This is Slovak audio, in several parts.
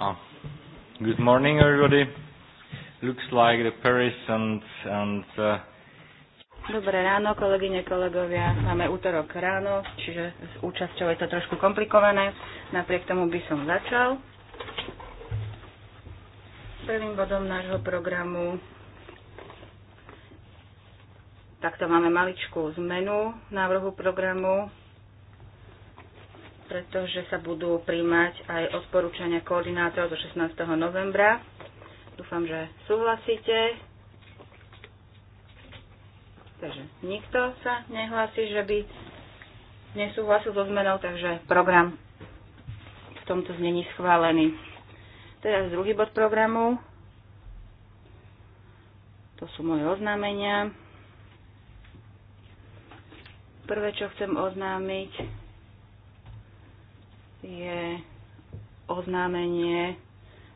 Ah. Good morning, everybody. Looks like the Paris and, and uh... Dobré ráno, kolegyne, kolegovia. Máme útorok ráno, čiže s účasťou je to trošku komplikované. Napriek tomu by som začal. Prvým bodom nášho programu takto máme maličkú zmenu návrhu programu pretože sa budú príjmať aj odporúčania koordinátorov do 16. novembra. Dúfam, že súhlasíte. Takže nikto sa nehlási, že by nesúhlasil so zmenou, takže program v tomto znení schválený. Teraz druhý bod programu. To sú moje oznámenia. Prvé, čo chcem oznámiť, je oznámenie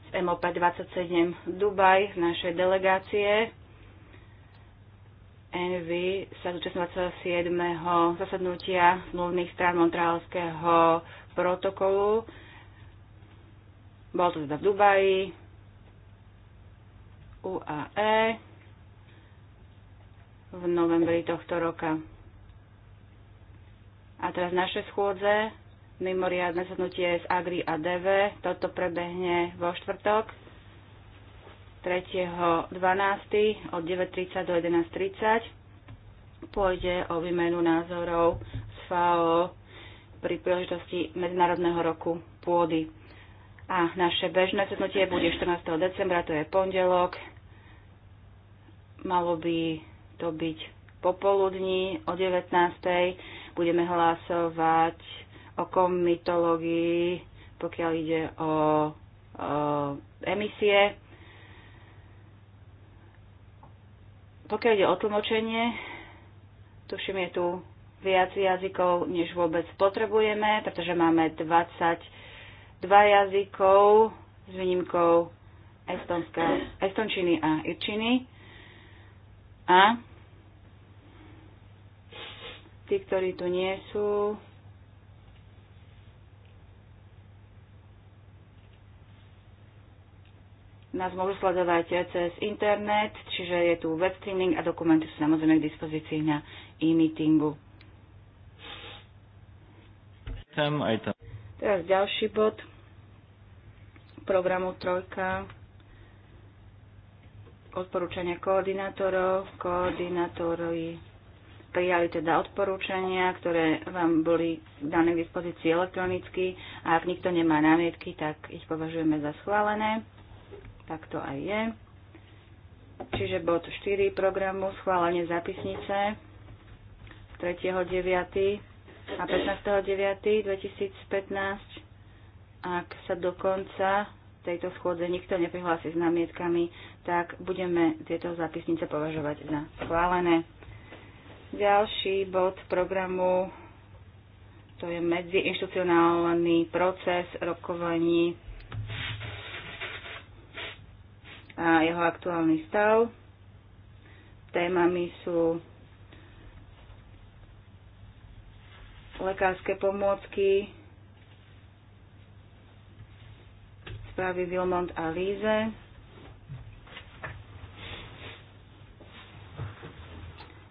z MOP 27 Dubaj z našej delegácie. NV sa zúčastnila 7. zasadnutia zmluvných strán Montrealského protokolu. Bolo to teda v Dubaji, UAE v novembri tohto roka. A teraz naše schôdze mimoriadne zhodnutie z Agri a DV. Toto prebehne vo štvrtok 3.12. od 9.30 do 11.30. Pôjde o výmenu názorov z FAO pri príležitosti Medzinárodného roku pôdy. A naše bežné sednutie bude 14. decembra, to je pondelok. Malo by to byť popoludní o 19. Budeme hlasovať o komitológii, pokiaľ ide o, o emisie. Pokiaľ ide o tlmočenie, tuším je tu viac jazykov, než vôbec potrebujeme, pretože máme 22 jazykov s výnimkou Estonska, estončiny a irčiny. A tí, ktorí tu nie sú, nás môžu sledovať cez internet, čiže je tu web streaming a dokumenty sú samozrejme k dispozícii na e-meetingu. Tam aj tam. Teraz ďalší bod programu Trojka. Odporúčania koordinátorov. Koordinátori prijali teda odporúčania, ktoré vám boli dané k dispozícii elektronicky a ak nikto nemá námietky, tak ich považujeme za schválené tak to aj je. Čiže bod 4 programu schválenie zapisnice 3.9. a 15.9.2015. Ak sa do konca tejto schôdze nikto neprihlási s námietkami, tak budeme tieto zapisnice považovať za schválené. Ďalší bod programu to je medziinstitucionálny proces rokovaní a jeho aktuálny stav. Témami sú lekárske pomôcky, správy Vilmont a Líze,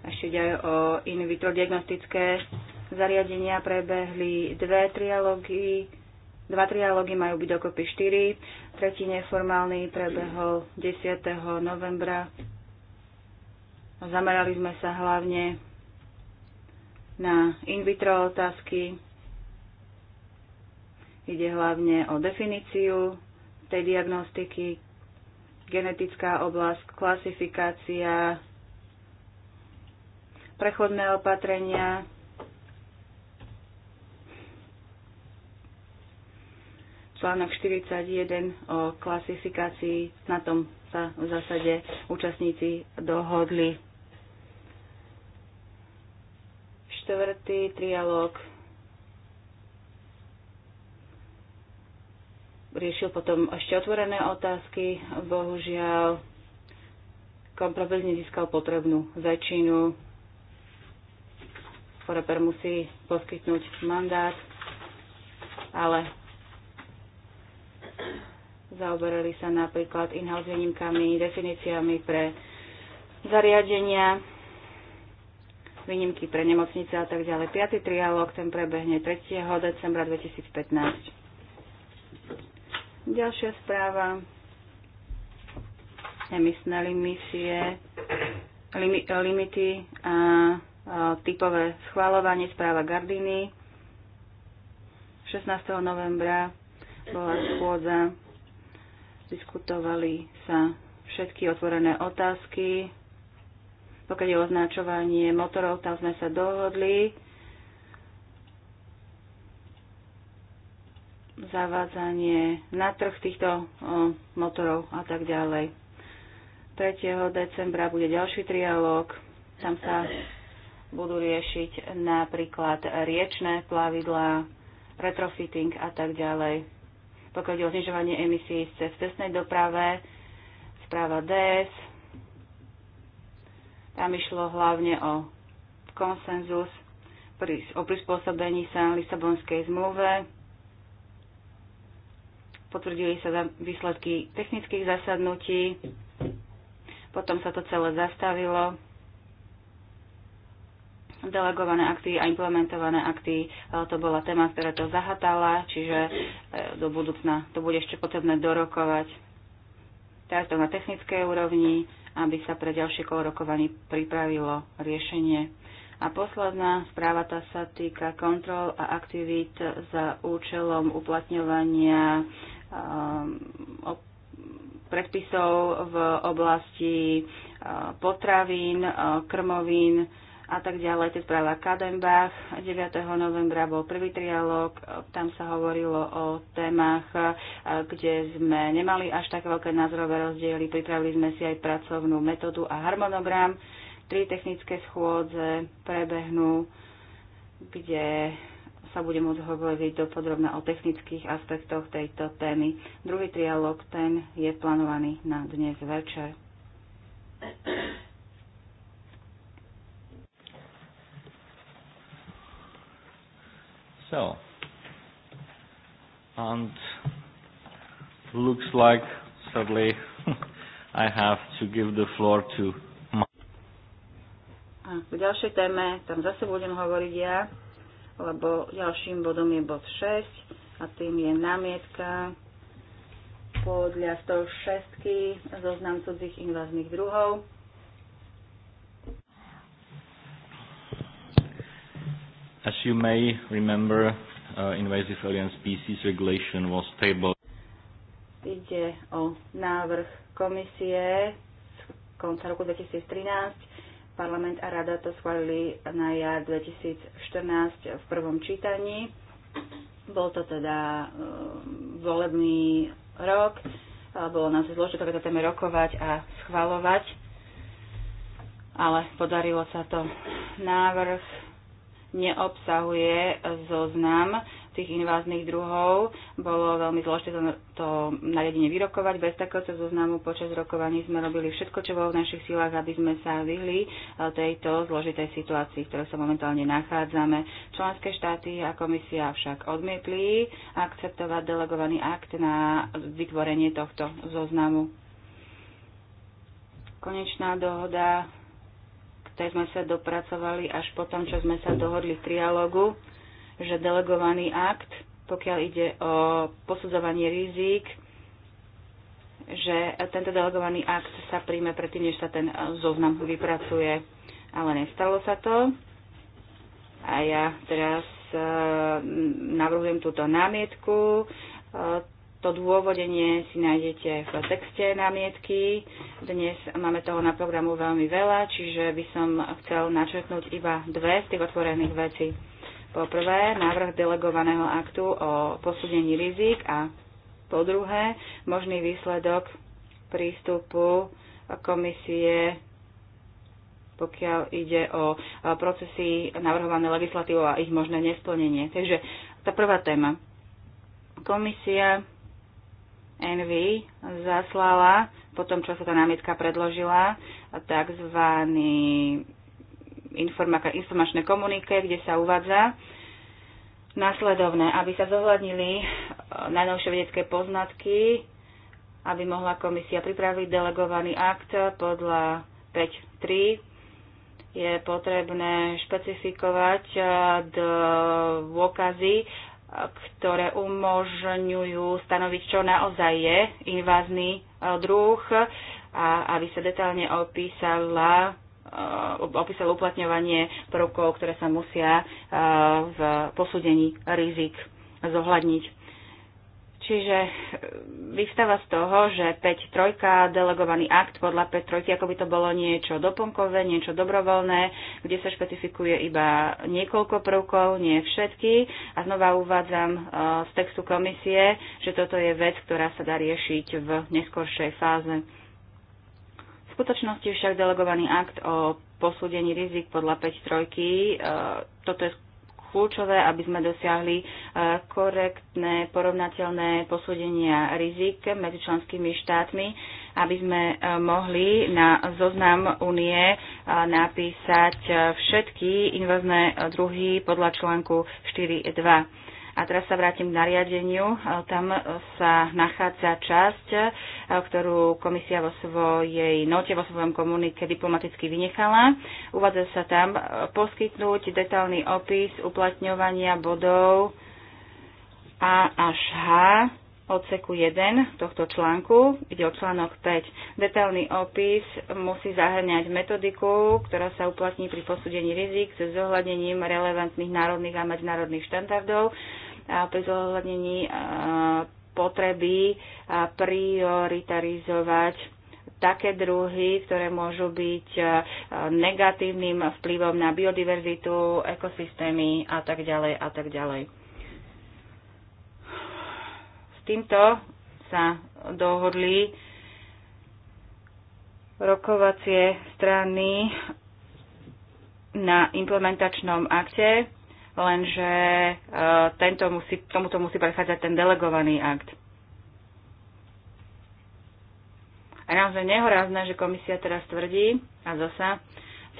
ešte ďalej o in vitro diagnostické zariadenia prebehli dve trialógy, dva trialógy majú byť dokopy štyri. Tretí neformálny prebehol 10. novembra. Zamerali sme sa hlavne na in vitro otázky. Ide hlavne o definíciu tej diagnostiky, genetická oblasť, klasifikácia, prechodné opatrenia, článok 41 o klasifikácii, na tom sa v zásade účastníci dohodli. Štvrtý trialóg riešil potom ešte otvorené otázky. Bohužiaľ, kompromis nezískal potrebnú väčšinu. Foreper musí poskytnúť mandát, ale Zaoberali sa napríklad in-house výnimkami, definíciami pre zariadenia, výnimky pre nemocnice a tak ďalej. Piatý trialog ten prebehne 3. decembra 2015. Ďalšia správa. Emisné limisie, limi, limity a, a typové schváľovanie správa Gardiny 16. novembra bola schôdza, diskutovali sa všetky otvorené otázky. Pokiaľ je označovanie motorov, tam sme sa dohodli. Zavádzanie na trh týchto motorov a tak ďalej. 3. decembra bude ďalší trialóg. Tam sa budú riešiť napríklad riečné plavidlá, retrofitting a tak ďalej pokiaľ ide o znižovanie emisí z cestnej doprave, správa DS. E Tam išlo hlavne o konsenzus o prispôsobení sa Lisabonskej zmluve. Potvrdili sa výsledky technických zasadnutí. Potom sa to celé zastavilo delegované akty a implementované akty. E, to bola téma, ktorá to zahatala, čiže e, do budúcna to bude ešte potrebné dorokovať. Teraz to na technickej úrovni, aby sa pre ďalšie kolo rokovaní pripravilo riešenie. A posledná správa tá sa týka kontrol a aktivít za účelom uplatňovania ehm, predpisov v oblasti e, potravín, krmovín, a tak ďalej. To správa Kadenbach. 9. novembra bol prvý trialog. Tam sa hovorilo o témach, kde sme nemali až tak veľké názorové rozdiely. Pripravili sme si aj pracovnú metódu a harmonogram. Tri technické schôdze prebehnú, kde sa bude môcť hovoriť dopodrobne o technických aspektoch tejto témy. Druhý trialog, ten je plánovaný na dnes večer. So, and looks like, sadly, I have to give the floor to a k ďalšej téme, tam zase budem hovoriť ja, lebo ďalším bodom je bod 6 a tým je námietka podľa 106 zoznam cudzích invazných druhov. As you may remember, uh, invasive alien species regulation was tabled. Ide o návrh komisie z konca roku 2013. Parlament a rada to schválili na jar 2014 v prvom čítaní. Bol to teda uh, volebný rok. Bolo nám sa zložité takéto téme rokovať a schvalovať. Ale podarilo sa to návrh neobsahuje zoznam tých inváznych druhov. Bolo veľmi zložité to, to nariadenie vyrokovať. Bez takéhoto zoznamu počas rokovaní sme robili všetko, čo bolo v našich silách, aby sme sa vyhli e, tejto zložitej situácii, v ktorej sa momentálne nachádzame. Členské štáty a komisia však odmietli akceptovať delegovaný akt na vytvorenie tohto zoznamu. Konečná dohoda tak sme sa dopracovali až po tom, čo sme sa dohodli v trialógu, že delegovaný akt, pokiaľ ide o posudzovanie rizik, že tento delegovaný akt sa príjme predtým, než sa ten zoznam vypracuje. Ale nestalo sa to. A ja teraz eh, navrhujem túto námietku eh, to dôvodenie si nájdete v texte námietky. Dnes máme toho na programu veľmi veľa, čiže by som chcel načrtnúť iba dve z tých otvorených vecí. Po prvé, návrh delegovaného aktu o posúdení rizik a po druhé, možný výsledok prístupu komisie pokiaľ ide o procesy navrhované legislatívou a ich možné nesplnenie. Takže tá prvá téma. Komisia Envy zaslala, po tom, čo sa tá námietka predložila, tzv. informačné komunike, kde sa uvádza nasledovné, aby sa zohľadnili e, najnovšie vedecké poznatky, aby mohla komisia pripraviť delegovaný akt podľa 5.3 je potrebné špecifikovať e, dôkazy ktoré umožňujú stanoviť, čo naozaj je invázny e, druh a aby sa detálne opísala e, opísal uplatňovanie prvkov, ktoré sa musia e, v posúdení rizik zohľadniť. Čiže e, vystáva z toho, že 5.3. delegovaný akt podľa 5.3. ako by to bolo niečo doponkové, niečo dobrovoľné, kde sa špecifikuje iba niekoľko prvkov, nie všetky. A znova uvádzam e, z textu komisie, že toto je vec, ktorá sa dá riešiť v neskoršej fáze. V skutočnosti však delegovaný akt o posúdení rizik podľa 5.3. E, toto je kľúčové, aby sme dosiahli e, korektné, porovnateľné posúdenia rizik medzi členskými štátmi, aby sme e, mohli na zoznam únie e, napísať všetky invazné druhy podľa článku 4.2. A teraz sa vrátim k nariadeniu. E, tam sa nachádza časť, e, ktorú komisia vo svojej note, vo svojom komunike diplomaticky vynechala. Uvádza sa tam e, poskytnúť detailný opis uplatňovania bodov A až H odseku 1 tohto článku, ide o článok 5. Detailný opis musí zahrňať metodiku, ktorá sa uplatní pri posúdení rizik so zohľadením relevantných národných a medzinárodných štandardov, pri zohľadnení potreby prioritarizovať také druhy, ktoré môžu byť negatívnym vplyvom na biodiverzitu, ekosystémy a tak ďalej a tak ďalej. S týmto sa dohodli rokovacie strany na implementačnom akte lenže e, tento musí, tomuto musí prechádzať ten delegovaný akt. A naozaj nehorázne, že komisia teraz tvrdí, a zasa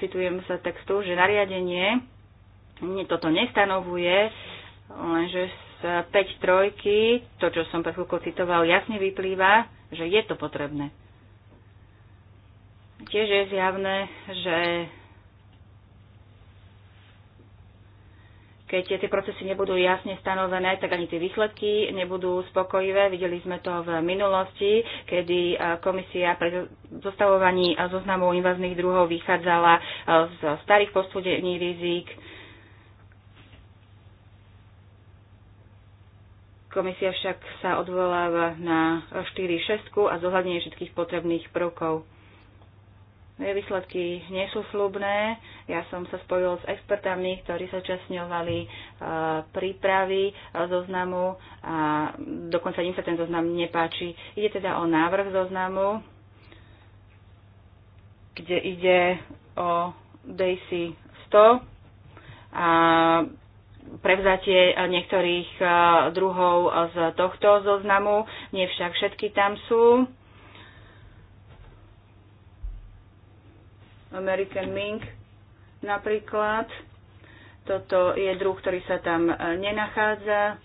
citujem sa textu, že nariadenie toto nestanovuje, lenže z 5 trojky, to, čo som pre chvíľku citoval, jasne vyplýva, že je to potrebné. Tiež je zjavné, že keď tie procesy nebudú jasne stanovené, tak ani tie výsledky nebudú spokojivé. Videli sme to v minulosti, kedy e, komisia pri zostavovaní e, zoznamov invazných druhov vychádzala e, z starých posúdení rizík. Komisia však sa odvoláva na 4.6 a zohľadnenie všetkých potrebných prvkov. Výsledky nie sú slubné. Ja som sa spojil s expertami, ktorí sa účastňovali e, prípravy e, zoznamu a dokonca im sa ten zoznam nepáči. Ide teda o návrh zoznamu, kde ide o DC 100 a prevzatie niektorých e, druhov z tohto zoznamu. Nie však všetky tam sú American Mink napríklad. Toto je druh, ktorý sa tam e, nenachádza.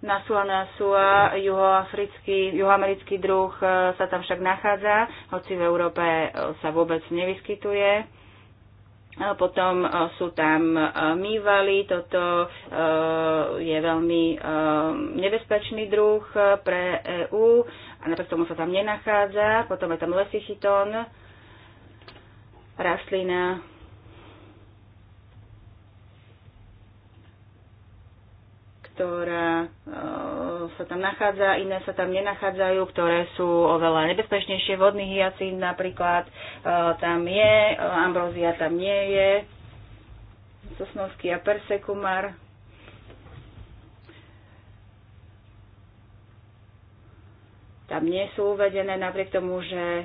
Nasua nasua, juhoafrický, juhoamerický druh e, sa tam však nachádza, hoci v Európe e, sa vôbec nevyskytuje. Potom sú tam mývaly, toto je veľmi nebezpečný druh pre EÚ a napriek tomu sa tam nenachádza. Potom je tam Lesichiton, rastlina, ktorá e, sa tam nachádza, iné sa tam nenachádzajú, ktoré sú oveľa nebezpečnejšie, vodný hyacín napríklad e, tam je, e, ambrózia tam nie je, sosnovský a persekumar, tam nie sú uvedené, napriek tomu, že e,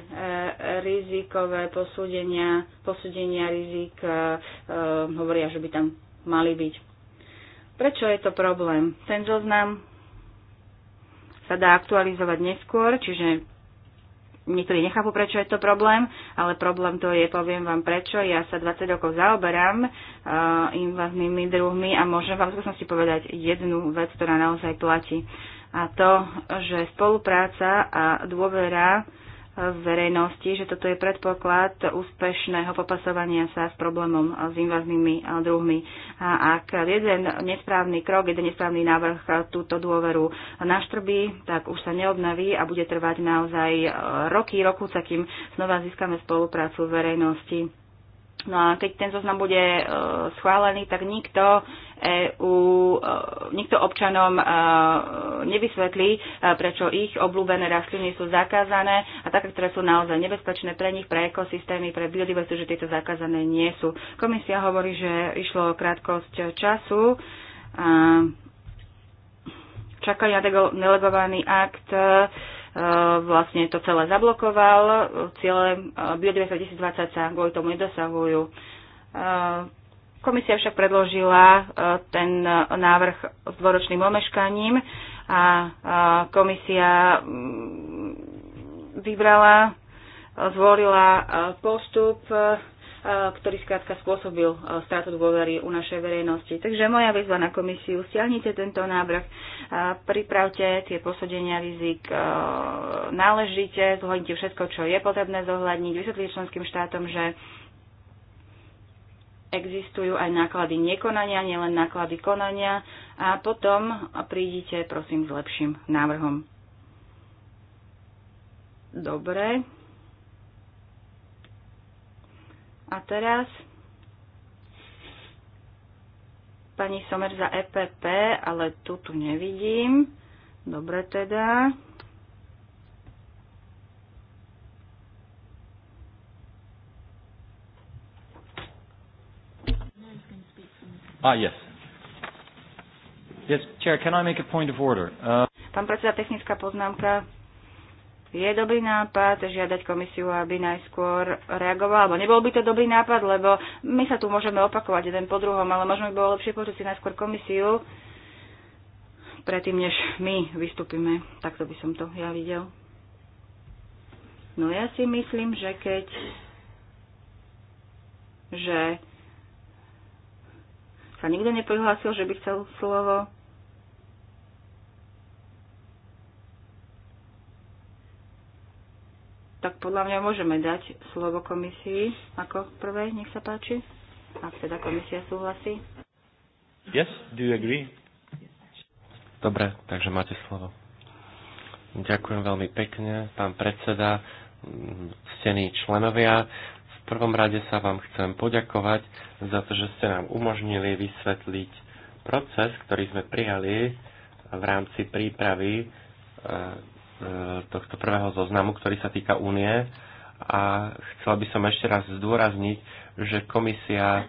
rizikové posúdenia, posúdenia rizik e, e, hovoria, že by tam mali byť. Prečo je to problém? Ten zoznam sa dá aktualizovať neskôr, čiže niektorí nechápu, prečo je to problém, ale problém to je, poviem vám prečo, ja sa 20 rokov zaoberám uh, invaznými druhmi a môžem vám v skúsenosti povedať jednu vec, ktorá naozaj platí. Uh, a to, že spolupráca a dôvera v verejnosti, že toto je predpoklad úspešného popasovania sa s problémom s invaznými druhmi. A ak jeden nesprávny krok, jeden nesprávny návrh túto dôveru naštrbí, tak už sa neobnaví a bude trvať naozaj e, roky, rokúca, kým znova získame spoluprácu v verejnosti No a keď ten zoznam bude uh, schválený, tak nikto EU, uh, e, nikto občanom uh, nevysvetlí, uh, prečo ich obľúbené rastliny sú zakázané a také, ktoré sú naozaj nebezpečné pre nich, pre ekosystémy, pre biodiverzitu, že tieto zakázané nie sú. Komisia hovorí, že išlo o krátkosť času. Uh, čakajú na delegovaný akt. Uh, E, vlastne to celé zablokoval. Ciele e, Biodiversita 2020 sa kvôli tomu nedosahujú. E, komisia však predložila ten návrh s dvoročným omeškaním a komisia mm, vybrala, zvolila postup ktorý skrátka spôsobil e, stratu dôvery u našej verejnosti. Takže moja výzva na komisiu, stiahnite tento návrh, pripravte tie posúdenia rizik e, náležite, zohľadnite všetko, čo je potrebné zohľadniť, vysvetlite členským štátom, že existujú aj náklady nekonania, nielen náklady konania a potom prídite prosím s lepším návrhom. Dobre, A teraz pani Somer za EPP, ale tu tu nevidím. Dobre teda. Ah, yes. Yes, Chair, can I make a point of order? Uh... Pán predseda, technická poznámka je dobrý nápad žiadať komisiu, aby najskôr reagovala, alebo nebol by to dobrý nápad, lebo my sa tu môžeme opakovať jeden po druhom, ale možno by bolo lepšie počuť si najskôr komisiu, predtým než my vystúpime. Takto by som to ja videl. No ja si myslím, že keď že sa nikto neprihlásil, že by chcel slovo, tak podľa mňa môžeme dať slovo komisii ako prvé, nech sa páči, ak teda komisia súhlasí. Yes, do you agree? Dobre, takže máte slovo. Ďakujem veľmi pekne, pán predseda, ctení členovia. V prvom rade sa vám chcem poďakovať za to, že ste nám umožnili vysvetliť proces, ktorý sme prijali v rámci prípravy eh, E, tohto prvého zoznamu, ktorý sa týka únie. A chcela by som ešte raz zdôrazniť, že komisia e,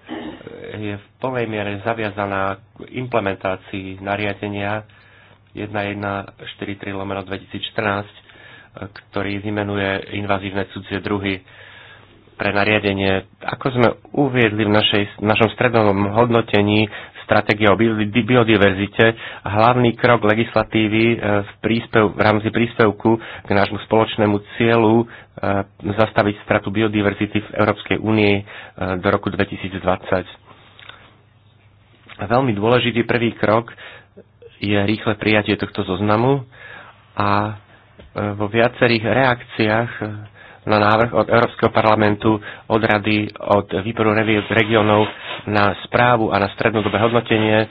je v plnej miere zaviazaná k implementácii nariadenia 1143 lomeno 2014, e, ktorý vymenuje invazívne cudzie druhy pre nariadenie. Ako sme uviedli v, našej, v našom strednom hodnotení, stratégie o biodiverzite hlavný krok legislatívy e, v, príspev, v rámci príspevku k nášmu spoločnému cieľu e, zastaviť stratu biodiverzity v Európskej únii e, do roku 2020. Veľmi dôležitý prvý krok je rýchle prijatie tohto zoznamu a vo viacerých reakciách na návrh od Európskeho parlamentu, od Rady, od výboru regionov na správu a na strednodobé hodnotenie e,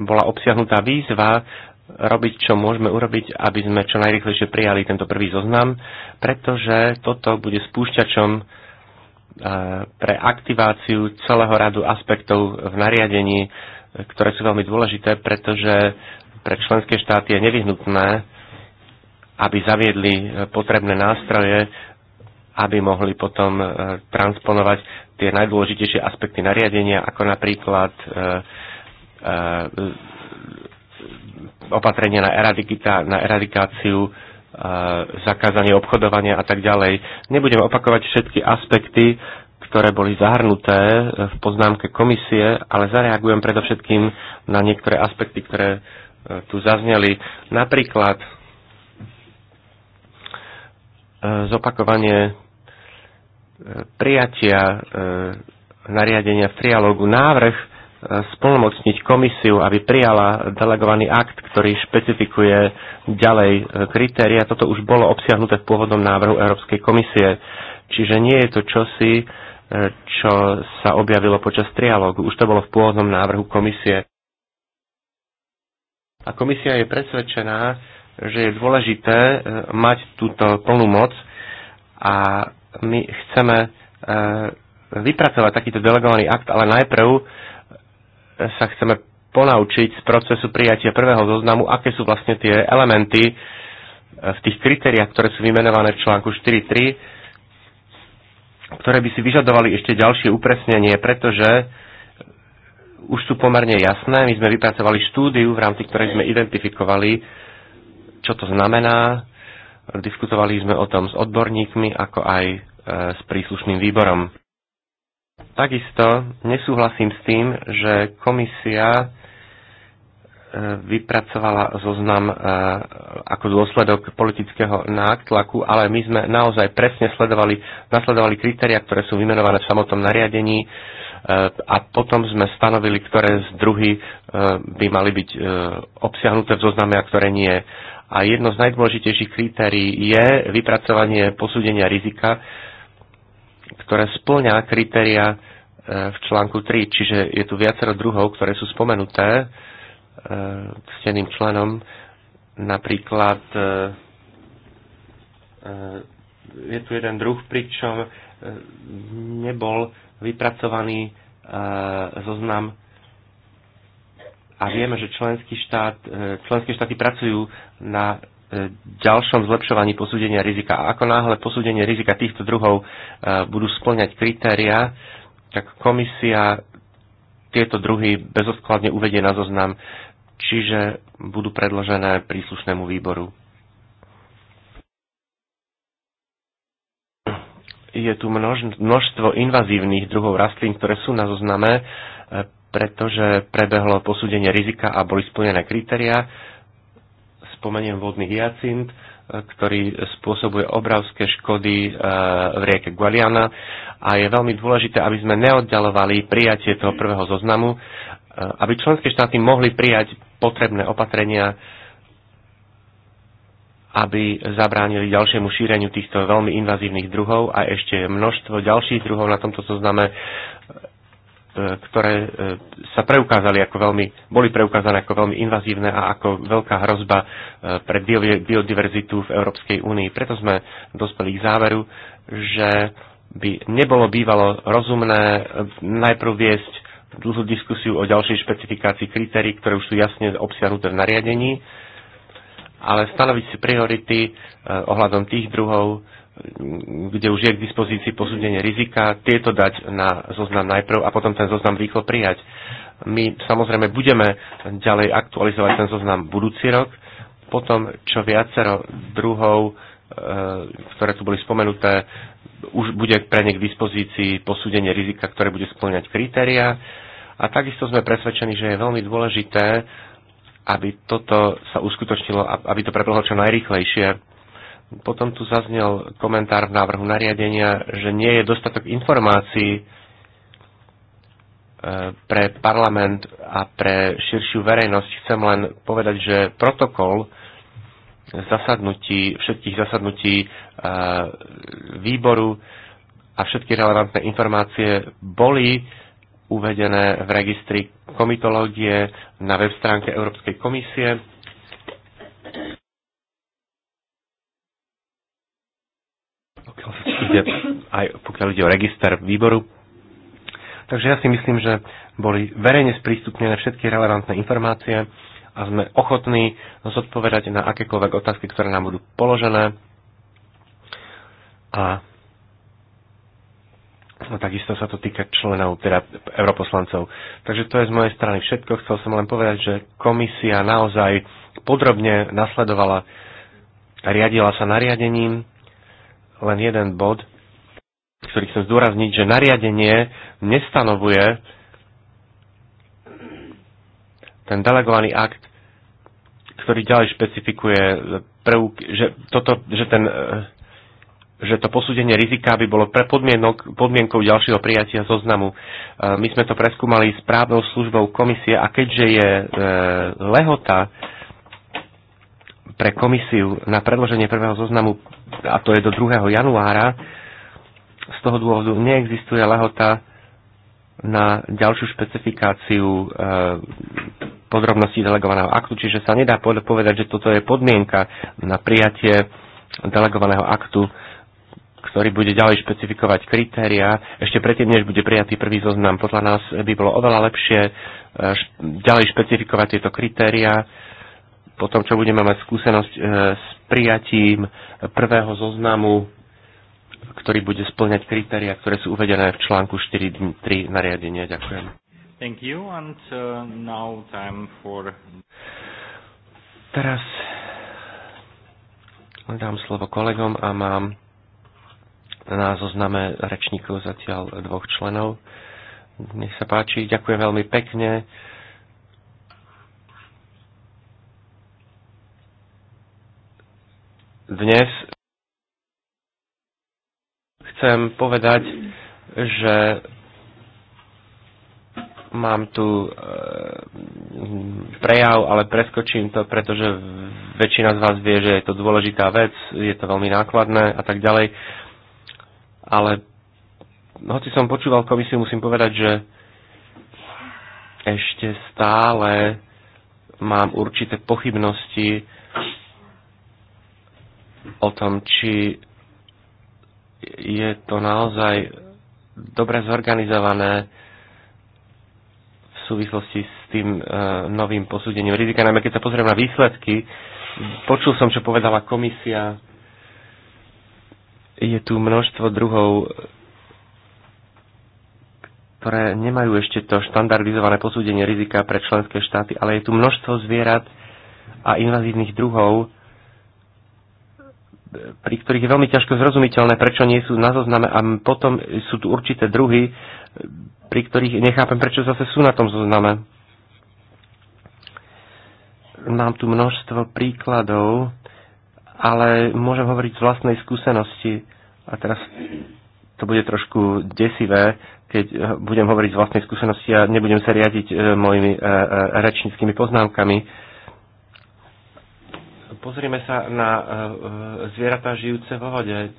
bola obsiahnutá výzva robiť, čo môžeme urobiť, aby sme čo najrychlejšie prijali tento prvý zoznam, pretože toto bude spúšťačom e, pre aktiváciu celého radu aspektov v nariadení, e, ktoré sú veľmi dôležité, pretože pre členské štáty je nevyhnutné, aby zaviedli potrebné nástroje aby mohli potom e, transponovať tie najdôležitejšie aspekty nariadenia, ako napríklad e, e, opatrenia na, eradikita, na eradikáciu, zakázanie obchodovania a tak ďalej. Nebudem opakovať všetky aspekty, ktoré boli zahrnuté v poznámke komisie, ale zareagujem predovšetkým na niektoré aspekty, ktoré tu zazneli. Napríklad zopakovanie e, prijatia e, nariadenia v trialógu návrh e, splnomocniť komisiu, aby prijala delegovaný akt, ktorý špecifikuje ďalej kritéria. Toto už bolo obsiahnuté v pôvodnom návrhu Európskej komisie. Čiže nie je to čosi, čo sa objavilo počas trialógu. Už to bolo v pôvodnom návrhu komisie. A komisia je presvedčená, že je dôležité e, mať túto plnú moc a my chceme e, vypracovať takýto delegovaný akt, ale najprv e, sa chceme ponaučiť z procesu prijatia prvého zoznamu, aké sú vlastne tie elementy v tých kritériách, ktoré sú vymenované v článku 4.3, ktoré by si vyžadovali ešte ďalšie upresnenie, pretože už sú pomerne jasné. My sme vypracovali štúdiu, v rámci ktorej sme identifikovali čo to znamená. Diskutovali sme o tom s odborníkmi, ako aj e, s príslušným výborom. Takisto nesúhlasím s tým, že komisia e, vypracovala zoznam e, ako dôsledok politického nátlaku, ale my sme naozaj presne sledovali, nasledovali kritéria, ktoré sú vymenované v samotnom nariadení a potom sme stanovili, ktoré z druhy by mali byť obsiahnuté v zozname a ktoré nie a jedno z najdôležitejších kritérií je vypracovanie posúdenia rizika, ktoré splňa kritéria e, v článku 3, čiže je tu viacero druhov, ktoré sú spomenuté steným e, členom, napríklad e, je tu jeden druh, pričom nebol vypracovaný zoznam a vieme, že členský štát, e, členské štáty pracujú na e, ďalšom zlepšovaní posúdenia rizika. A ako náhle posúdenie rizika týchto druhov e, budú splňať kritéria, tak komisia tieto druhy bezodkladne uvedie na zoznam, čiže budú predložené príslušnému výboru. Je tu množstvo invazívnych druhov rastlín, ktoré sú na zozname pretože prebehlo posúdenie rizika a boli splnené kritéria. Spomeniem vodný hyacint, e, ktorý spôsobuje obrovské škody e, v rieke Gualiana a je veľmi dôležité, aby sme neoddalovali prijatie toho prvého zoznamu, e, aby členské štáty mohli prijať potrebné opatrenia, aby zabránili ďalšiemu šíreniu týchto veľmi invazívnych druhov a ešte množstvo ďalších druhov na tomto zozname ktoré e, sa preukázali ako veľmi, boli preukázané ako veľmi invazívne a ako veľká hrozba e, pre biodiverzitu v Európskej únii. Preto sme dospeli k záveru, že by nebolo bývalo rozumné najprv viesť dlhú diskusiu o ďalšej špecifikácii kritérií, ktoré už sú jasne obsiahnuté v nariadení, ale stanoviť si priority e, ohľadom tých druhov, kde už je k dispozícii posúdenie rizika, tieto dať na zoznam najprv a potom ten zoznam rýchlo prijať. My samozrejme budeme ďalej aktualizovať ten zoznam budúci rok, potom čo viacero druhov, e, ktoré tu boli spomenuté, už bude pre ne k dispozícii posúdenie rizika, ktoré bude splňať kritéria. A takisto sme presvedčení, že je veľmi dôležité, aby toto sa uskutočnilo, aby to prebehlo čo najrychlejšie potom tu zaznel komentár v návrhu nariadenia, že nie je dostatok informácií e, pre parlament a pre širšiu verejnosť. Chcem len povedať, že protokol zasadnutí, všetkých zasadnutí e, výboru a všetky relevantné informácie boli uvedené v registri komitológie na web stránke Európskej komisie pokiaľ ide, aj pokiaľ ide o register výboru. Takže ja si myslím, že boli verejne sprístupnené všetky relevantné informácie a sme ochotní zodpovedať na akékoľvek otázky, ktoré nám budú položené. A No, takisto sa to týka členov, teda europoslancov. Takže to je z mojej strany všetko. Chcel som len povedať, že komisia naozaj podrobne nasledovala a riadila sa nariadením len jeden bod, ktorý chcem zdôrazniť, že nariadenie nestanovuje ten delegovaný akt, ktorý ďalej špecifikuje, že, toto, že, ten, eh, že to posúdenie rizika by bolo pre podmienok, podmienkou ďalšieho prijatia zoznamu. Eh, my sme to preskúmali s právnou službou komisie a keďže je eh, lehota pre komisiu na predloženie prvého zoznamu, a to je do 2. januára, z toho dôvodu neexistuje lehota na ďalšiu špecifikáciu e, podrobností delegovaného aktu, čiže sa nedá povedať, že toto je podmienka na prijatie delegovaného aktu, ktorý bude ďalej špecifikovať kritéria ešte predtým, než bude prijatý prvý zoznam. Podľa nás by bolo oveľa lepšie e, ďalej špecifikovať tieto kritéria, potom čo budeme mať skúsenosť e, s prijatím prvého zoznamu, ktorý bude splňať kritéria, ktoré sú uvedené v článku 4.3 nariadenia. Ďakujem. Thank you and uh, now time for... Teraz dám slovo kolegom a mám na zozname rečníkov zatiaľ dvoch členov. Nech sa páči, ďakujem veľmi pekne. dnes chcem povedať, že mám tu eh, prejav, ale preskočím to, pretože väčšina z vás vie, že je to dôležitá vec, je to veľmi nákladné a tak ďalej. Ale hoci som počúval komisiu, musím povedať, že ešte stále mám určité pochybnosti o tom, či je to naozaj dobre zorganizované v súvislosti s tým e, novým posúdením rizika. Najmä keď sa pozriem na výsledky, počul som, čo povedala komisia. Je tu množstvo druhov, ktoré nemajú ešte to štandardizované posúdenie rizika pre členské štáty, ale je tu množstvo zvierat a invazívnych druhov, pri ktorých je veľmi ťažko zrozumiteľné, prečo nie sú na zozname a potom sú tu určité druhy, pri ktorých nechápem, prečo zase sú na tom zozname. Mám tu množstvo príkladov, ale môžem hovoriť z vlastnej skúsenosti a teraz to bude trošku desivé, keď budem hovoriť z vlastnej skúsenosti a nebudem sa riadiť e, mojimi e, e, rečníckými poznámkami Pozrieme sa na e, e, zvieratá žijúce vo vode. E,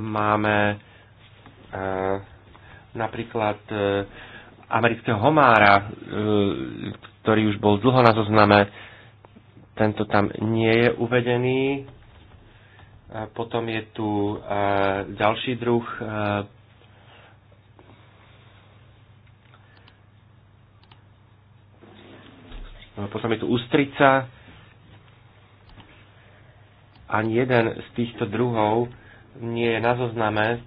máme napríklad amerického homára, ktorý už bol dlho na zozname. Tento tam nie je uvedený. Potom je tu ďalší druh no, potom je tu ústrica, ani jeden z týchto druhov nie je na zozname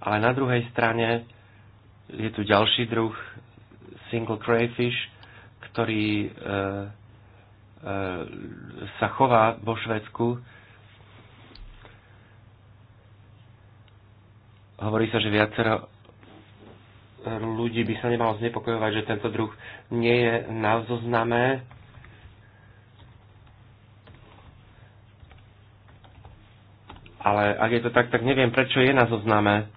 ale na druhej strane je tu ďalší druh single crayfish, ktorý e, e, sa chová vo Švedsku. Hovorí sa, že viacero ľudí by sa nemalo znepokojovať, že tento druh nie je na zozname. Ale ak je to tak, tak neviem, prečo je na zozname.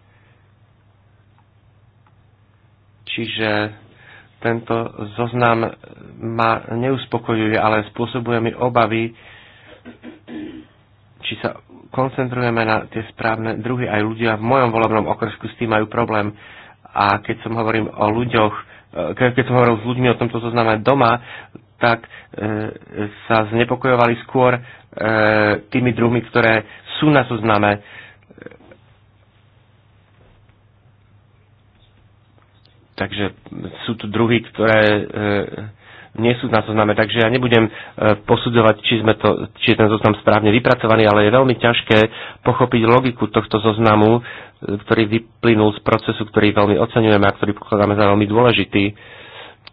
Čiže tento zoznam ma neuspokojuje, ale spôsobuje mi obavy, či sa koncentrujeme na tie správne druhy. Aj ľudia v mojom volebnom okresku s tým majú problém. A keď som hovorím o ľuďoch, e, keď som hovoril s ľuďmi o tomto zozname doma, tak e, sa znepokojovali skôr e, tými druhmi, ktoré sú na zozname. Takže sú tu druhy, ktoré nie sú na zozname, takže ja nebudem e, posudzovať, či, sme to, či je ten zoznam správne vypracovaný, ale je veľmi ťažké pochopiť logiku tohto zoznamu, e, ktorý vyplynul z procesu, ktorý veľmi oceňujeme a ktorý pokladáme za veľmi dôležitý.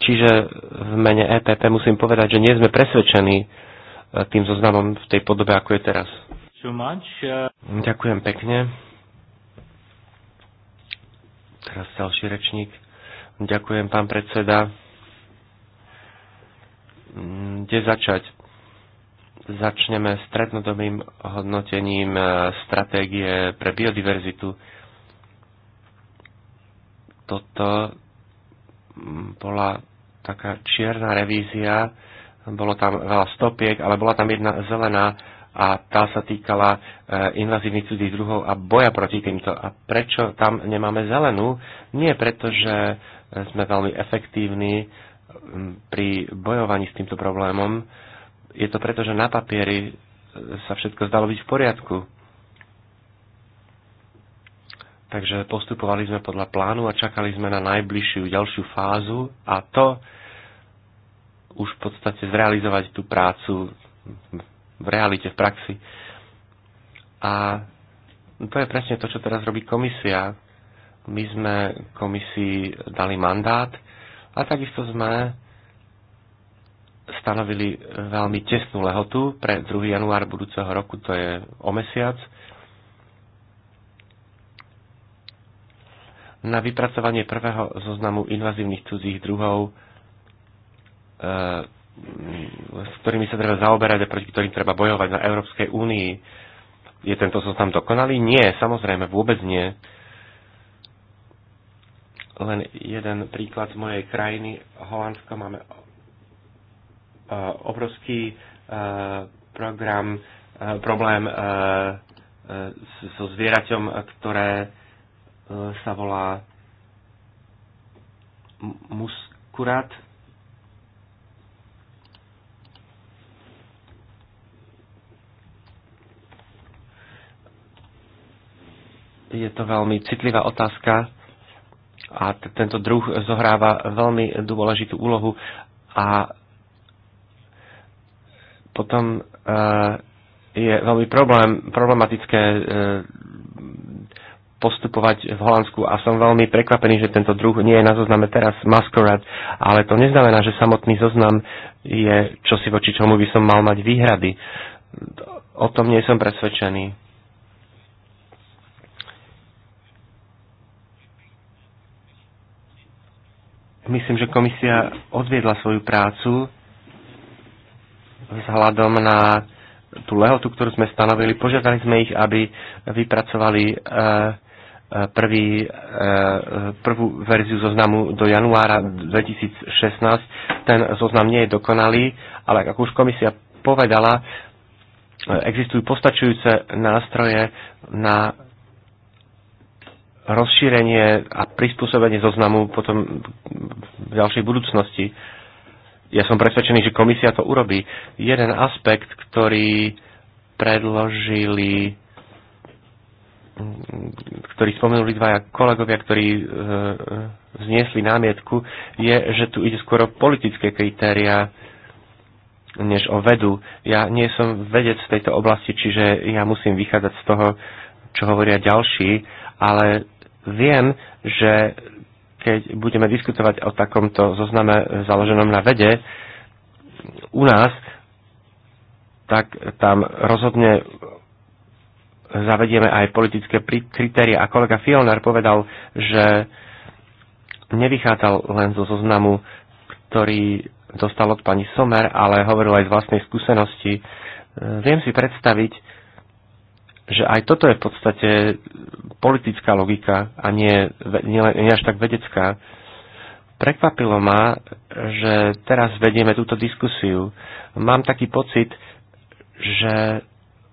Čiže v mene EPP musím povedať, že nie sme presvedčení e, tým zoznamom v tej podobe, ako je teraz. Uh, Ďakujem pekne. Teraz ďalší rečník. Ďakujem, pán predseda. Mm, kde začať? Začneme strednodobým hodnotením e, stratégie pre biodiverzitu. Toto mm, bola taká čierna revízia, bolo tam veľa stopiek, ale bola tam jedna zelená a tá sa týkala e, invazívnych cudzích druhov a boja proti týmto. A prečo tam nemáme zelenú? Nie preto, že e, sme veľmi efektívni, pri bojovaní s týmto problémom. Je to preto, že na papieri e, sa všetko zdalo byť v poriadku. Takže postupovali sme podľa plánu a čakali sme na najbližšiu ďalšiu fázu a to už v podstate zrealizovať tú prácu v realite, v praxi. A to je presne to, čo teraz robí komisia. My sme komisii dali mandát, a takisto sme stanovili veľmi tesnú lehotu pre 2. január budúceho roku, to je o mesiac, na vypracovanie prvého zoznamu invazívnych cudzích druhov, e, s ktorými sa treba zaoberať a proti ktorým treba bojovať na Európskej únii. Je tento zoznam dokonalý? Nie, samozrejme, vôbec nie len jeden príklad z mojej krajiny, Holandska, máme e, obrovský e, program, e, problém so zvieraťom, ktoré sa volá muskurat. Je to veľmi citlivá otázka a tento druh zohráva veľmi dôležitú úlohu a potom e, je veľmi problém, problematické e, postupovať v Holandsku a som veľmi prekvapený, že tento druh nie je na zozname teraz Masquerade, ale to neznamená, že samotný zoznam je čosi voči čomu by som mal mať výhrady. O tom nie som presvedčený. Myslím, že komisia odviedla svoju prácu vzhľadom na tú lehotu, ktorú sme stanovili. Požiadali sme ich, aby vypracovali e, e, prvý, e, prvú verziu zoznamu do januára 2016. Ten zoznam nie je dokonalý, ale ako už komisia povedala, existujú postačujúce nástroje na rozšírenie a prispôsobenie zoznamu potom v ďalšej budúcnosti. Ja som presvedčený, že komisia to urobí. Jeden aspekt, ktorý predložili ktorý spomenuli dvaja kolegovia, ktorí e, e, vzniesli námietku, je, že tu ide skôr o politické kritéria než o vedu. Ja nie som vedec v tejto oblasti, čiže ja musím vychádzať z toho, čo hovoria ďalší, ale Viem, že keď budeme diskutovať o takomto zozname založenom na vede u nás, tak tam rozhodne zavedieme aj politické kritéria. A kolega Fionar povedal, že nevychádzal len zo zoznamu, ktorý dostal od pani Somer, ale hovoril aj z vlastnej skúsenosti. Viem si predstaviť, že aj toto je v podstate politická logika a nie, nie, nie až tak vedecká. Prekvapilo ma, že teraz vedieme túto diskusiu. Mám taký pocit, že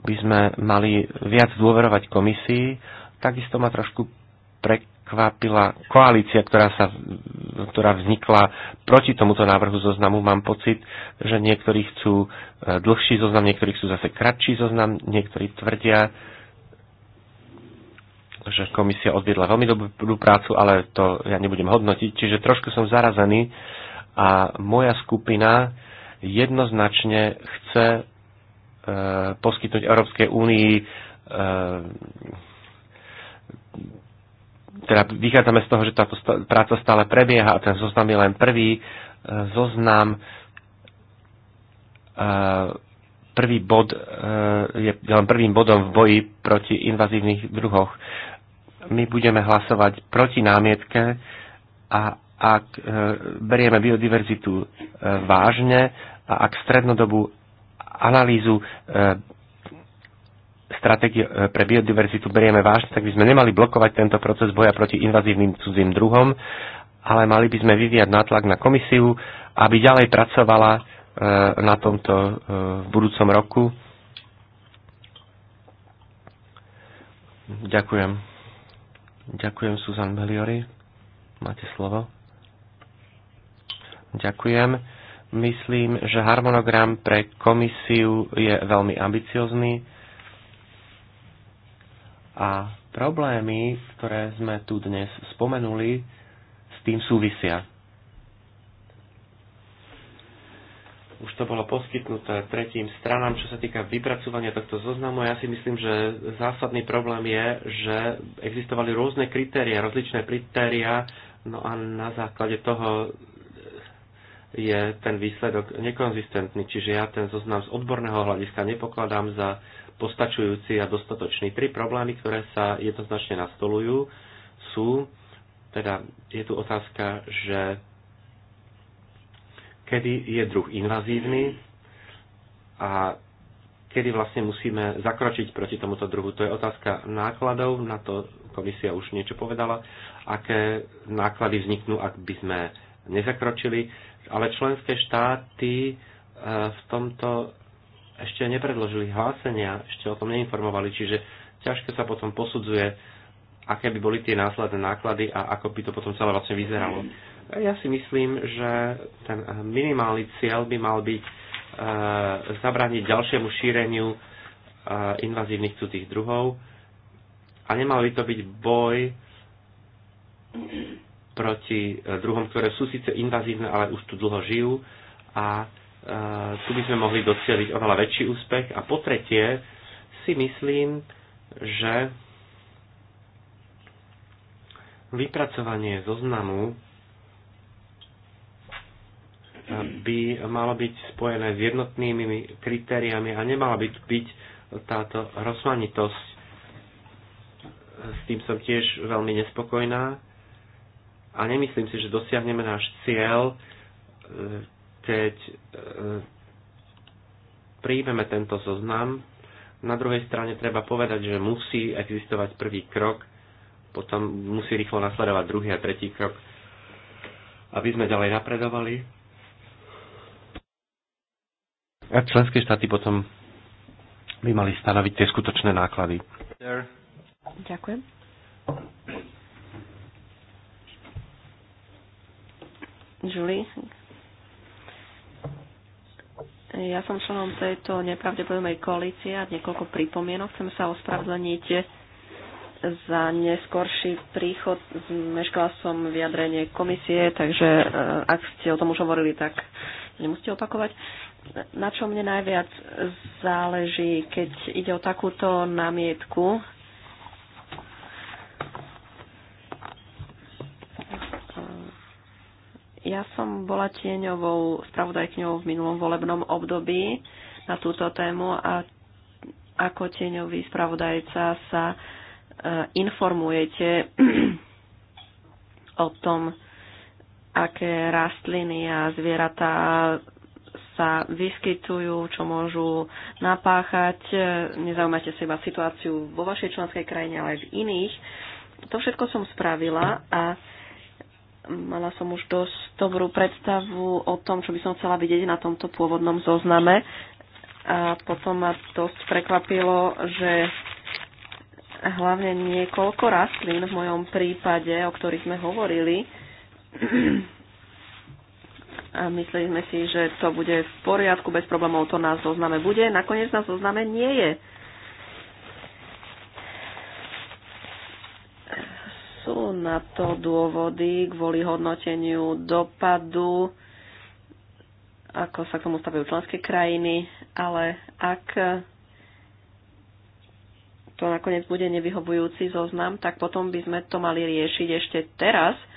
by sme mali viac dôverovať komisii. Takisto ma trošku prekvapila koalícia, ktorá, sa, ktorá vznikla proti tomuto návrhu zoznamu. Mám pocit, že niektorí chcú eh, dlhší zoznam, niektorí chcú zase kratší zoznam, niektorí tvrdia, že komisia odviedla veľmi dobrú prácu, ale to ja nebudem hodnotiť, čiže trošku som zarazený a moja skupina jednoznačne chce e, poskytnúť Európskej únii e, teda vychádzame z toho, že táto práca stále prebieha a ten zoznam je len prvý e, zoznam e, prvý bod e, je len prvým bodom v boji proti invazívnych druhoch my budeme hlasovať proti námietke a ak e, berieme biodiverzitu e, vážne a ak strednodobú analýzu e, stratégie pre biodiverzitu berieme vážne, tak by sme nemali blokovať tento proces boja proti invazívnym cudzím druhom, ale mali by sme vyvíjať nátlak na komisiu, aby ďalej pracovala na tomto v budúcom roku. Ďakujem. Ďakujem, Susan Beliori. Máte slovo. Ďakujem. Myslím, že harmonogram pre komisiu je veľmi ambiciozný a problémy, ktoré sme tu dnes spomenuli, s tým súvisia. už to bolo poskytnuté tretím stranám, čo sa týka vypracovania tohto zoznamu. Ja si myslím, že zásadný problém je, že existovali rôzne kritéria, rozličné kritéria, no a na základe toho je ten výsledok nekonzistentný, čiže ja ten zoznam z odborného hľadiska nepokladám za postačujúci a dostatočný. Tri problémy, ktoré sa jednoznačne nastolujú, sú, teda je tu otázka, že kedy je druh invazívny a kedy vlastne musíme zakročiť proti tomuto druhu. To je otázka nákladov, na to komisia už niečo povedala, aké náklady vzniknú, ak by sme nezakročili, ale členské štáty e, v tomto ešte nepredložili hlásenia, ešte o tom neinformovali, čiže ťažko sa potom posudzuje, aké by boli tie následné náklady a ako by to potom celé vlastne vyzeralo. Ja si myslím, že ten eh, minimálny cieľ by mal byť e, zabraniť ďalšiemu šíreniu e, invazívnych cudzích druhov a nemal by to byť boj proti druhom, ktoré sú síce invazívne, ale už tu dlho žijú a e, tu by sme mohli docieliť oveľa väčší úspech. A po tretie si myslím, že vypracovanie zoznamu by malo byť spojené s jednotnými kritériami a nemala byť, byť táto rozmanitosť. S tým som tiež veľmi nespokojná a nemyslím si, že dosiahneme náš cieľ, e, keď e, príjmeme tento zoznam. Na druhej strane treba povedať, že musí existovať prvý krok, potom musí rýchlo nasledovať druhý a tretí krok, aby sme ďalej napredovali a členské štáty potom by mali stanoviť tie skutočné náklady. Ďakujem. Julie. Ja som členom tejto nepravdepodobnej koalície a niekoľko pripomienok. Chcem sa ospravedlniť za neskorší príchod. Zmeškala som vyjadrenie komisie, takže eh, ak ste o tom už hovorili, tak nemusíte opakovať na čo mne najviac záleží, keď ide o takúto námietku, ja som bola tieňovou spravodajkňou v minulom volebnom období na túto tému a ako tieňový spravodajca sa e, informujete o tom, aké rastliny a zvieratá sa vyskytujú, čo môžu napáchať. Nezaujímate sa iba situáciu vo vašej členskej krajine, ale aj v iných. To všetko som spravila a mala som už dosť dobrú predstavu o tom, čo by som chcela vidieť na tomto pôvodnom zozname. A potom ma dosť prekvapilo, že hlavne niekoľko rastlín v mojom prípade, o ktorých sme hovorili, Mysleli sme si, že to bude v poriadku, bez problémov to na zozname bude. Nakoniec na zozname nie je. Sú na to dôvody kvôli hodnoteniu dopadu, ako sa k tomu stavajú členské krajiny, ale ak to nakoniec bude nevyhovujúci zoznam, tak potom by sme to mali riešiť ešte teraz –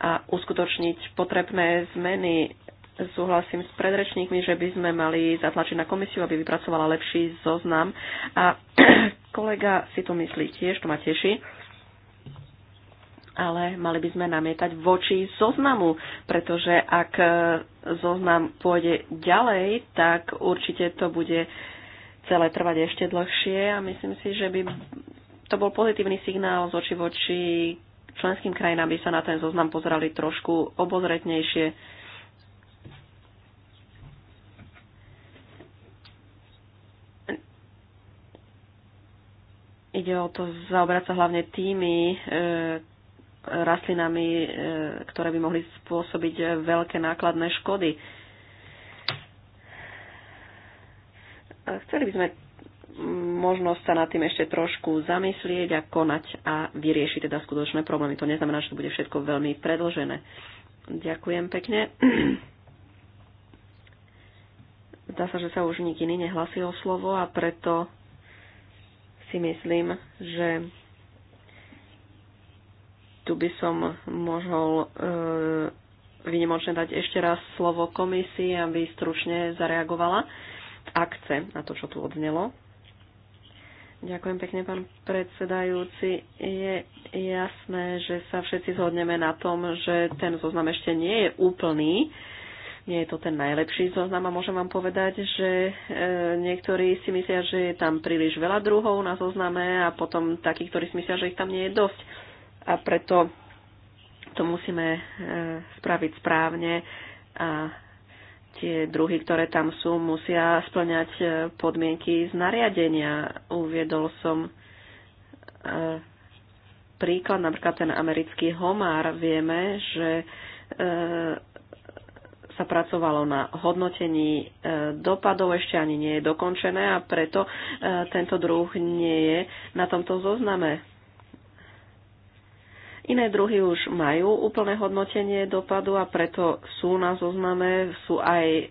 a uskutočniť potrebné zmeny. Súhlasím s predrečníkmi, že by sme mali zatlačiť na komisiu, aby vypracovala lepší zoznam. A kolega si to myslí tiež, to ma teší. Ale mali by sme namietať voči zoznamu, pretože ak e, zoznam pôjde ďalej, tak určite to bude celé trvať ešte dlhšie a myslím si, že by to bol pozitívny signál z oči voči členským krajinám by sa na ten zoznam pozerali trošku obozretnejšie. Ide o to zaobrať sa hlavne tými e, rastlinami, e, ktoré by mohli spôsobiť veľké nákladné škody. Chceli by sme mm, možnosť sa nad tým ešte trošku zamyslieť a konať a vyriešiť teda skutočné problémy. To neznamená, že to bude všetko veľmi predlžené. Ďakujem pekne. Zdá sa, že sa už nik iný nehlasí o slovo a preto si myslím, že tu by som mohol e, vynimočne dať ešte raz slovo komisii, aby stručne zareagovala akce chce na to, čo tu odznelo. Ďakujem pekne, pán predsedajúci. Je jasné, že sa všetci zhodneme na tom, že ten zoznam ešte nie je úplný. Nie je to ten najlepší zoznam a môžem vám povedať, že e, niektorí si myslia, že je tam príliš veľa druhov na zozname a potom takí, ktorí si myslia, že ich tam nie je dosť. A preto to musíme e, spraviť správne a tie druhy, ktoré tam sú, musia splňať e, podmienky z nariadenia. Uviedol som e, príklad, napríklad ten americký homár. Vieme, že e, sa pracovalo na hodnotení dopadov, ešte ani nie je dokončené a preto tento druh nie je na tomto zozname. Iné druhy už majú úplné hodnotenie dopadu a preto sú na zozname, sú aj e,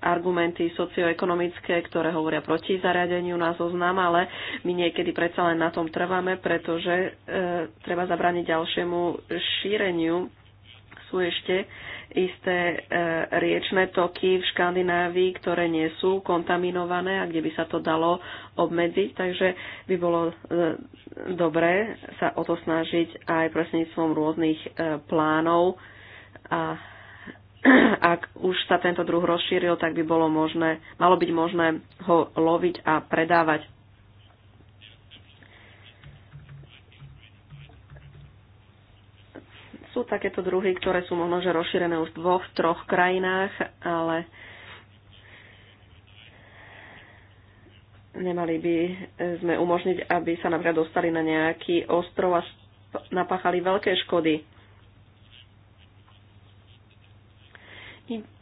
argumenty socioekonomické, ktoré hovoria proti zaradeniu na zoznam, ale my niekedy predsa len na tom trváme, pretože e, treba zabrániť ďalšiemu šíreniu. Sú ešte e, isté e, riečné toky v Škandinávii, ktoré nie sú kontaminované a kde by sa to dalo obmedziť. Takže by bolo e, dobré sa o to snažiť aj prostredníctvom rôznych e, plánov a ak už sa tento druh rozšíril, tak by bolo možné, malo byť možné ho loviť a predávať. Sú takéto druhy, ktoré sú možno že rozšírené už v dvoch, troch krajinách, ale nemali by sme umožniť, aby sa napríklad dostali na nejaký ostrov a napáchali veľké škody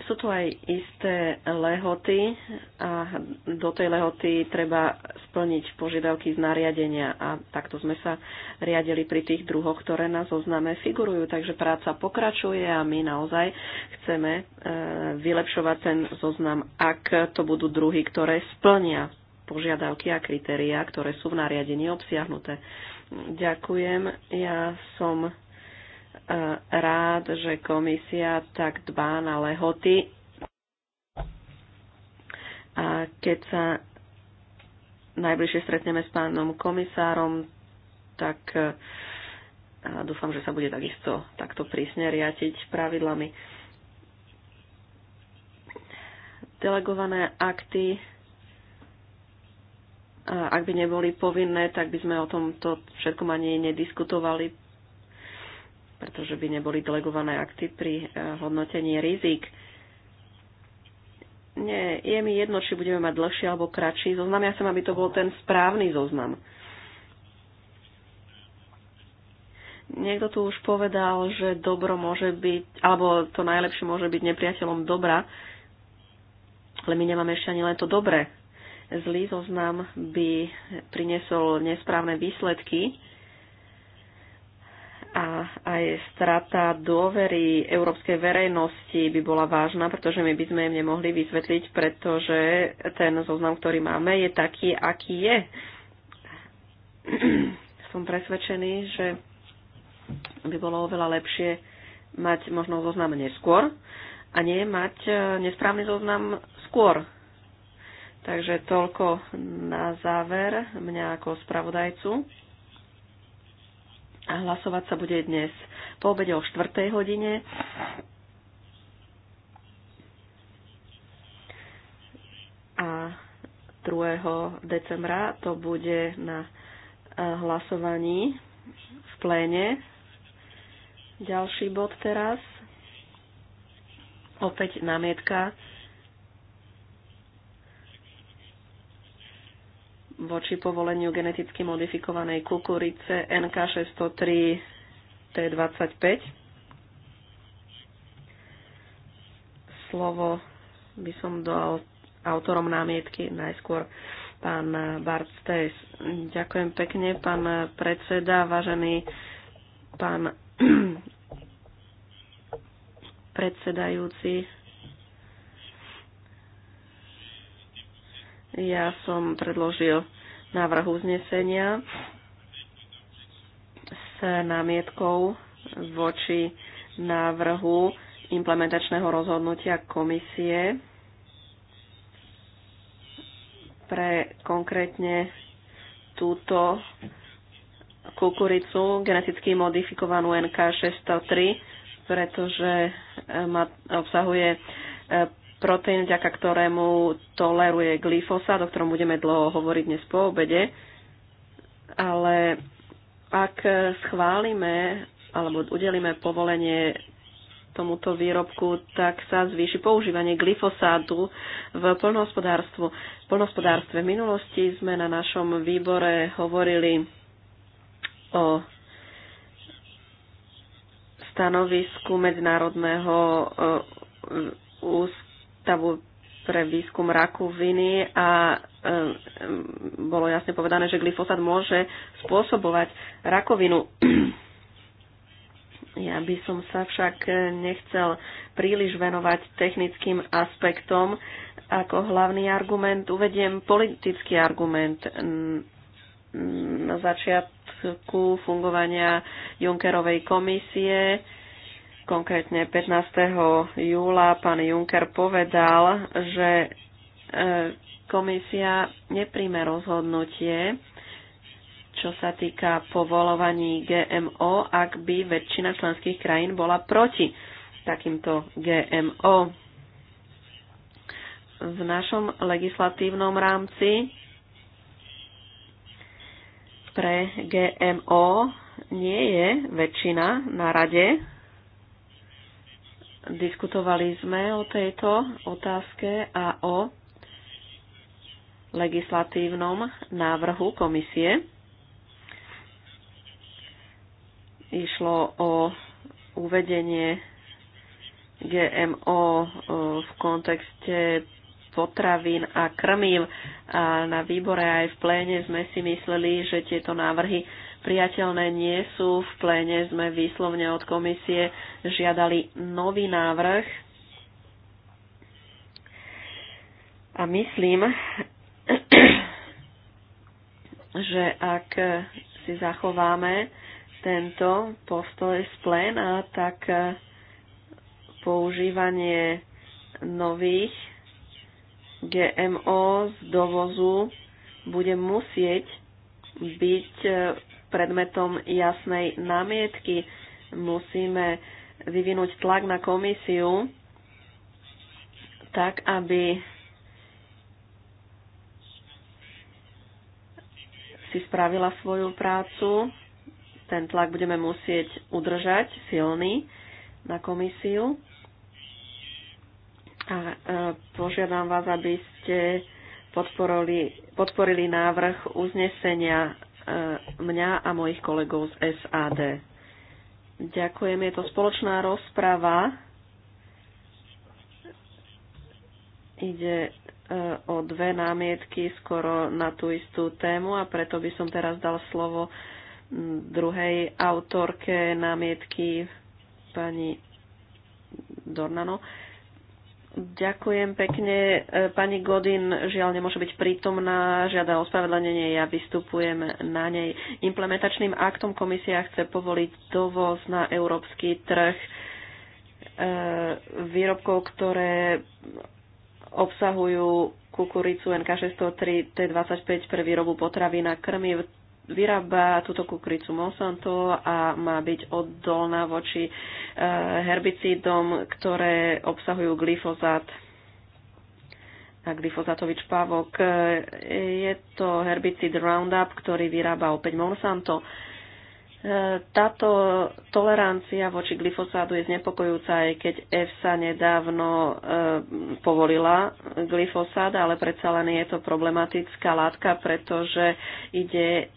Sú tu aj isté lehoty a do tej lehoty treba splniť požiadavky z nariadenia a takto sme sa riadili pri tých druhoch, ktoré na zozname figurujú. Takže práca pokračuje a my naozaj chceme e, vylepšovať ten zoznam, ak to budú druhy, ktoré splnia požiadavky a kritériá, ktoré sú v nariadení obsiahnuté. Ďakujem. Ja som Eh, rád, že komisia tak dbá na lehoty. A keď sa najbližšie stretneme s pánom komisárom, tak eh, dúfam, že sa bude takisto takto prísne riatiť pravidlami. Delegované akty eh, ak by neboli povinné, tak by sme o tomto všetkom ani nediskutovali, pretože by neboli delegované akty pri eh, hodnotení rizik. Nie, je mi jedno, či budeme mať dlhší alebo kratší zoznam. Ja chcem, aby to bol ten správny zoznam. Niekto tu už povedal, že dobro môže byť, alebo to najlepšie môže byť nepriateľom dobra, ale my nemáme ešte ani len to dobre. Zlý zoznam by priniesol nesprávne výsledky a aj strata dôvery európskej verejnosti by bola vážna, pretože my by sme im nemohli vysvetliť, pretože ten zoznam, ktorý máme, je taký, aký je. Som presvedčený, že by bolo oveľa lepšie mať možno zoznam neskôr a nie mať e, nesprávny zoznam skôr. Takže toľko na záver mňa ako spravodajcu a Hlasovať sa bude dnes po obede o 4. hodine. A 2. decembra to bude na e, hlasovaní v pléne. Ďalší bod teraz. Opäť námietka voči povoleniu geneticky modifikovanej kukurice NK603 T25. Slovo by som dal autorom námietky najskôr pán Bart Stace. Ďakujem pekne, pán predseda, vážený pán predsedajúci. Ja som predložil návrh uznesenia s námietkou voči návrhu implementačného rozhodnutia komisie pre konkrétne túto kukuricu geneticky modifikovanú NK603, pretože eh, obsahuje eh, proteín, vďaka ktorému toleruje glyfosát, o ktorom budeme dlho hovoriť dnes po obede. Ale ak schválime alebo udelíme povolenie tomuto výrobku, tak sa zvýši používanie glyfosátu v plnohospodárstvu. V plnohospodárstve v minulosti sme na našom výbore hovorili o stanovisku Medzinárodného e, ústavu pre výskum rakoviny a bolo jasne povedané, že glyfosát môže spôsobovať rakovinu. Ja by som sa však nechcel príliš venovať technickým aspektom. Ako hlavný argument uvediem politický argument. Na začiatku fungovania Junckerovej komisie Konkrétne 15. júla pán Juncker povedal, že e, komisia nepríjme rozhodnutie, čo sa týka povolovaní GMO, ak by väčšina členských krajín bola proti takýmto GMO. V našom legislatívnom rámci pre GMO nie je väčšina na rade Diskutovali sme o tejto otázke a o legislatívnom návrhu komisie. Išlo o uvedenie GMO e, v kontexte potravín a krmív. A na výbore aj v pléne sme si mysleli, že tieto návrhy priateľné nie sú. V pléne sme výslovne od komisie žiadali nový návrh. A myslím, že ak si zachováme tento postoj z pléna, tak používanie nových GMO z dovozu bude musieť byť predmetom jasnej námietky. Musíme vyvinúť tlak na komisiu, tak aby si spravila svoju prácu. Ten tlak budeme musieť udržať silný na komisiu. A e, požiadam vás, aby ste podporili, podporili návrh uznesenia mňa a mojich kolegov z SAD. Ďakujem, je to spoločná rozprava. Ide e, o dve námietky skoro na tú istú tému a preto by som teraz dal slovo druhej autorke námietky pani Dornano. Ďakujem pekne. E, pani Godin žiaľ nemôže byť prítomná, žiada ospravedlenie, ja vystupujem na nej. Implementačným aktom komisia chce povoliť dovoz na európsky trh e, výrobkov, ktoré obsahujú kukuricu NK603 T25 pre výrobu potravy na krmiv vyrába túto kukuricu Monsanto a má byť oddolná voči e, herbicídom, ktoré obsahujú glyfozát a glyfozátový čpavok. E, je to herbicíd Roundup, ktorý vyrába opäť Monsanto. E, táto tolerancia voči glyfosádu je znepokojúca, aj keď EFSA nedávno povolila glyfosát, ale predsa len je to problematická látka, pretože ide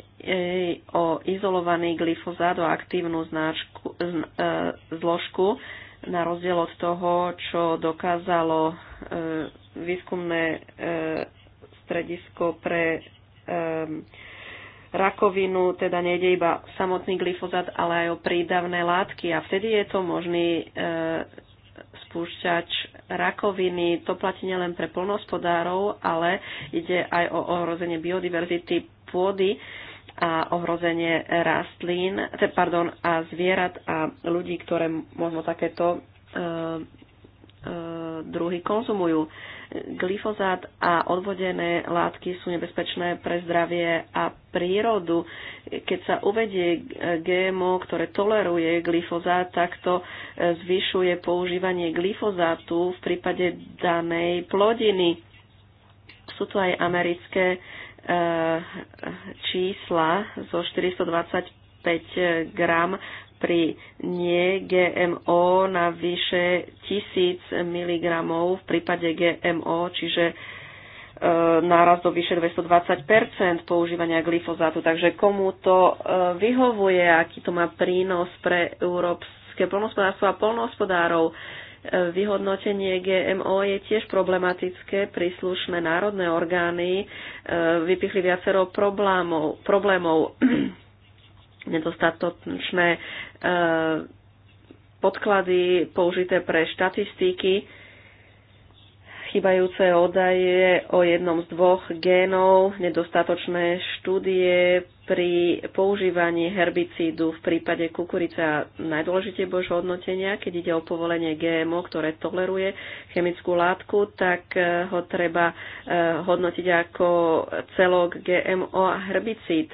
o izolovaný glyfozát, o aktívnu značku, e, zložku, na rozdiel od toho, čo dokázalo e, výskumné e, stredisko pre rakovinu, teda nejde iba samotný glyfozát, ale aj o prídavné látky. A vtedy je to možný e, spúšťač rakoviny. To platí nielen pre plnospodárov, ale ide aj o ohrozenie biodiverzity pôdy. E, a ohrozenie rastlín, pardon, a zvierat a ľudí, ktoré možno takéto e, e, druhy konzumujú. Glyfozát a odvodené látky sú nebezpečné pre zdravie a prírodu. Keď sa uvedie GMO, ktoré toleruje glyfozát, tak to e, zvyšuje používanie glyfozátu v prípade danej plodiny. Sú tu aj americké čísla zo 425 gram pri nie GMO na vyše 1000 mg v prípade GMO, čiže e, náraz do vyše 220 používania glyfozátu. Takže komu to e, vyhovuje, aký to má prínos pre európske plnohospodárstvo a polnohospodárov, Vyhodnotenie GMO je tiež problematické. Príslušné národné orgány e, vypichli viacero problémov, problémov nedostatočné e, podklady použité pre štatistiky, chybajúce údaje o jednom z dvoch génov, nedostatočné štúdie, pri používaní herbicídu v prípade kukurica najdôležitej bož hodnotenia, keď ide o povolenie GMO, ktoré toleruje chemickú látku, tak e, ho treba e, hodnotiť ako celok GMO a herbicíd.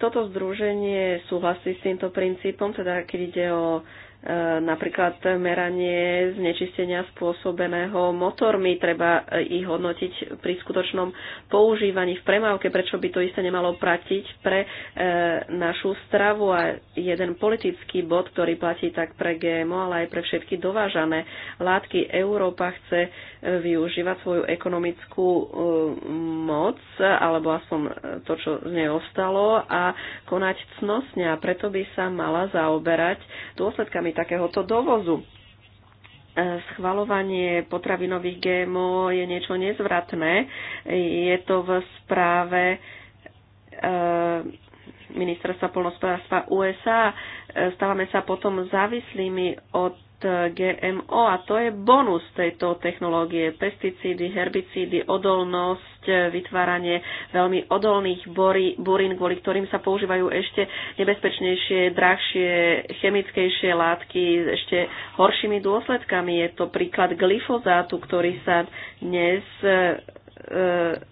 Toto združenie súhlasí s týmto princípom, teda keď ide o E, napríklad meranie znečistenia spôsobeného motormi, treba ich hodnotiť pri skutočnom používaní v premávke, prečo by to isté nemalo platiť pre e, našu stravu a jeden politický bod, ktorý platí tak pre GMO, ale aj pre všetky dovážané látky. Európa chce e, využívať svoju ekonomickú e, moc, alebo aspoň e, to, čo z nej ostalo, a konať cnosne a preto by sa mala zaoberať dôsledkami prínosmi takéhoto dovozu. E, schvalovanie potravinových GMO je niečo nezvratné. Je to v správe e, ministerstva polnospodárstva USA. E, stávame sa potom závislými od GMO a to je bonus tejto technológie. Pesticídy, herbicídy, odolnosť, vytváranie veľmi odolných bory, burín, kvôli ktorým sa používajú ešte nebezpečnejšie, drahšie, chemickejšie látky s ešte horšími dôsledkami. Je to príklad glyfozátu, ktorý sa dnes e, e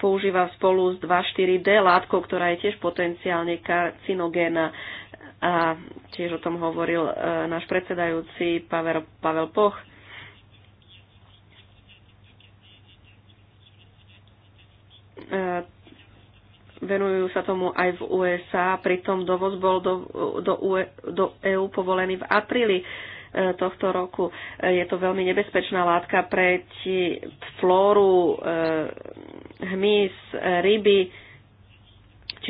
používa spolu s 2,4-D látkou, ktorá je tiež potenciálne karcinogéna a tiež o tom hovoril e, náš predsedajúci Pavel, Pavel Poch. E, venujú sa tomu aj v USA, pritom dovoz bol do, do, e, do EÚ povolený v apríli tohto roku. Je to veľmi nebezpečná látka pre ti, flóru, hmyz, ryby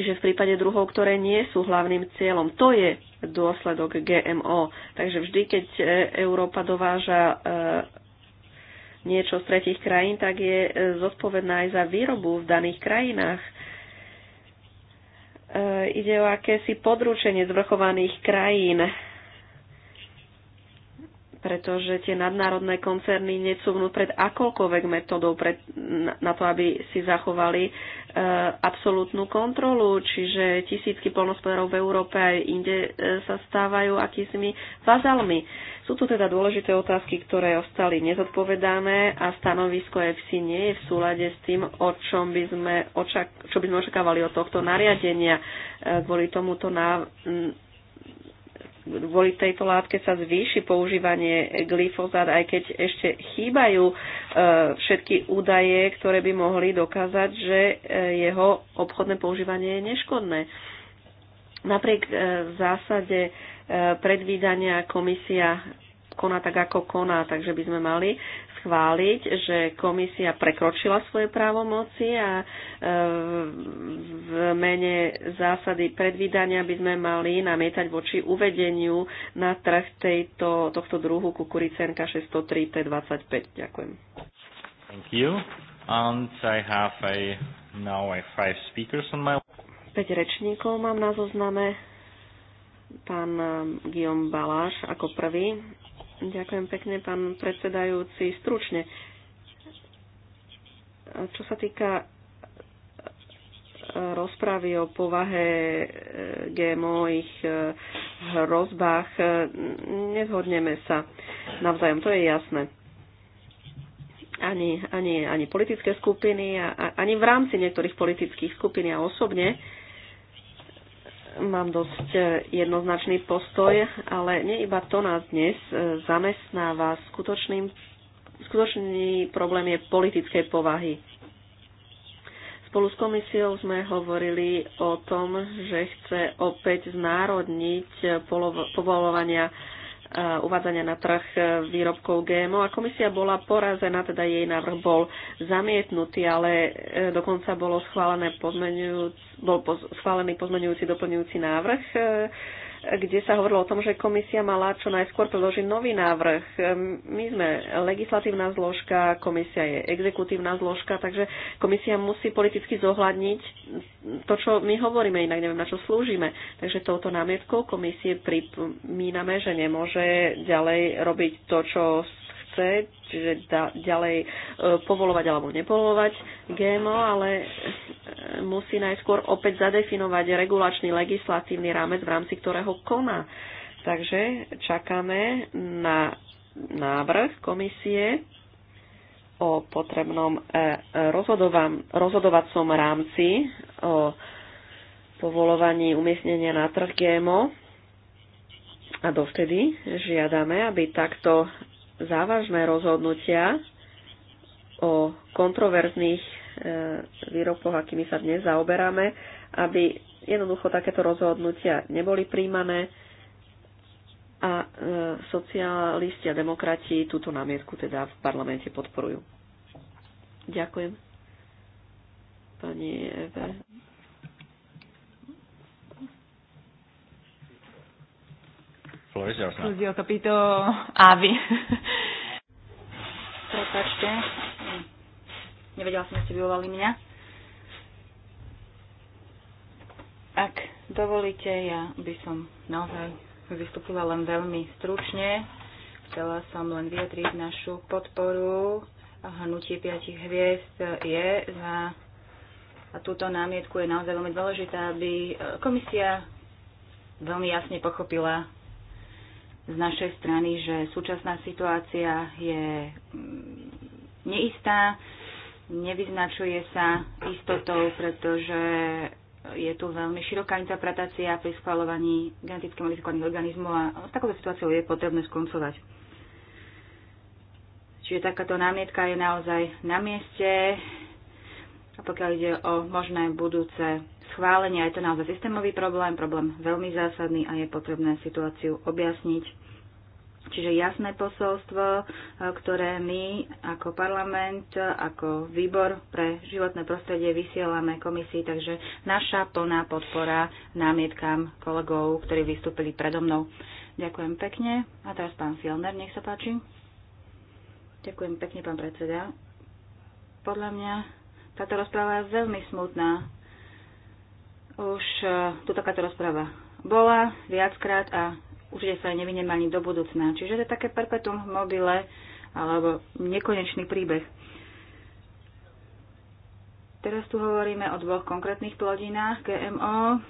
Čiže v prípade druhov, ktoré nie sú hlavným cieľom, to je dôsledok GMO. Takže vždy, keď e, Európa dováža e, niečo z tretich krajín, tak je e, zodpovedná aj za výrobu v daných krajinách ide o akési područenie zvrchovaných krajín pretože tie nadnárodné koncerny necúvnú pred akoľkoľvek metodou pred, na to, aby si zachovali e, absolútnu kontrolu. Čiže tisícky polnospodárov v Európe aj inde e, sa stávajú akýsimi vazalmi. Sú tu teda dôležité otázky, ktoré ostali nezodpovedané a stanovisko EFSI nie je v súlade s tým, o čom by sme, očak- čo by sme očakávali od tohto nariadenia. E, kvôli tomuto na- kvôli tejto látke sa zvýši používanie glyfozát, aj keď ešte chýbajú e, všetky údaje, ktoré by mohli dokázať, že e, jeho obchodné používanie je neškodné. Napriek e, zásade predvídania komisia koná tak, ako koná, takže by sme mali schváliť, že komisia prekročila svoje právomoci a e, v mene zásady predvídania by sme mali namietať voči uvedeniu na trh tejto, tohto druhu kukuricenka 603 T25. Ďakujem. Thank you. And I have a, now I five speakers on my... 5 rečníkov mám na zozname. Pán e, Guillaume Baláš ako prvý. Ďakujem pekne, pán predsedajúci. Stručne. Čo sa týka e, rozpravy o povahe e, GMO, ich e, hrozbách, nezhodneme sa navzájom, to je jasné. Ani, ani, ani politické skupiny, ani v rámci niektorých politických skupín a osobne mám dosť e, jednoznačný postoj, ale nie iba to nás dnes e, zamestnáva. Skutočným, skutočný problém je politickej povahy. Spolu s komisiou sme hovorili o tom, že chce opäť znárodniť povolovania Eh, uvádzania na trh eh, výrobkov GMO a komisia bola porazená, teda jej návrh bol zamietnutý, ale eh, dokonca bolo schválené pozmenujúc, bol schválený pozmenujúci doplňujúci návrh kde sa hovorilo o tom, že komisia mala čo najskôr predložiť nový návrh. Ehm, my sme legislatívna zložka, komisia je exekutívna zložka, takže komisia musí politicky zohľadniť to, čo my hovoríme, inak neviem, na čo slúžime. Takže touto námietkou komisie pripomíname, že nemôže ďalej robiť to, čo chce, čiže da, ďalej e, povolovať alebo nepovolovať GMO, ale musí najskôr opäť zadefinovať regulačný legislatívny rámec, v rámci ktorého koná. Takže čakáme na návrh komisie o potrebnom e, rozhodovacom rámci o povolovaní umiestnenia na trh GMO. A dovtedy žiadame, aby takto závažné rozhodnutia o kontroverzných E, výrobkoch, akými sa dnes zaoberáme, aby jednoducho takéto rozhodnutia neboli príjmané a e, socialisti a demokrati túto námietku teda v parlamente podporujú. Ďakujem. Pani Eve. Fulvio Capito Avi. Prepačte, Nevedela som, že ste vyvolali mňa. Ak dovolíte, ja by som naozaj vystúpila len veľmi stručne. Chcela som len vyjadriť našu podporu. Hnutie piatich hviezd je za a túto námietku je naozaj veľmi dôležitá, aby e, komisia veľmi jasne pochopila z našej strany, že súčasná situácia je mm, neistá, nevyznačuje sa istotou, pretože je tu veľmi široká interpretácia pri schvalovaní geneticky modifikovaných organizmov a s takouto situáciou je potrebné skoncovať. Čiže takáto námietka je naozaj na mieste. A pokiaľ ide o možné budúce schválenie, je to naozaj systémový problém, problém veľmi zásadný a je potrebné situáciu objasniť Čiže jasné posolstvo, e, ktoré my ako parlament, ako výbor pre životné prostredie vysielame komisii, takže naša plná podpora námietkam kolegov, ktorí vystúpili predo mnou. Ďakujem pekne. A teraz pán Filner, nech sa páči. Ďakujem pekne, pán predseda. Podľa mňa táto rozpráva je veľmi smutná. Už e, tu takáto rozpráva bola viackrát a určite sa nevinem ani do budúcna. Čiže to je také perpetuum mobile alebo nekonečný príbeh. Teraz tu hovoríme o dvoch konkrétnych plodinách GMO.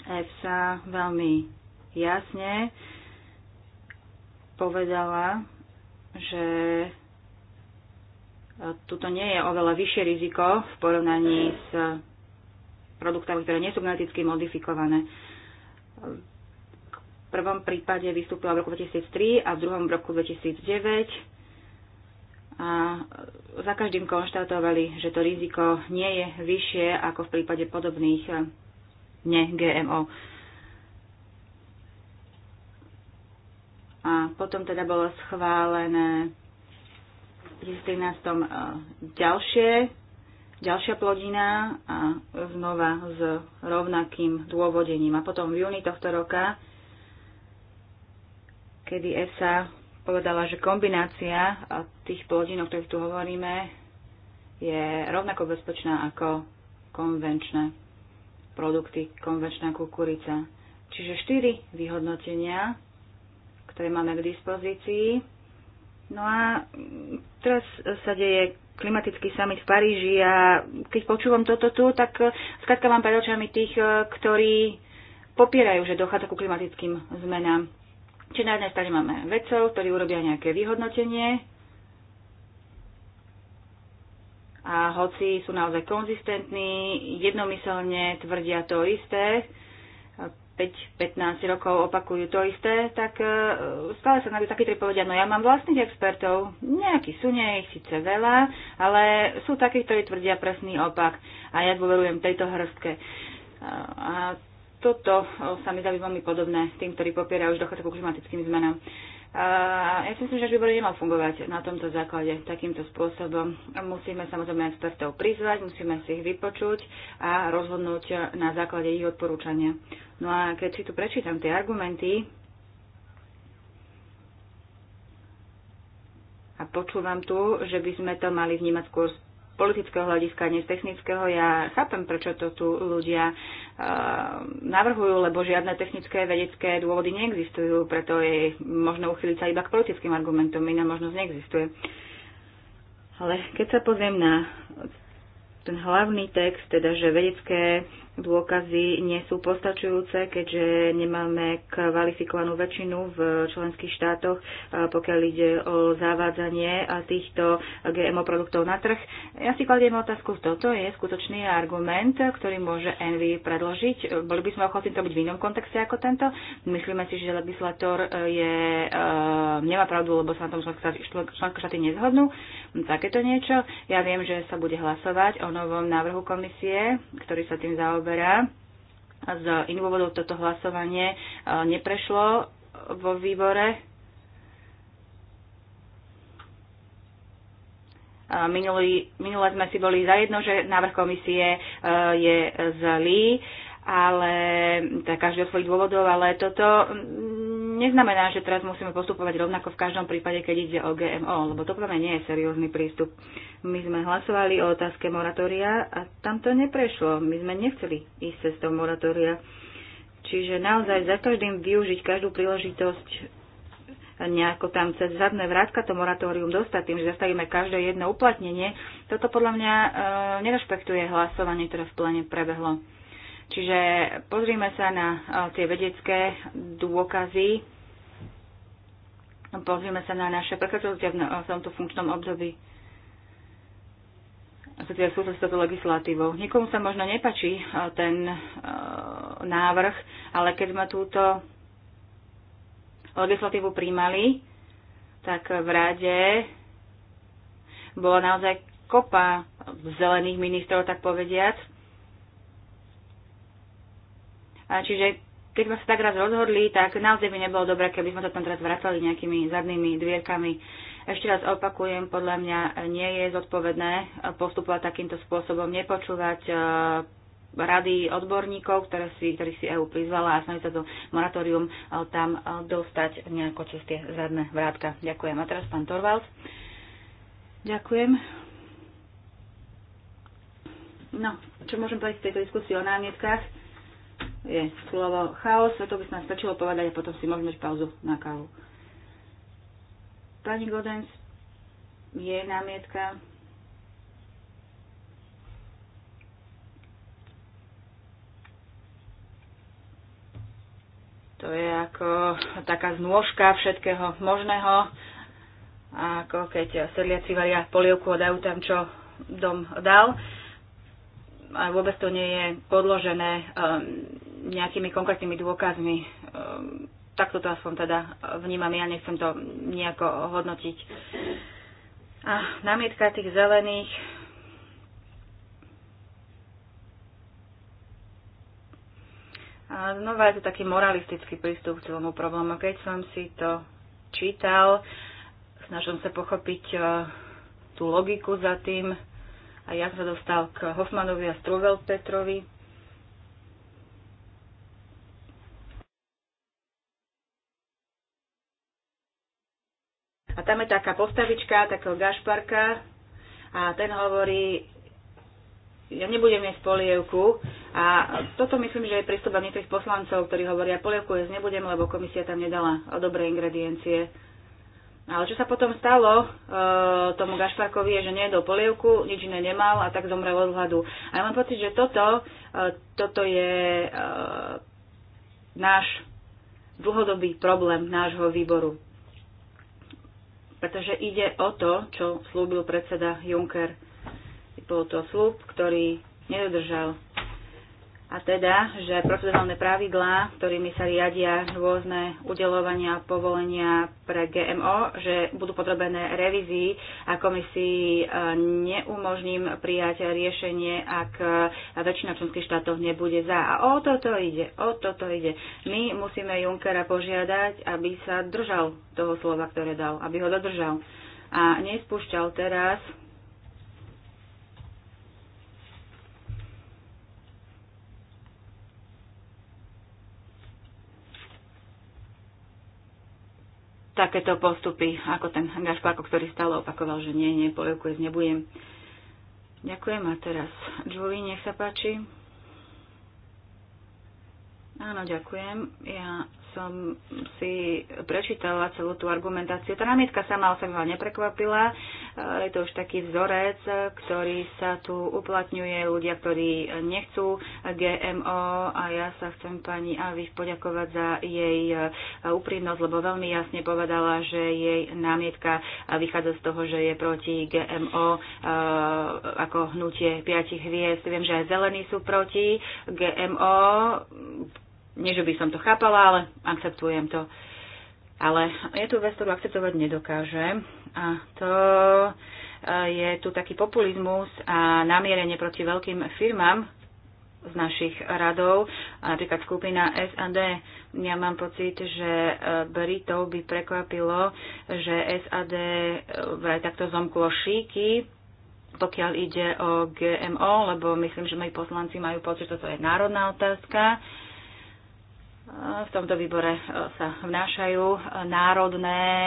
EFSA veľmi jasne povedala, že tuto nie je oveľa vyššie riziko v porovnaní s produktami, ktoré nie sú geneticky modifikované prvom prípade vystúpila v roku 2003 a v druhom v roku 2009 a za každým konštatovali, že to riziko nie je vyššie ako v prípade podobných eh, ne-GMO. A potom teda bolo schválené v 2013 eh, ďalšie, ďalšia plodina a znova s rovnakým dôvodením. A potom v júni tohto roka kedy ESA povedala, že kombinácia tých plodín, o ktorých tu hovoríme, je rovnako bezpečná ako konvenčné produkty, konvenčná kukurica. Čiže štyri vyhodnotenia, ktoré máme k dispozícii. No a teraz sa deje klimatický summit v Paríži a keď počúvam toto tu, tak e, skladka mám pred očami tých, e, ktorí popierajú, že dochádza ku klimatickým zmenám. Čiže na jednej strane máme vedcov, ktorí urobia nejaké vyhodnotenie a hoci sú naozaj konzistentní, jednomyselne tvrdia to isté, 5-15 rokov opakujú to isté, tak e, stále sa na takí, ktorí povedia, no ja mám vlastných expertov, nejakí sú, nie ich síce veľa, ale sú takí, ktorí tvrdia presný opak a ja dôverujem tejto hrstke. A toto eh, sa mi zdá byť veľmi podobné tým, ktorí popierajú už dochádza k klimatickým zmenám. A ja si myslím, že výbory nemal fungovať na tomto základe takýmto spôsobom. Musíme samozrejme expertov prizvať, musíme si ich vypočuť a rozhodnúť na základe ich odporúčania. No a keď si tu prečítam tie argumenty a počúvam tu, že by sme to mali vnímať skôr z politického hľadiska, nie z technického. Ja chápem, prečo to tu ľudia eh, navrhujú, lebo žiadne technické vedecké dôvody neexistujú, preto je možno uchyliť sa iba k politickým argumentom, iná možnosť neexistuje. Ale keď sa pozriem na ten hlavný text, teda že vedecké dôkazy nie sú postačujúce, keďže nemáme kvalifikovanú väčšinu v členských štátoch, pokiaľ ide o zavádzanie týchto GMO produktov na trh. Ja si kladiem otázku, toto je skutočný argument, ktorý môže Envy predložiť. Boli by sme ochotní to byť v inom kontexte ako tento. Myslíme si, že legislator je, e, nemá pravdu, lebo sa na tom členské štáty nezhodnú. Takéto niečo. Ja viem, že sa bude hlasovať o novom návrhu komisie, ktorý sa tým zaoberá zaoberá. Z iných dôvodov toto hlasovanie e, neprešlo vo výbore. E, minulý, sme si boli zajedno, že návrh komisie e, je zlý, ale tak každý od svojich dôvodov, ale toto neznamená, že teraz musíme postupovať rovnako v každom prípade, keď ide o GMO, lebo to podľa nie je seriózny prístup. My sme hlasovali o otázke moratória a tam to neprešlo. My sme nechceli ísť cez toho moratória. Čiže naozaj za každým využiť každú príležitosť nejako tam cez zadné vrátka to moratórium dostať tým, že zastavíme každé jedno uplatnenie, toto podľa mňa e, nerešpektuje hlasovanie, ktoré v plene prebehlo. Čiže pozrime sa na tie vedecké dôkazy, pozrime sa na naše prekročnosti v tomto funkčnom období respektíve teda súvisí s touto legislatívou. Niekomu sa možno nepačí ten návrh, ale keď sme túto legislatívu príjmali, tak v rade bola naozaj kopa zelených ministrov, tak povediac, Čiže keď sme sa tak raz rozhodli, tak naozaj by nebolo dobré, keby sme sa tam teraz vracali nejakými zadnými dvierkami. Ešte raz opakujem, podľa mňa nie je zodpovedné postupovať takýmto spôsobom, nepočúvať e, rady odborníkov, ktoré si, ktorých si EU prizvala a sme sa to moratórium e, tam e, dostať nejako cez tie zadné vrátka. Ďakujem. A teraz pán Torvalds. Ďakujem. No, čo môžem povedať v tejto diskusii o námietkách? je slovo chaos, to by sa nám stačilo povedať a potom si môžeme pauzu na kávu. Pani Godens, je námietka? To je ako taká znôžka všetkého možného. Ako keď sedliaci varia polievku a dajú tam, čo dom dal. A vôbec to nie je podložené um, nejakými konkrétnymi dôkazmi. Ehm, takto to aspoň teda vnímam, ja nechcem to nejako hodnotiť. A namietka tých zelených, A znova je to taký moralistický prístup k celomu problému. Keď som si to čítal, snažil sa pochopiť e, tú logiku za tým a ja som sa dostal k Hoffmanovi a Struvel Petrovi. A tam je taká postavička, takého gašparka a ten hovorí, ja nebudem jesť polievku a toto myslím, že je prístup niektorých poslancov, ktorí hovoria, polievku jesť nebudem, lebo komisia tam nedala dobré ingrediencie. Ale čo sa potom stalo e, tomu Gašparkovi je, že nejedol polievku, nič iné nemal a tak zomrel od hladu. A ja mám pocit, že toto, e, toto je e, náš dlhodobý problém nášho výboru pretože ide o to, čo slúbil predseda Juncker. Bol to slúb, ktorý nedodržal a teda, že procedurálne pravidlá, ktorými sa riadia rôzne udelovania povolenia pre GMO, že budú podrobené revízii a komisii e, neumožním prijať riešenie, ak e, väčšina členských štátov nebude za. A o toto ide, o toto ide. My musíme Junkera požiadať, aby sa držal toho slova, ktoré dal, aby ho dodržal. A nespúšťal teraz takéto postupy, ako ten Gašpáko, ktorý stále opakoval, že nie, nie, polivku jesť nebudem. Ďakujem a teraz Julie, nech sa páči. Áno, ďakujem. Ja som si prečítala celú tú argumentáciu. Tá námietka sama o sebe neprekvapila. E, je to už taký vzorec, ktorý sa tu uplatňuje ľudia, ktorí nechcú GMO a ja sa chcem pani Avi poďakovať za jej e, úprimnosť, lebo veľmi jasne povedala, že jej námietka vychádza z toho, že je proti GMO e, ako hnutie piatich hviezd. Viem, že aj zelení sú proti GMO, nie, že by som to chápala, ale akceptujem to. Ale je tu vec, ktorú akceptovať nedokážem. A to e, je tu taký populizmus a namierenie proti veľkým firmám z našich radov, napríklad skupina SAD. Ja mám pocit, že e, Britov by prekvapilo, že SAD e, vraj takto zomklo šíky, pokiaľ ide o GMO, lebo myslím, že moji poslanci majú pocit, že toto je národná otázka v tomto výbore e, sa vnášajú národné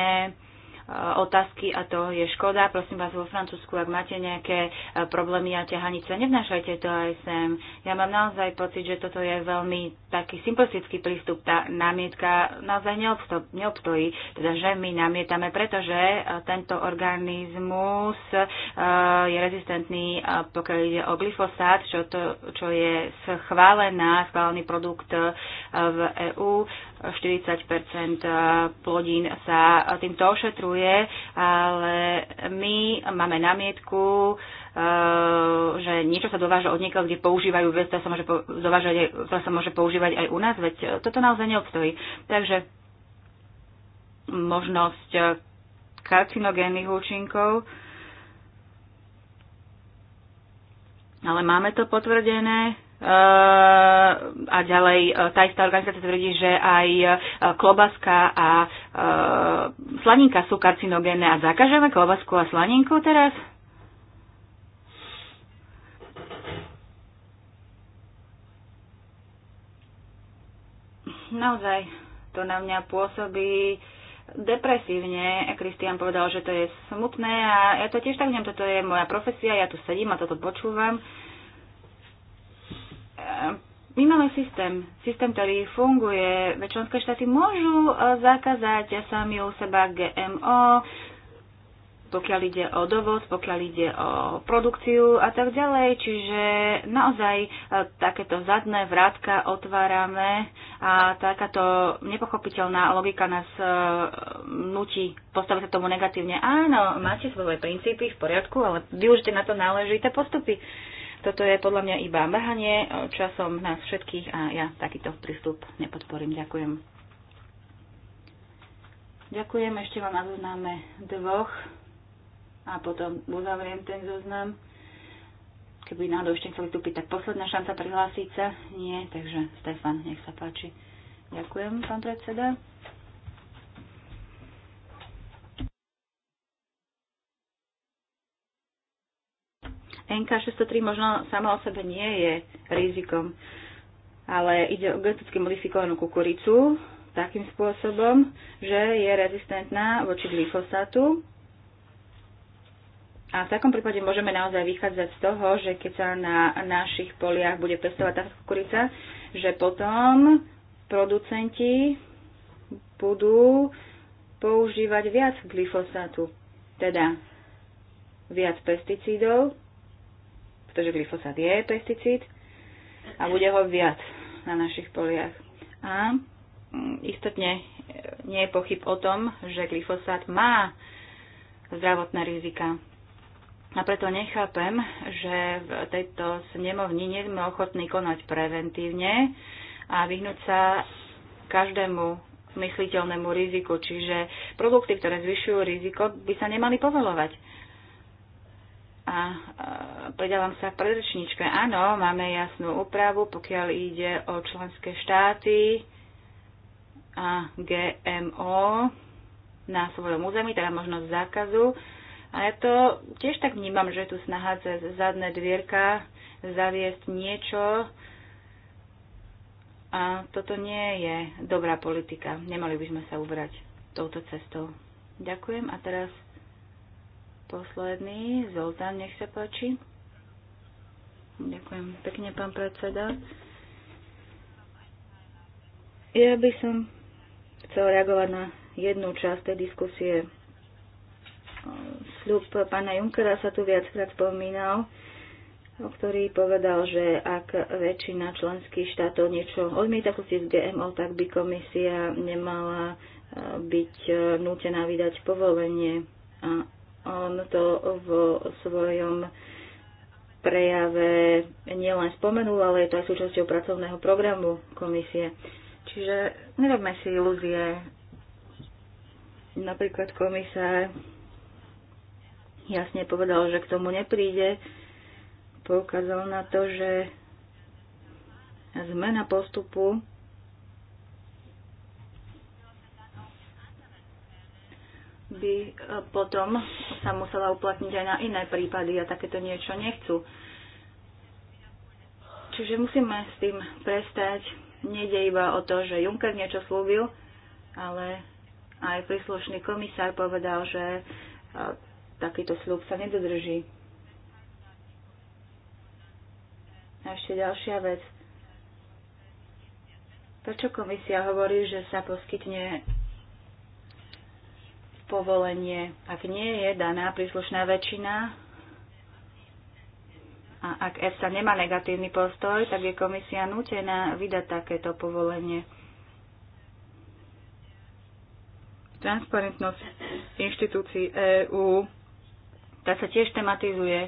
otázky a to je škoda. Prosím vás vo Francúzsku, ak máte nejaké e, problémy a ťahanice, nevnášajte to aj sem. Ja mám naozaj pocit, že toto je veľmi taký sympatický prístup. Tá námietka naozaj neobstojí, teda že my namietame, pretože e, tento organizmus e, je rezistentný, pokiaľ ide o glyfosát, čo, to, čo je schválená, schválený produkt v EÚ 40 plodín sa týmto ošetruje, ale my máme namietku, eh, že niečo sa dováža od niekoho, kde používajú vec, ktorá sa môže, dovážať, ktorá sa môže používať aj u nás, veď toto naozaj neobstojí. Takže možnosť karcinogénnych účinkov, ale máme to potvrdené Eh, a ďalej eh, tá istá organizácia tvrdí, že aj eh, klobaska a slaninka sú karcinogénne a zakažeme klobasku a slaninku teraz? Naozaj, to na mňa pôsobí depresívne. Kristian povedal, že to je smutné a ja to tiež tak vnem, toto je moja profesia, ja tu sedím a toto počúvam. Uh, Eh, my máme systém, systém, ktorý funguje. Veď členské štáty môžu eh, zakázať sami u seba GMO, pokiaľ ide o dovoz, pokiaľ ide o produkciu a tak ďalej. Čiže naozaj eh, takéto zadné vrátka otvárame a takáto nepochopiteľná logika nás nutí postaviť sa tomu negatívne. Áno, máte svoje princípy v poriadku, ale využite na to náležité postupy. Toto je podľa mňa iba mrhanie časom nás všetkých a ja takýto prístup nepodporím. Ďakujem. Ďakujem, ešte vám na zozname dvoch a potom uzavriem ten zoznam. Keby náhodou ešte chceli vstúpiť, tak posledná šanca prihlásiť sa. Nie, takže Stefan, nech sa páči. Ďakujem, pán predseda. NK603 možno sama o sebe nie je rizikom, ale ide o geneticky modifikovanú kukuricu takým spôsobom, že je rezistentná voči glyfosátu. A v takom prípade môžeme naozaj vychádzať z toho, že keď sa na našich poliach bude pestovať tá kukurica, že potom producenti budú používať viac glyfosátu, teda viac pesticídov pretože glyfosát je pesticíd a bude ho viac na našich poliach. A mm, istotne e, nie je pochyb o tom, že glyfosát má zdravotné rizika. A preto nechápem, že v tejto snemovni nie sme ochotní konať preventívne a vyhnúť sa každému mysliteľnému riziku. Čiže produkty, ktoré zvyšujú riziko, by sa nemali povolovať. A e, predávam sa k Áno, máme jasnú úpravu, pokiaľ ide o členské štáty a GMO na svojom území, teda možnosť zákazu. A ja to tiež tak vnímam, že tu snaha cez zadné dvierka zaviesť niečo. A toto nie je dobrá politika. Nemali by sme sa ubrať touto cestou. Ďakujem a teraz posledný. Zoltán, nech sa páči. Ďakujem pekne, pán predseda. Ja by som chcel reagovať na jednu časť tej diskusie. Sľub pána Junkera sa tu viackrát spomínal, ktorý povedal, že ak väčšina členských štátov niečo odmieta súvisí z GMO, tak by komisia nemala eh, byť eh, nútená vydať povolenie a on to vo svojom prejave nielen spomenul, ale je to aj súčasťou pracovného programu komisie. Čiže nerobme si ilúzie. Napríklad komisár jasne povedal, že k tomu nepríde. Poukázal na to, že zmena postupu by e, potom sa musela uplatniť aj na iné prípady a takéto niečo nechcú. Čiže musíme s tým prestať. Nede iba o to, že Juncker niečo slúbil, ale aj príslušný komisár povedal, že e, takýto slúb sa nedodrží. A ešte ďalšia vec. Prečo komisia hovorí, že sa poskytne povolenie. Ak nie je daná príslušná väčšina a ak EFSA nemá negatívny postoj, tak je komisia nutená vydať takéto povolenie. Transparentnosť inštitúcií EÚ, tá sa tiež tematizuje.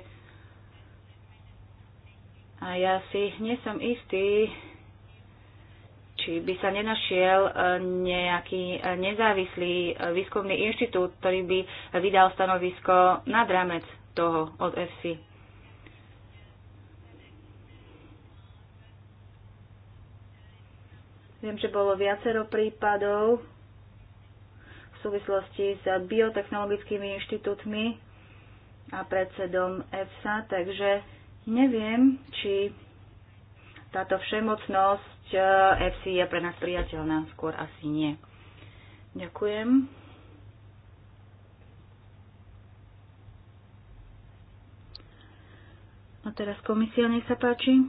A ja si nesom istý, či by sa nenašiel e, nejaký e, nezávislý e, výskumný inštitút, ktorý by vydal stanovisko nad rámec toho od FC. Viem, že bolo viacero prípadov v súvislosti s biotechnologickými inštitútmi a predsedom EFSA, takže neviem, či táto všemocnosť časť eh, FC je pre nás priateľná, skôr asi nie. Ďakujem. A teraz komisia, nech sa páči.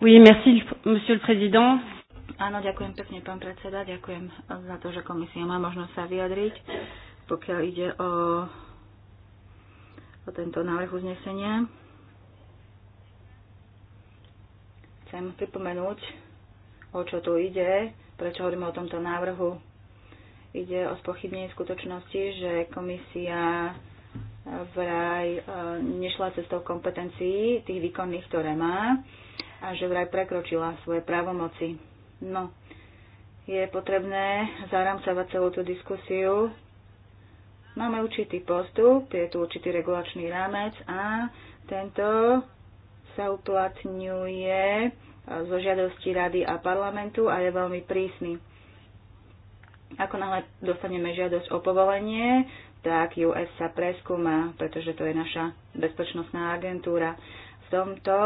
Oui, merci, monsieur le président. Áno, ďakujem pekne, pán predseda. Ďakujem za to, že komisia má možnosť sa vyjadriť, pokiaľ ide o o tento návrh uznesenia. Chcem pripomenúť, o čo tu ide, prečo hovoríme o tomto návrhu. Ide o spochybnenie skutočnosti, že komisia vraj e, nešla cestou kompetencií tých výkonných, ktoré má a že vraj prekročila svoje právomoci. No, je potrebné zaramcovať celú tú diskusiu Máme určitý postup, je tu určitý regulačný rámec a tento sa uplatňuje zo žiadosti rady a parlamentu a je veľmi prísny. Ako náhle dostaneme žiadosť o povolenie, tak US sa preskúma, pretože to je naša bezpečnostná agentúra. V tomto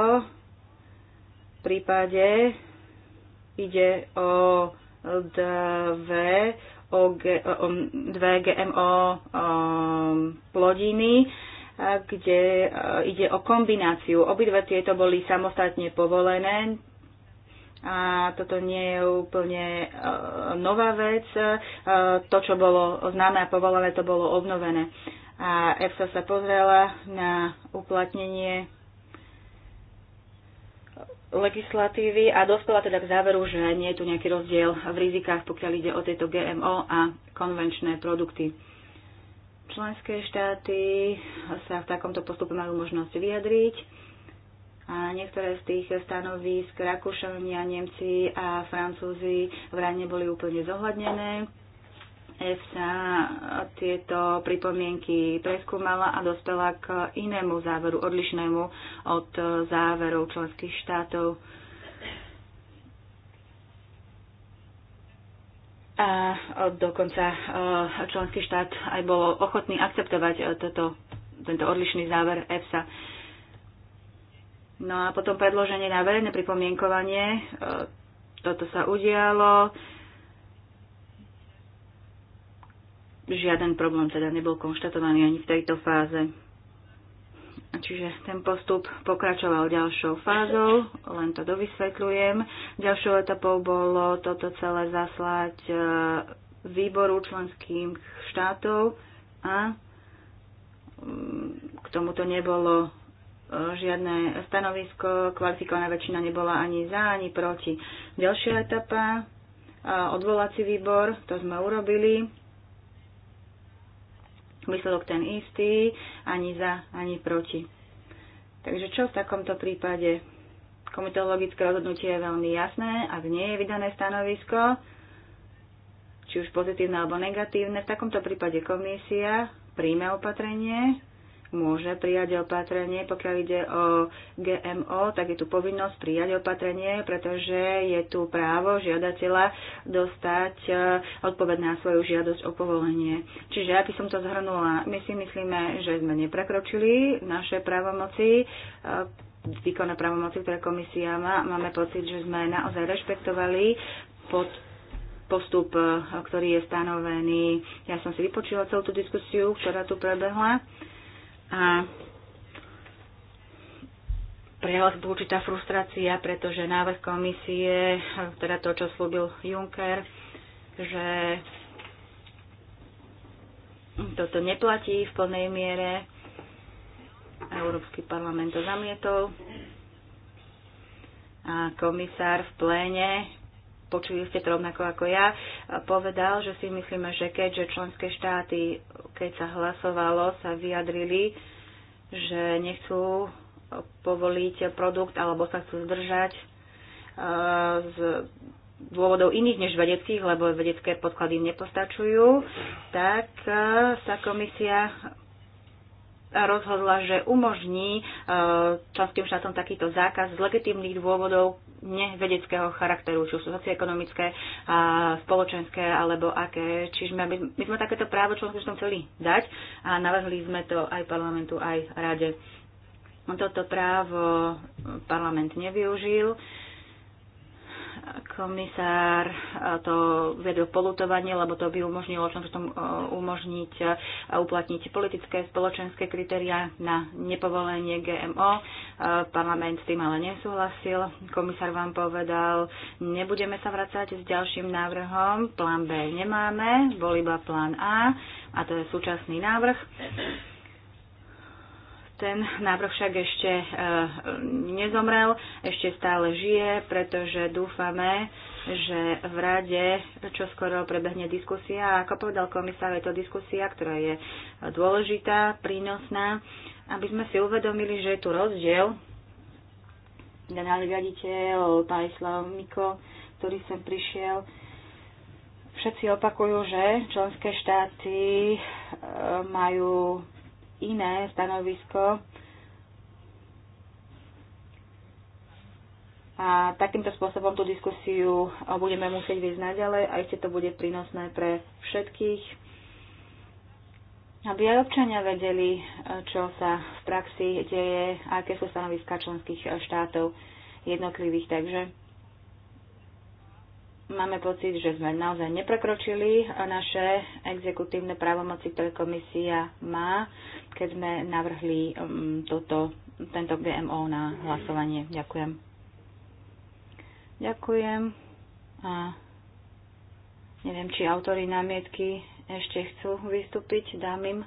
prípade ide o dve o dve GMO plodiny, kde ide o kombináciu. Obidve tieto boli samostatne povolené, a toto nie je úplne nová vec. To, čo bolo známe a povolené, to bolo obnovené. A EFSA sa pozrela na uplatnenie legislatívy a dospela teda k záveru, že nie je tu nejaký rozdiel v rizikách, pokiaľ ide o tieto GMO a konvenčné produkty. Členské štáty sa v takomto postupe majú možnosť vyjadriť a niektoré z tých stanovísk Rakúšania, Nemci a Francúzi vraj neboli úplne zohľadnené EFSA tieto pripomienky preskúmala a dospela k inému záveru, odlišnému od záverov členských štátov. A dokonca e, členský štát aj bol ochotný akceptovať e, toto, tento odlišný záver EFSA. No a potom predloženie na verejné pripomienkovanie, e, toto sa udialo Žiaden problém teda nebol konštatovaný ani v tejto fáze. Čiže ten postup pokračoval ďalšou fázou, len to dovysvetľujem. Ďalšou etapou bolo toto celé zaslať e, výboru členským štátov a mm, k tomuto nebolo e, žiadne stanovisko, kvalifikovaná väčšina nebola ani za, ani proti. Ďalšia etapa, e, odvolací výbor, to sme urobili, výsledok ten istý, ani za, ani proti. Takže čo v takomto prípade? Komitologické rozhodnutie je veľmi jasné, ak nie je vydané stanovisko, či už pozitívne alebo negatívne, v takomto prípade komisia príjme opatrenie, môže prijať opatrenie. Pokiaľ ide o GMO, tak je tu povinnosť prijať opatrenie, pretože je tu právo žiadateľa dostať e, odpoveď na svoju žiadosť o povolenie. Čiže, aby som to zhrnula, my si myslíme, že sme neprekročili naše právomoci e, výkonné právomoci, ktoré komisia má. Máme pocit, že sme naozaj rešpektovali pod postup, e, ktorý je stanovený. Ja som si vypočula celú tú diskusiu, ktorá tu prebehla a pre vás určitá frustrácia, pretože návrh komisie, teda to, čo slúbil Juncker, že toto neplatí v plnej miere. Európsky parlament to zamietol. A komisár v pléne počuli ste to rovnako ako ja, povedal, že si myslíme, že keďže členské štáty, keď sa hlasovalo, sa vyjadrili, že nechcú povoliť produkt alebo sa chcú zdržať e, z dôvodov iných než vedeckých, lebo vedecké podklady nepostačujú, tak e, sa komisia rozhodla, že umožní e, členským štátom takýto zákaz z legitímnych dôvodov nevedeckého charakteru, či sú socioekonomické, spoločenské alebo aké. Čiže my, my sme takéto právo členským štátom chceli dať a navrhli sme to aj parlamentu, aj rade. Toto právo parlament nevyužil. Uh, komisár to vedol polutovanie, lebo to by umožnilo členstvom e, umožniť uplatniť politické, spoločenské kritéria na nepovolenie GMO. E, parlament s tým ale nesúhlasil. Komisár vám povedal, nebudeme sa vracať s ďalším návrhom. Plán B nemáme, bol iba plán A a to je súčasný návrh. Ten návrh však ešte e, nezomrel, ešte stále žije, pretože dúfame, že v rade čo skoro prebehne diskusia. A ako povedal komisár, je to diskusia, ktorá je dôležitá, prínosná, aby sme si uvedomili, že je tu rozdiel. Generálny riaditeľ Pajslav Miko, ktorý sem prišiel, všetci opakujú, že členské štáty e, majú iné stanovisko. A takýmto spôsobom tú diskusiu budeme musieť viesť naďalej, a ešte to bude prínosné pre všetkých, aby aj občania vedeli, čo sa v praxi deje, aké sú stanoviska členských štátov jednotlivých. Takže Máme pocit, že sme naozaj neprekročili naše exekutívne právomoci, ktoré komisia má, keď sme navrhli um, toto, tento GMO na hlasovanie. Ďakujem. Ďakujem. A neviem, či autory námietky ešte chcú vystúpiť. Dám im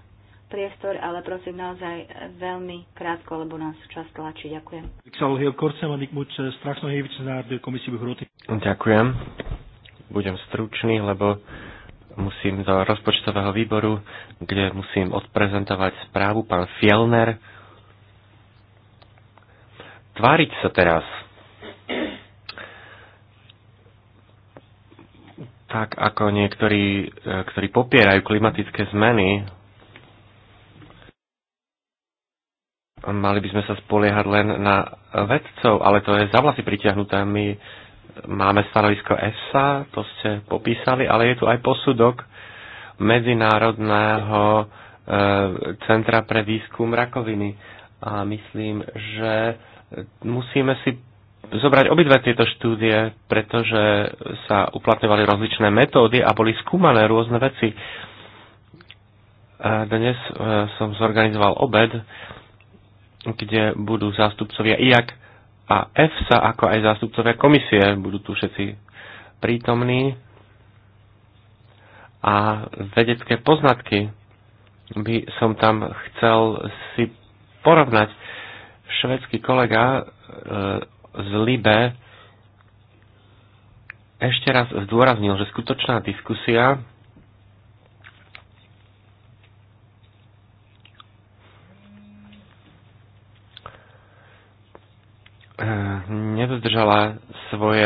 priestor, ale prosím naozaj veľmi krátko, lebo nás čas tlačí. Ďakujem. Ďakujem. Budem stručný, lebo musím do rozpočtového výboru, kde musím odprezentovať správu pán Fielner. Tváriť sa teraz. Tak ako niektorí, eh, ktorí popierajú klimatické zmeny, mali by sme sa spoliehať len na vedcov, ale to je za vlasy pritiahnuté. My máme stanovisko EFSA, to ste popísali, ale je tu aj posudok Medzinárodného e, centra pre výskum rakoviny. A myslím, že musíme si zobrať obidve tieto štúdie, pretože sa uplatňovali rozličné metódy a boli skúmané rôzne veci. Dnes e, som zorganizoval obed, kde budú zástupcovia IAK a EFSA, ako aj zástupcovia komisie. Budú tu všetci prítomní. A vedecké poznatky by som tam chcel si porovnať. Švedský kolega e, z Libe ešte raz zdôraznil, že skutočná diskusia Eh, nedodržala svoje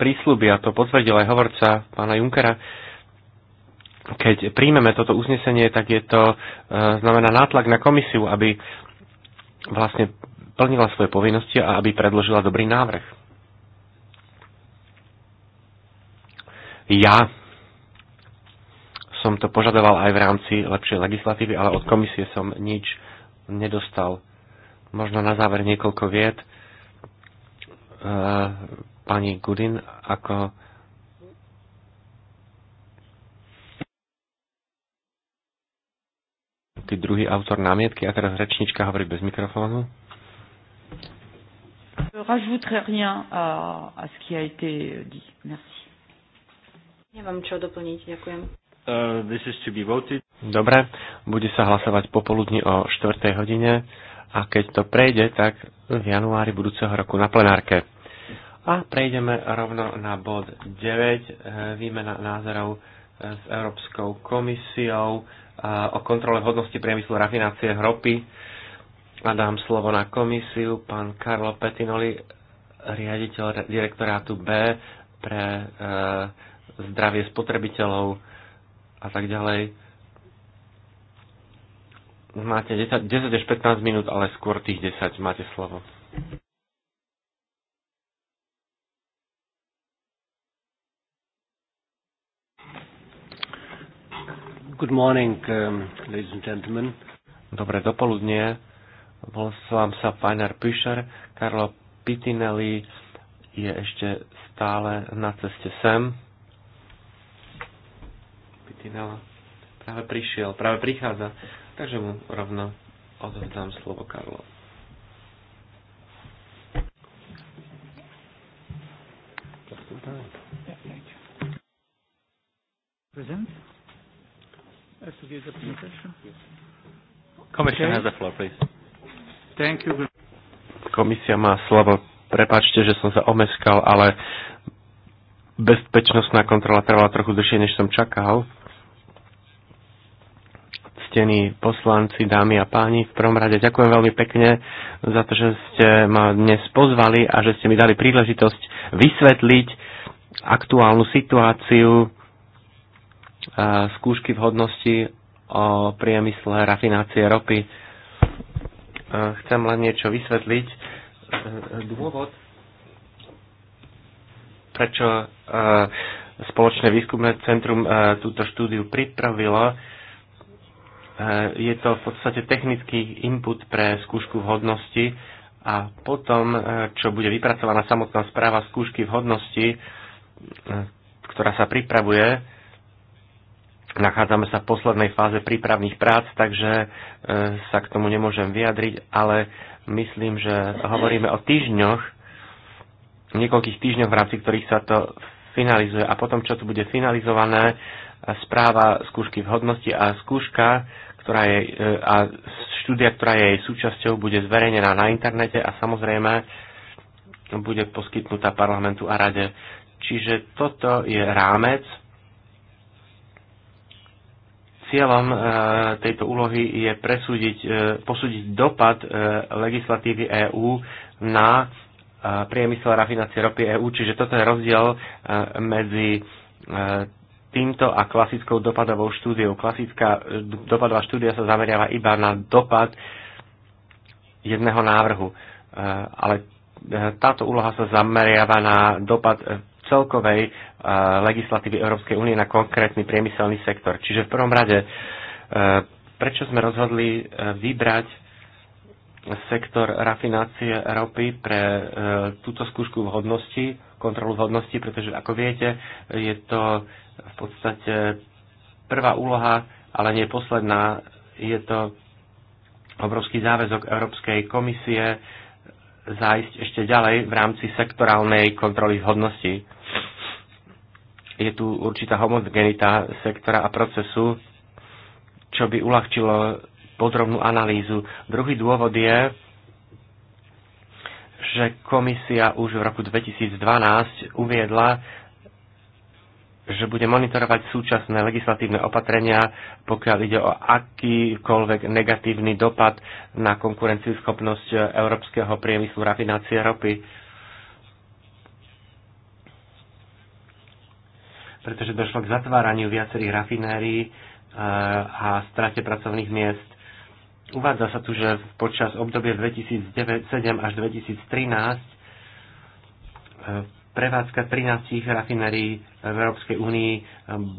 prísľuby a to potvrdil aj hovorca pána Junkera. Keď príjmeme toto uznesenie, tak je to eh, znamená nátlak na komisiu, aby vlastne plnila svoje povinnosti a aby predložila dobrý návrh. Ja som to požadoval aj v rámci lepšej legislatívy, ale od komisie som nič nedostal. Možno na záver niekoľko vied Eh, pani Gudin, ako aký druhý autor námietky a teraz rečnička hovorí bez mikrofónu. rajouterai rien à, à ce qui a été dit. Merci. Nemám čo doplniť, ďakujem. Uh, this is to be voted. Dobre, bude sa hlasovať popoludní o 4. hodine a keď to prejde, tak v januári budúceho roku na plenárke. A prejdeme rovno na bod 9, eh, výmena názorov eh, s Európskou komisiou eh, o kontrole hodnosti priemyslu rafinácie hropy. A dám slovo na komisiu pán Karlo Petinoli, riaditeľ direktorátu B pre zdravie spotrebiteľov a tak ďalej. Máte 10, 10 až 15 minút, ale skôr tých 10 máte slovo. Good morning, um, ladies and gentlemen. Dobré dopoludnie. Volám sa Fajnar Píšer. Karlo Pitinelli je ešte stále na ceste sem. Pitinella práve prišiel, práve prichádza takže mu rovno odovzdám slovo Karlo. Present? Yes. Commission okay. has the floor, please. Thank you. Komisia má slovo. Prepačte, že som sa omeskal, ale bezpečnostná kontrola trvala trochu dlhšie, než som čakal ctení poslanci, dámy a páni, v prvom rade ďakujem veľmi pekne za to, že ste ma dnes pozvali a že ste mi dali príležitosť vysvetliť aktuálnu situáciu skúšky vhodnosti o priemysle rafinácie ropy. Chcem len niečo vysvetliť. E, dôvod, prečo e, spoločné výskumné centrum e, túto štúdiu pripravilo, Eh, je to v podstate technický input pre skúšku vhodnosti a potom, eh, čo bude vypracovaná samotná správa skúšky vhodnosti, eh, ktorá sa pripravuje, nachádzame sa v poslednej fáze prípravných prác, takže sa k tomu nemôžem vyjadriť, ale myslím, že hovoríme o týždňoch, niekoľkých týždňoch, v rámci ktorých sa to finalizuje. A potom, čo tu bude finalizované, správa skúšky vhodnosti a skúška, ktorá je, e, a štúdia, ktorá je jej súčasťou, bude zverejnená na internete a samozrejme bude poskytnutá parlamentu a rade. Čiže toto je rámec. Cieľom e, tejto úlohy je presúdiť, e, posúdiť dopad legislatívy EÚ na priemysel rafinácie ropy EÚ, čiže toto je rozdiel medzi týmto a klasickou dopadovou štúdiou. Klasická e, dopadová štúdia sa zameriava iba na dopad jedného návrhu, e, ale e, táto úloha sa zameriava na dopad celkovej legislatívy Európskej únie na konkrétny priemyselný sektor. Čiže v prvom rade, prečo sme rozhodli vybrať sektor rafinácie ropy pre túto skúšku vhodnosti kontrolu vhodnosti, pretože ako viete, je to v podstate prvá úloha, ale nie posledná. Je to obrovský záväzok Európskej komisie zájsť ešte ďalej v rámci sektorálnej kontroly vhodnosti. Je tu určitá homogenita sektora a procesu, čo by uľahčilo podrobnú analýzu. Druhý dôvod je, že komisia už v roku 2012 uviedla, že bude monitorovať súčasné legislatívne opatrenia, pokiaľ ide o akýkoľvek negatívny dopad na konkurencieschopnosť európskeho priemyslu rafinácie ropy. Pretože došlo k zatváraniu viacerých rafinérií eh, a strate pracovných miest. Uvádza sa tu, že počas obdobie 2007 až 2013 eh, prevádzka 13 rafinérií v Európskej únii eh,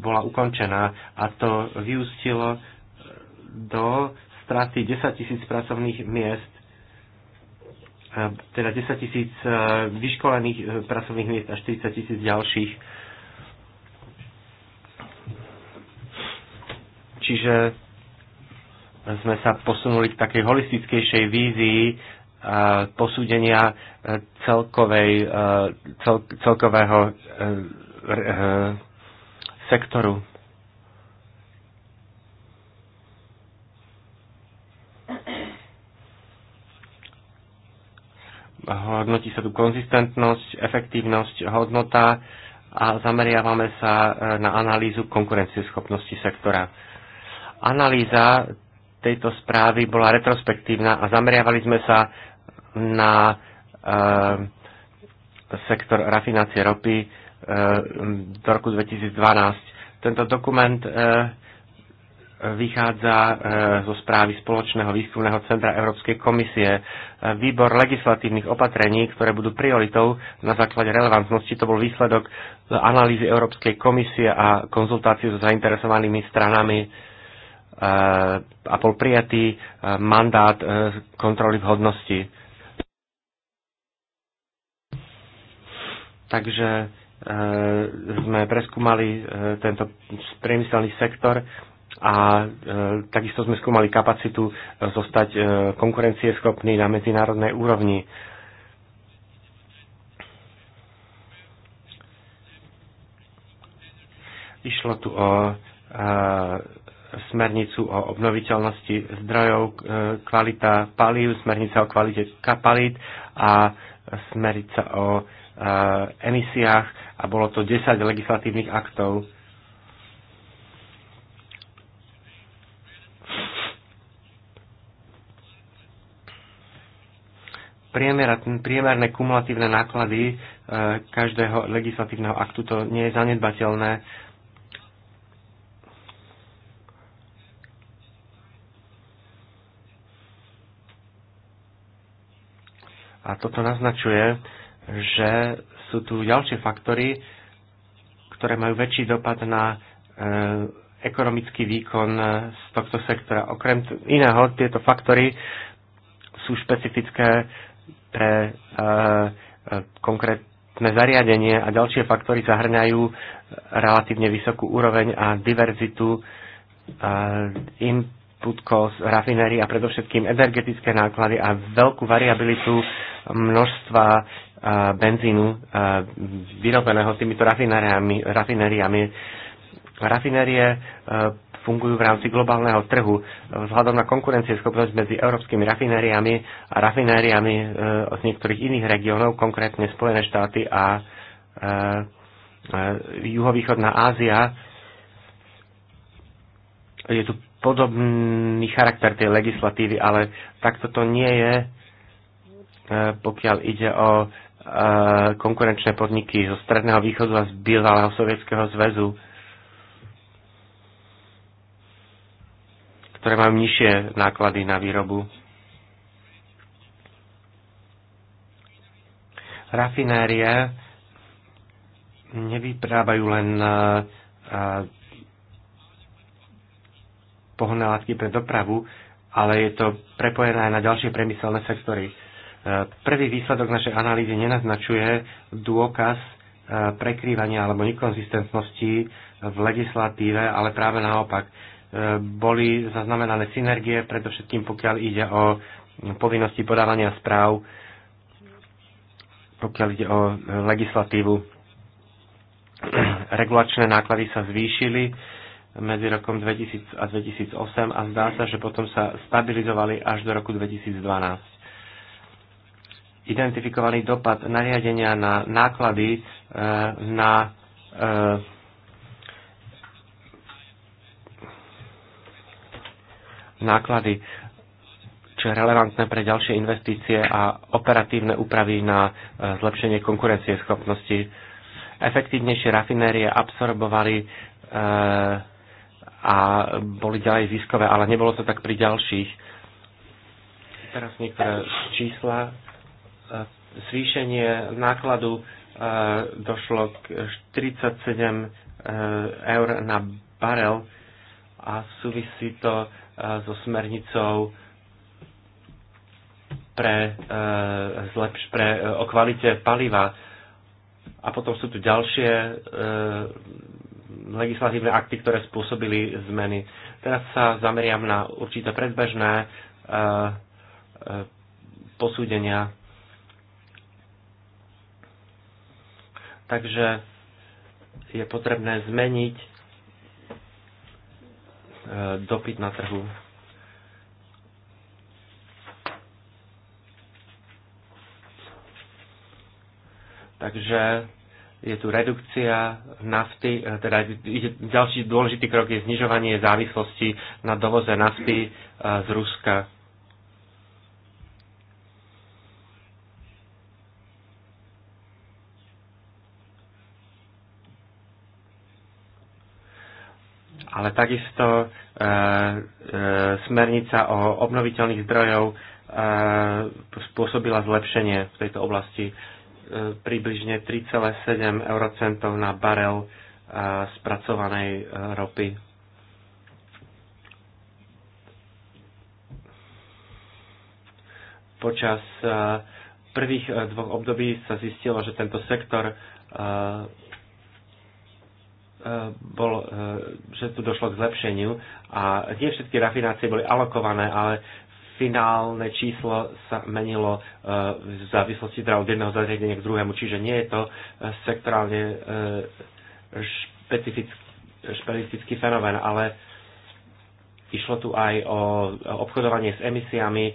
bola ukončená a to vyústilo eh, do straty 10 tisíc pracovných miest, teda 10 tisíc vyškolených pracovných miest a 40 tisíc ďalších. Čiže sme sa posunuli k takej holistickejšej vízii e, posúdenia e, celkovej, e, cel, celkového sektoru. Hodnotí sa tu konzistentnosť, efektívnosť, hodnota a zameriavame sa na analýzu konkurencieschopnosti sektora. Analýza tejto správy bola retrospektívna a zameriavali sme sa na e, sektor rafinácie ropy e, do roku 2012. Tento dokument e, vychádza e, zo správy Spoločného výskumného centra Európskej komisie. E, výbor legislatívnych opatrení, ktoré budú prioritou na základe relevantnosti, to bol výsledok analýzy Európskej komisie a konzultácie so zainteresovanými stranami a bol prijatý e, mandát e, kontroly vhodnosti. Takže e, sme preskúmali tento priemyselný sektor a takisto sme skúmali kapacitu zostať konkurencieschopný na medzinárodnej úrovni. Išlo tu o smernicu o obnoviteľnosti zdrojov, e, kvalita palív, smernica o kvalite kapalít a smernica o e, emisiách a bolo to 10 legislatívnych aktov. priemerné kumulatívne náklady e, každého legislatívneho aktu to nie je zanedbateľné A toto naznačuje, že sú tu ďalšie faktory, ktoré majú väčší dopad na e, ekonomický výkon e, z tohto sektora. Okrem iného, tieto faktory sú špecifické pre e, e, konkrétne zariadenie a ďalšie faktory zahrňajú e, relatívne vysokú úroveň a diverzitu e, z rafinérií a predovšetkým energetické náklady a veľkú variabilitu množstva e, benzínu e, vyrobeného týmito rafinériami. Rafinérie e, fungujú v rámci globálneho trhu. Vzhľadom na konkurencieschopnosť medzi európskymi rafinériami a rafinériami od niektorých iných regiónov, konkrétne Spojené štáty a juhovýchodná Ázia, je tu podobný charakter tej legislatívy, ale takto to nie je, e, pokiaľ ide o e, konkurenčné podniky zo Stredného východu a z bývalého Sovietského zväzu, ktoré majú nižšie náklady na výrobu. Rafinérie nevyprávajú len e, pohonné látky pre dopravu, ale je to prepojené aj na ďalšie priemyselné sektory. E, prvý výsledok našej analýzy nenaznačuje dôkaz e, prekrývania alebo nekonzistentnosti v legislatíve, ale práve naopak. E, boli zaznamenané synergie, predovšetkým pokiaľ ide o povinnosti podávania správ, pokiaľ ide o legislatívu. Regulačné náklady sa zvýšili, medzi rokom 2000 a 2008 a zdá sa, že potom sa stabilizovali až do roku 2012. Identifikovaný dopad nariadenia na náklady e, na e, náklady, čo je relevantné pre ďalšie investície a operatívne úpravy na e, zlepšenie konkurencie schopnosti. Efektívnejšie rafinérie absorbovali a boli ďalej ziskové, ale nebolo to tak pri ďalších. Teraz niektoré čísla. Zvýšenie nákladu e, došlo k 47 e, eur na barel a súvisí to e, so smernicou pre, zlepš, pre o kvalite paliva. A potom sú tu ďalšie legislatívne akty, ktoré spôsobili zmeny. Teraz sa zameriam na určité predbežné e, e, posúdenia. Takže je potrebné zmeniť e, dopyt na trhu. Takže je tu redukcia nafty, e, teda ďalší dôležitý krok je znižovanie závislosti na dovoze nafty e, z Ruska. Ale takisto e, e, smernica o obnoviteľných zdrojov e, spôsobila zlepšenie v tejto oblasti približne 3,7 eurocentov na barel e, spracovanej e, ropy. Počas e, prvých dvoch období sa zistilo, že tento sektor bol, že tu došlo k zlepšeniu a nie všetky rafinácie boli alokované, ale finálne číslo sa menilo e, v závislosti teda od jedného zariadenia k druhému, čiže nie je to e, sektorálne e, špecifický fenomén, ale išlo tu aj o obchodovanie s emisiami,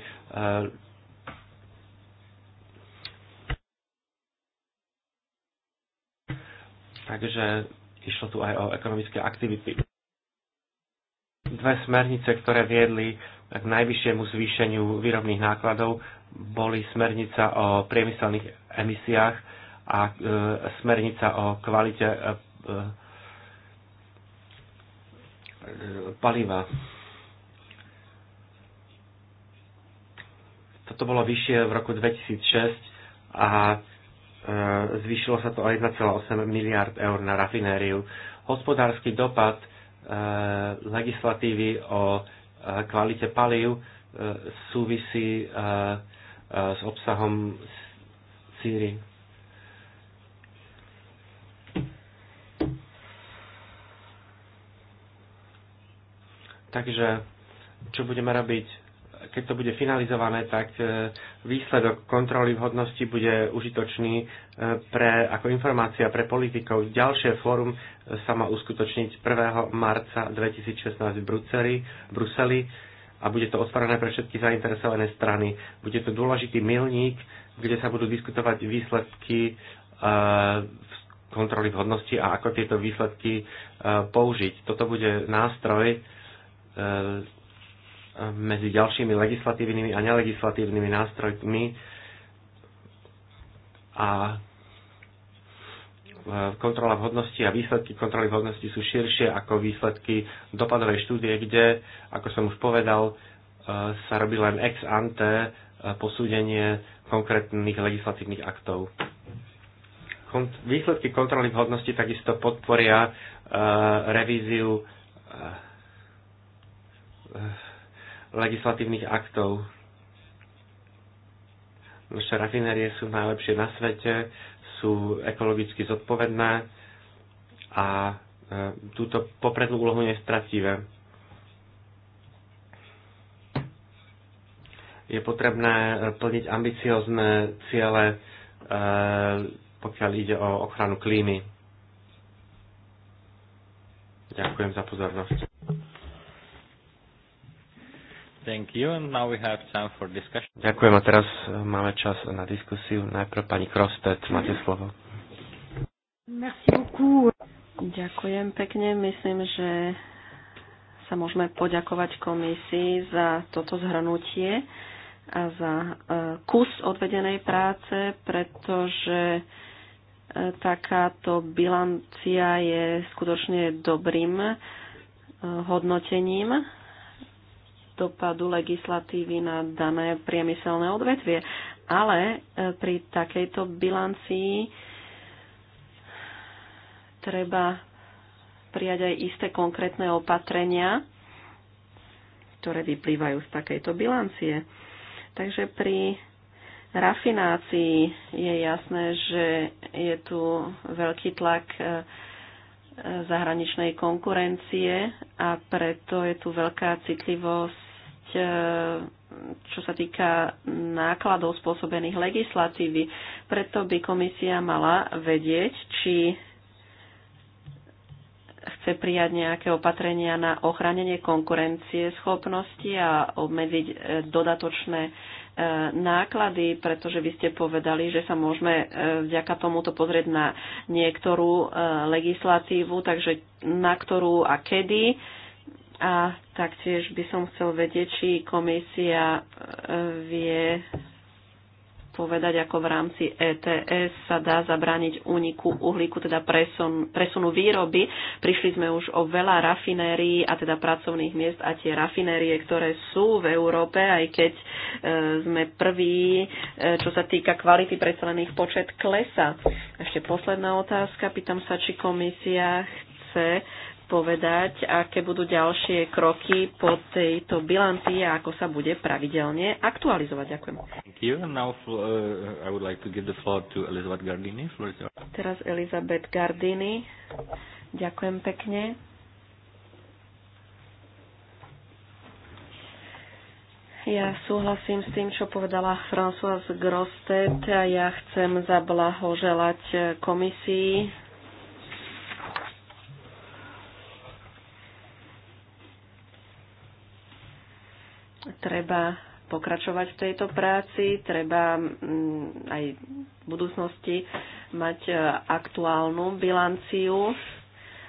takže išlo tu aj o ekonomické aktivity dve smernice, ktoré viedli k najvyššiemu zvýšeniu výrobných nákladov, boli smernica o priemyselných emisiách a e, smernica o kvalite e, e, paliva. Toto bolo vyššie v roku 2006 a e, zvýšilo sa to o 1,8 miliard eur na rafinériu. Hospodársky dopad Eh, legislatívy o eh, kvalite palív eh, súvisí s obsahom síry. Takže čo budeme robiť keď to bude finalizované, tak e, výsledok kontroly vhodnosti bude užitočný e, pre, ako informácia pre politikov. Ďalšie fórum e, sa má uskutočniť 1. marca 2016 v Bruseli, Bruseli a bude to otvorené pre všetky zainteresované strany. Bude to dôležitý milník, kde sa budú diskutovať výsledky kontroly vhodnosti a ako tieto výsledky použiť. Toto bude nástroj, medzi ďalšími legislatívnymi a nelegislatívnymi nástrojmi a e, kontrola vhodnosti a výsledky kontroly vhodnosti sú širšie ako výsledky dopadovej štúdie, kde, ako som už povedal, e, sa robí len ex ante e, posúdenie konkrétnych legislatívnych aktov. Výsledky kontroly vhodnosti takisto podporia revíziu legislatívnych aktov. Naše rafinérie sú najlepšie na svete, sú ekologicky zodpovedné a e, túto poprednú úlohu nestratíme. Je potrebné e, plniť ambiciozne ciele, e, pokiaľ ide o ochranu klímy. Ďakujem za pozornosť. Thank you. And now we have time for discussion. Ďakujem a teraz máme čas na diskusiu. Najprv pani Krostet, máte slovo. Merci beaucoup. Ďakujem pekne. Myslím, že sa môžeme poďakovať komisii za toto zhrnutie a za e, kus odvedenej práce, pretože e, takáto bilancia je skutočne dobrým e, hodnotením dopadu legislatívy na dané priemyselné odvetvie. Ale e, pri takejto bilancii treba prijať aj isté konkrétne opatrenia, ktoré vyplývajú z takejto bilancie. Takže pri rafinácii je jasné, že je tu veľký tlak e, e, zahraničnej konkurencie a preto je tu veľká citlivosť E, čo sa týka nákladov spôsobených legislatívy. Preto by komisia mala vedieť, či chce prijať nejaké opatrenia na ochranenie konkurencie schopnosti a obmedziť e, dodatočné e, náklady, pretože vy ste povedali, že sa môžeme vďaka tomuto pozrieť na niektorú legislatívu, takže na ktorú a kedy a taktiež by som chcel vedieť, či komisia e, vie povedať, ako v rámci ETS sa dá zabrániť úniku uhlíku, teda presun, presunu výroby. Prišli sme už o veľa rafinérií a teda pracovných miest a tie rafinérie, ktoré sú v Európe, aj keď e, sme prví, e, čo sa týka kvality, predstavených počet klesa. Ešte posledná otázka, pýtam sa, či komisia chce povedať, aké budú ďalšie kroky po tejto bilanci a ako sa bude pravidelne aktualizovať. Ďakujem. Uh, Teraz Elizabeth Gardini. Ďakujem pekne. Ja súhlasím s tým, čo povedala Françoise Grostet. Ja chcem zablahoželať komisii Treba pokračovať v tejto práci, treba mm, aj v budúcnosti mať e, aktuálnu bilanciu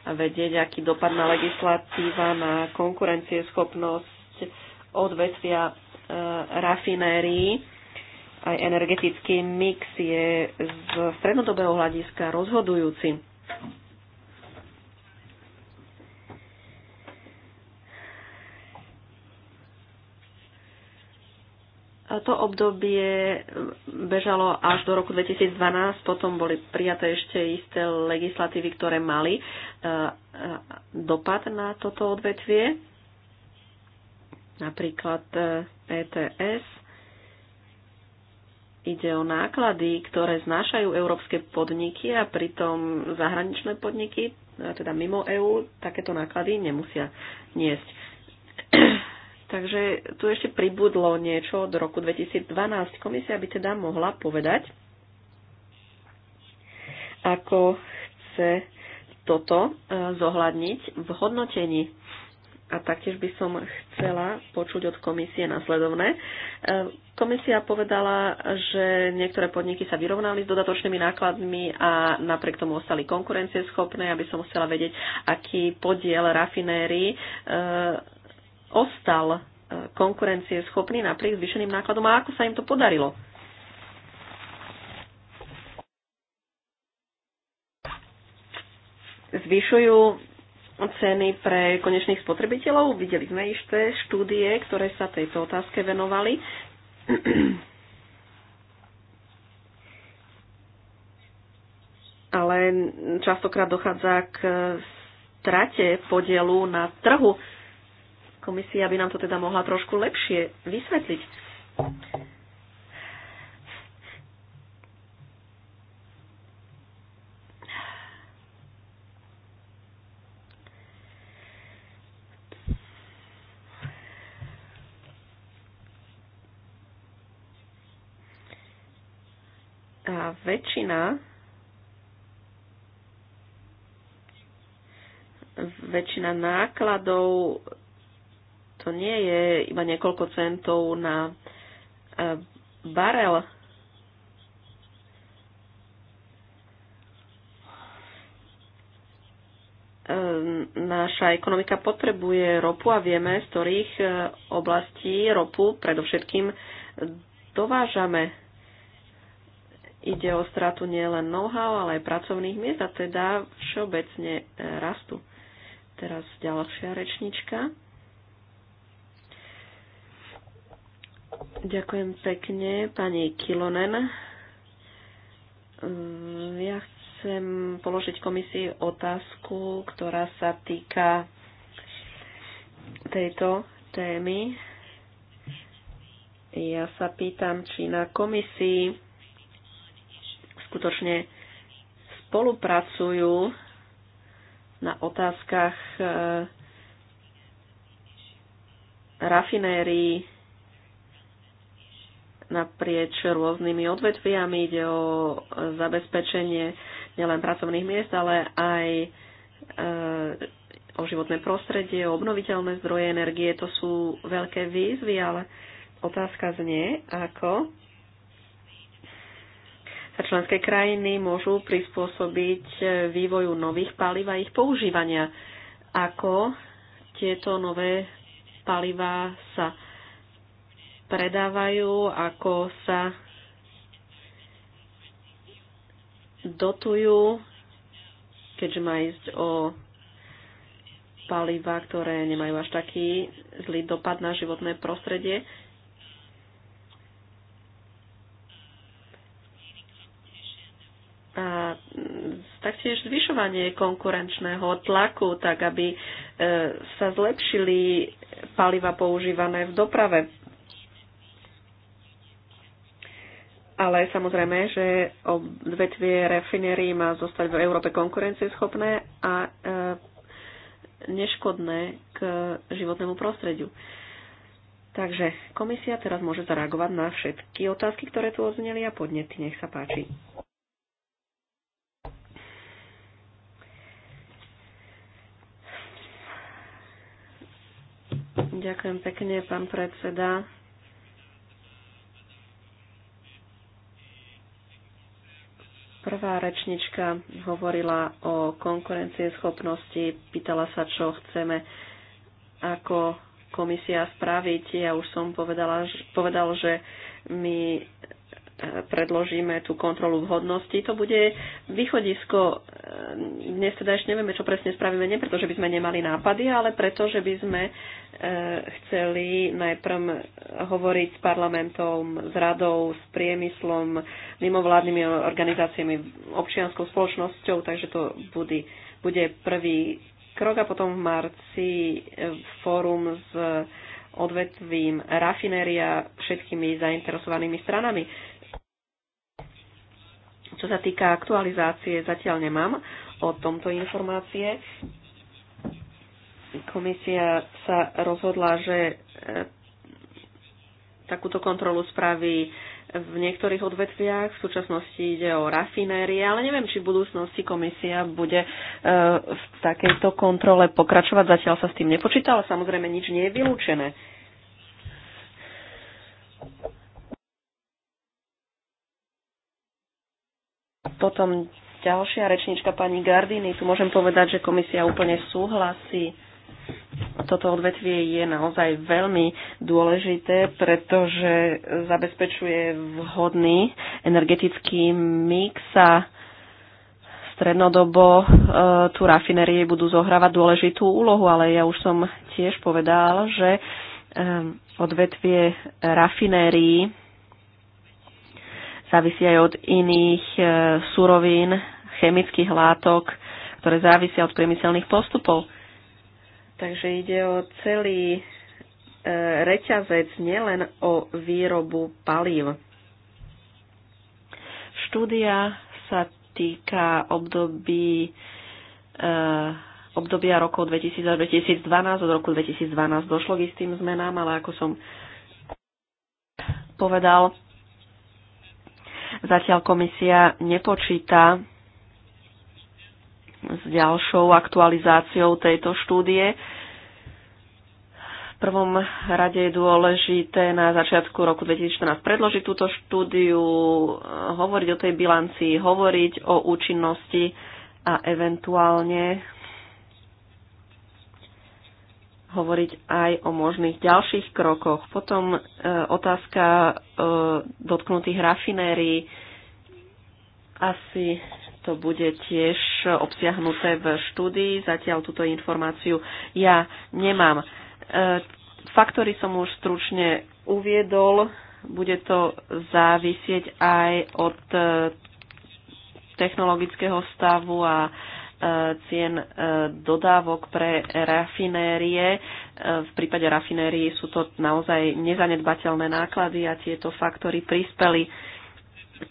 a vedieť, aký dopad na legislatíva, na konkurencieschopnosť odvetvia e, rafinérií. Aj energetický mix je z strednodobého hľadiska rozhodujúci. To obdobie bežalo až do roku 2012, potom boli prijaté ešte isté legislatívy, ktoré mali e, e, dopad na toto odvetvie, napríklad ETS. E Ide o náklady, ktoré znášajú európske podniky a pritom zahraničné podniky, teda mimo EÚ, takéto náklady nemusia niesť Takže tu ešte pribudlo niečo do roku 2012. Komisia by teda mohla povedať, ako chce toto e, zohľadniť v hodnotení. A taktiež by som chcela počuť od komisie nasledovné. E, komisia povedala, že niektoré podniky sa vyrovnali s dodatočnými nákladmi a napriek tomu ostali konkurencieschopné. Aby som chcela vedieť, aký podiel rafinérií e, ostal e, konkurencie schopný napriek zvyšeným nákladom a ako sa im to podarilo. Zvyšujú ceny pre konečných spotrebiteľov. Videli sme ešte štúdie, ktoré sa tejto otázke venovali. Ale častokrát dochádza k strate podielu na trhu Komisia by nám to teda mohla trošku lepšie vysvetliť. A väčšina väčšina nákladov to nie je iba niekoľko centov na e, barel. E, naša ekonomika potrebuje ropu a vieme, z ktorých e, oblastí ropu predovšetkým dovážame. Ide o stratu nielen know-how, ale aj pracovných miest a teda všeobecne rastu. Teraz ďalšia rečnička. Ďakujem pekne, pani Kilonen. Mm, ja chcem položiť komisii otázku, ktorá sa týka tejto témy. Ja sa pýtam, či na komisii skutočne spolupracujú na otázkach eh, rafinérií naprieč rôznymi odvetviami. Ide o zabezpečenie nielen pracovných miest, ale aj e, o životné prostredie, o obnoviteľné zdroje energie. To sú veľké výzvy, ale otázka znie, ako sa členské krajiny môžu prispôsobiť e, vývoju nových palív a ich používania. Ako tieto nové palivá sa predávajú, ako sa dotujú, keďže má ísť o paliva, ktoré nemajú až taký zlý dopad na životné prostredie. A taktiež zvyšovanie konkurenčného tlaku, tak aby e, sa zlepšili paliva používané v doprave. ale samozrejme, že odvetvie refinerí má zostať v Európe konkurencieschopné a e, neškodné k životnému prostrediu. Takže komisia teraz môže zareagovať na všetky otázky, ktoré tu odzneli a podnety. Nech sa páči. Ďakujem pekne, pán predseda. Prvá rečnička hovorila o konkurencieschopnosti, pýtala sa, čo chceme ako komisia spraviť. Ja už som povedala, povedal, že my predložíme tú kontrolu vhodnosti. To bude východisko. Ehm, dnes teda ešte nevieme, čo presne spravíme, nie preto, že by sme nemali nápady, ale preto, že by sme ehm, chceli najprv hovoriť s parlamentom, s radou, s priemyslom, mimovládnymi organizáciami, občianskou spoločnosťou, takže to bude, bude prvý krok a potom v marci e, fórum s odvetvím rafinéria všetkými zainteresovanými stranami. Čo sa týka aktualizácie, zatiaľ nemám o tomto informácie. Komisia sa rozhodla, že e, takúto kontrolu spraví v niektorých odvetviach. V súčasnosti ide o rafinérie, ale neviem, či v budúcnosti komisia bude e, v takejto kontrole pokračovať. Zatiaľ sa s tým nepočíta, ale samozrejme nič nie je vylúčené. Potom ďalšia rečnička pani Gardiny. Tu môžem povedať, že komisia úplne súhlasí. Toto odvetvie je naozaj veľmi dôležité, pretože zabezpečuje vhodný energetický mix a strednodobo e, tu rafinerie budú zohrávať dôležitú úlohu, ale ja už som tiež povedal, že e, odvetvie rafinérií závisí aj od iných e, surovín, chemických látok, ktoré závisia od priemyselných postupov. Takže ide o celý e, reťazec, nielen o výrobu palív. Štúdia sa týka období, e, obdobia rokov 2000 až 2012. Od roku 2012 došlo k istým zmenám, ale ako som povedal, Zatiaľ komisia nepočíta s ďalšou aktualizáciou tejto štúdie. V prvom rade je dôležité na začiatku roku 2014 predložiť túto štúdiu, hovoriť o tej bilancii, hovoriť o účinnosti a eventuálne hovoriť aj o možných ďalších krokoch. Potom e, otázka e, dotknutých rafinérií. Asi to bude tiež obsiahnuté v štúdii. Zatiaľ túto informáciu ja nemám. E, faktory som už stručne uviedol. Bude to závisieť aj od e, technologického stavu a e, cien e, dodávok pre rafinérie. E, v prípade rafinérií sú to naozaj nezanedbateľné náklady a tieto faktory prispeli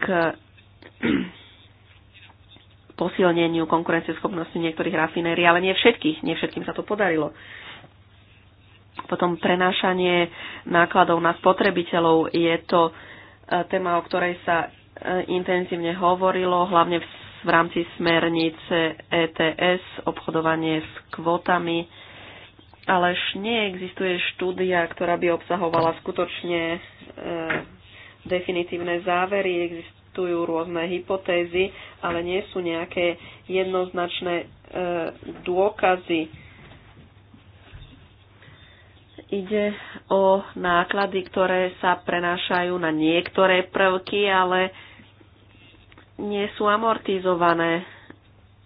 k posilneniu konkurencieschopnosti niektorých rafinérií, ale nie všetkých, nie všetkým sa to podarilo. Potom prenášanie nákladov na spotrebiteľov je to e, téma, o ktorej sa intenzívne hovorilo, hlavne v v rámci smernice ETS, obchodovanie s kvotami, už neexistuje štúdia, ktorá by obsahovala skutočne e, definitívne závery. Existujú rôzne hypotézy, ale nie sú nejaké jednoznačné e, dôkazy ide o náklady, ktoré sa prenášajú na niektoré prvky, ale nie sú amortizované.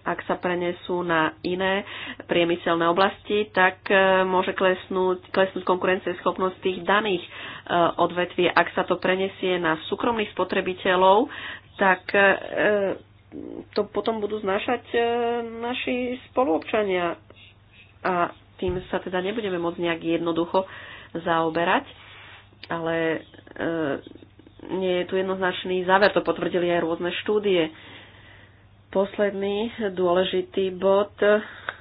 Ak sa prenesú na iné priemyselné oblasti, tak e, môže klesnúť, klesnúť konkurencieschopnosť tých daných e, odvetví. Ak sa to prenesie na súkromných spotrebiteľov, tak e, to potom budú znášať naši spoluobčania a tým sa teda nebudeme môcť nejak jednoducho zaoberať ale nie je tu jednoznačný záver, to potvrdili aj rôzne štúdie. Posledný dôležitý bod,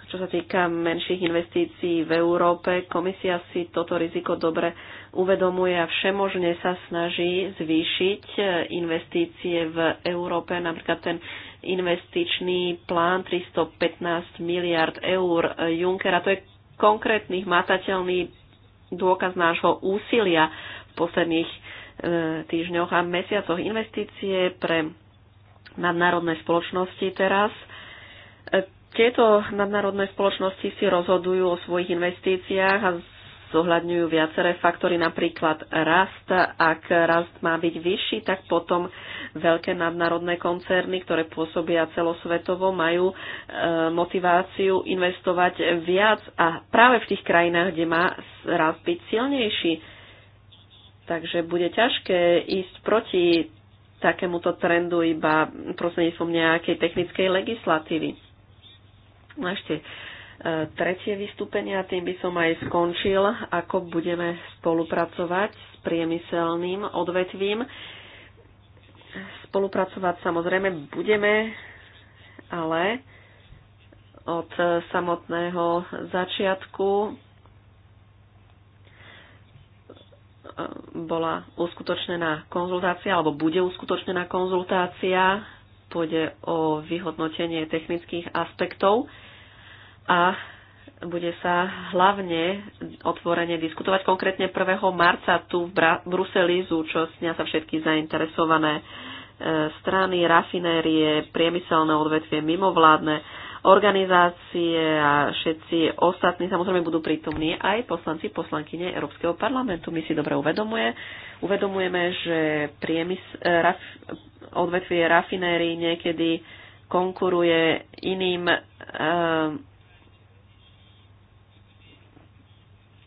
čo sa týka menších investícií v Európe, komisia si toto riziko dobre uvedomuje a všemožne sa snaží zvýšiť investície v Európe. Napríklad ten investičný plán 315 miliard eur Junckera, to je konkrétny, hmatateľný dôkaz nášho úsilia v posledných týždňoch a mesiacoch. Investície pre nadnárodné spoločnosti teraz. Tieto nadnárodné spoločnosti si rozhodujú o svojich investíciách a zohľadňujú viaceré faktory, napríklad rast. Ak rast má byť vyšší, tak potom veľké nadnárodné koncerny, ktoré pôsobia celosvetovo, majú e, motiváciu investovať viac a práve v tých krajinách, kde má rast byť silnejší. Takže bude ťažké ísť proti takémuto trendu iba prostredníctvom nejakej technickej legislatívy. No ešte e, tretie vystúpenie a tým by som aj skončil, ako budeme spolupracovať s priemyselným odvetvím. Spolupracovať samozrejme budeme, ale od samotného začiatku bola uskutočnená konzultácia alebo bude uskutočnená konzultácia. Pôjde o vyhodnotenie technických aspektov a bude sa hlavne otvorene diskutovať konkrétne 1. marca tu v Bruseli zúčastnia sa všetky zainteresované e, strany, rafinérie, priemyselné odvetvie, mimovládne organizácie a všetci ostatní samozrejme budú prítomní aj poslanci, poslankyne Európskeho parlamentu. My si dobre uvedomuje, uvedomujeme, že priemys, eh, raf, odvetvie rafinérií niekedy konkuruje iným e,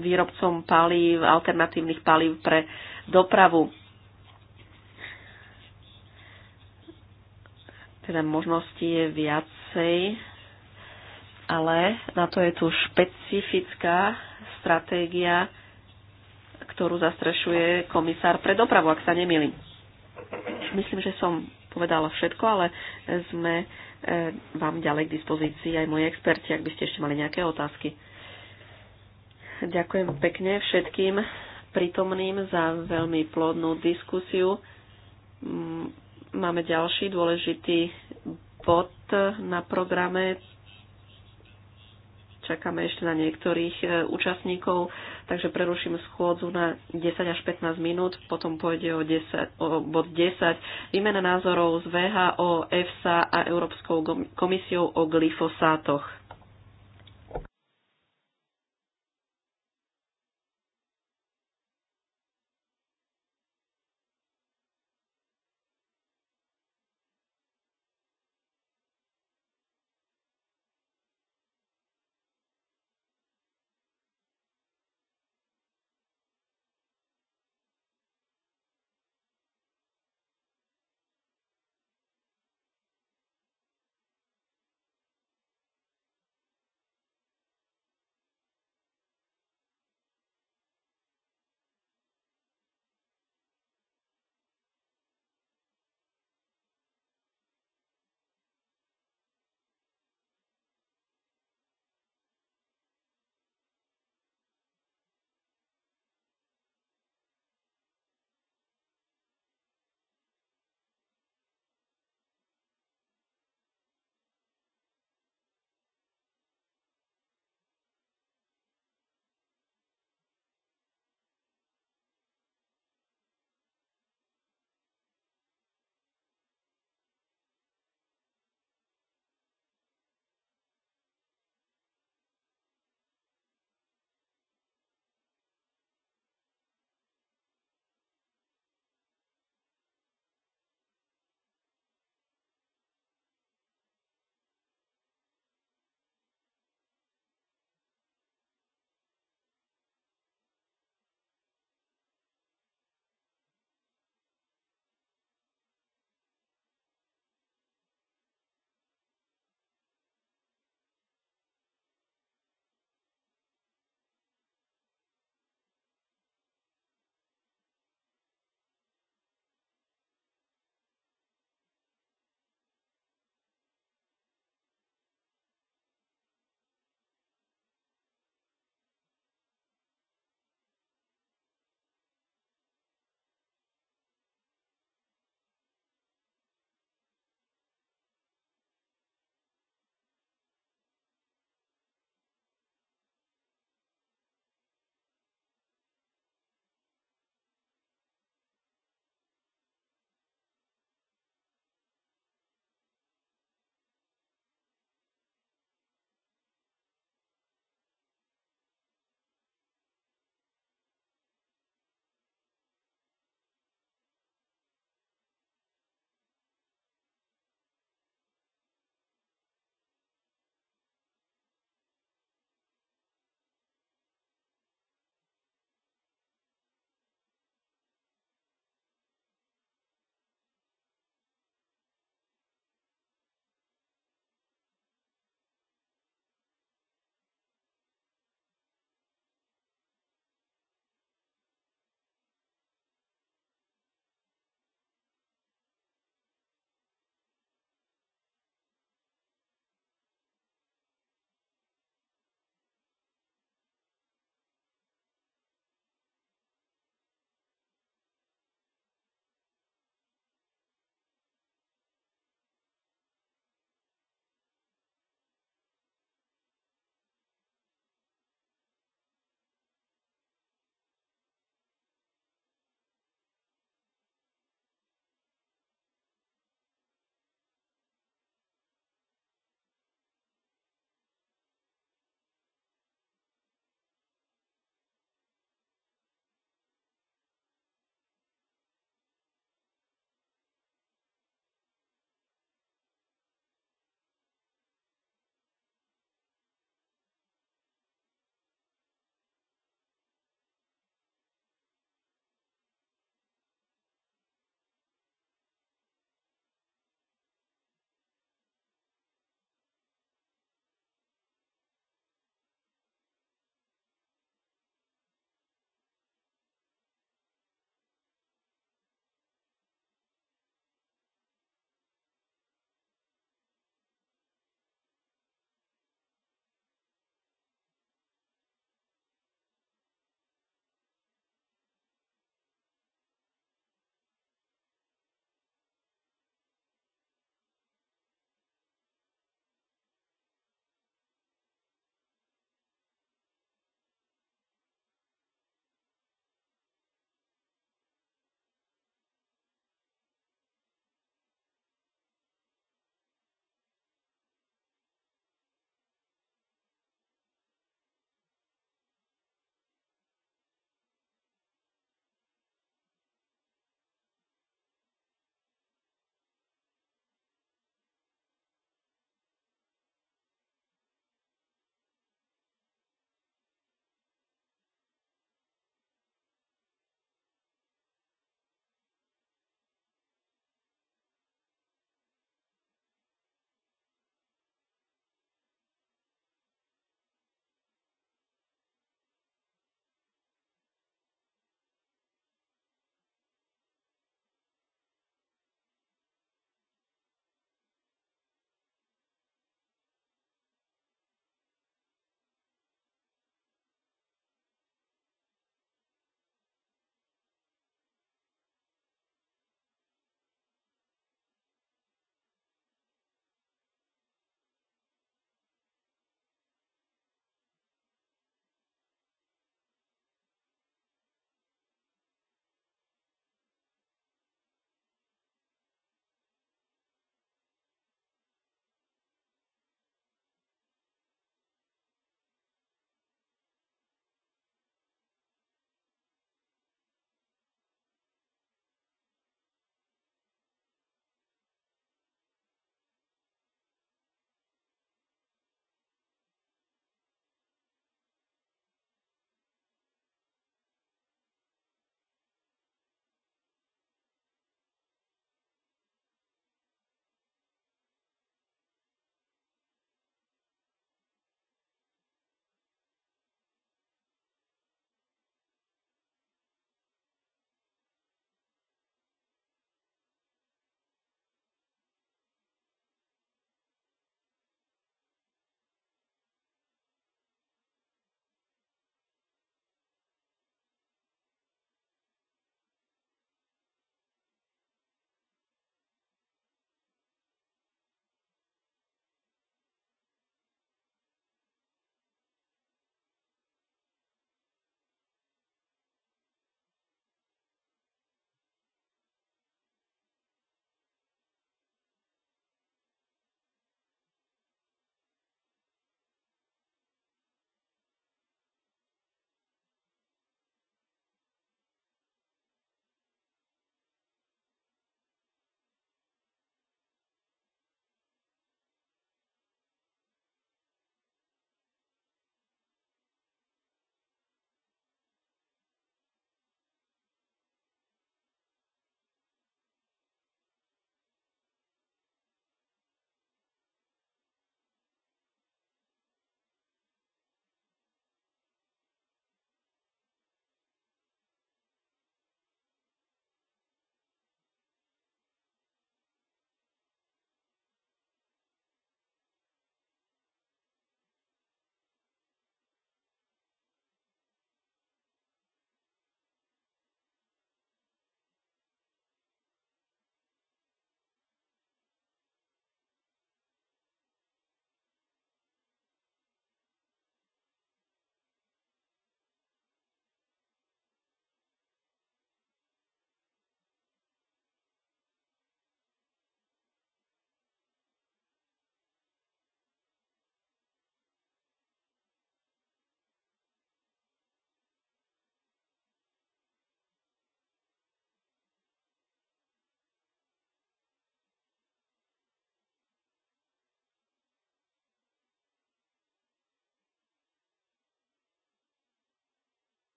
výrobcom palív, alternatívnych palív pre dopravu. Teda možností je viacej ale na to je tu špecifická stratégia, ktorú zastrešuje komisár pre dopravu, ak sa nemýlim. Myslím, že som povedala všetko, ale sme e, vám ďalej k dispozícii aj moji experti, ak by ste ešte mali nejaké otázky. Ďakujem pekne všetkým prítomným za veľmi plodnú diskusiu. Mm, máme ďalší dôležitý bod na programe, Čakáme ešte na niektorých e, účastníkov, takže preruším schôdzu na 10 až 15 minút, potom pôjde o, 10, o bod 10. Výmena názorov z VHO, EFSA a Európskou komisiou o glyfosátoch.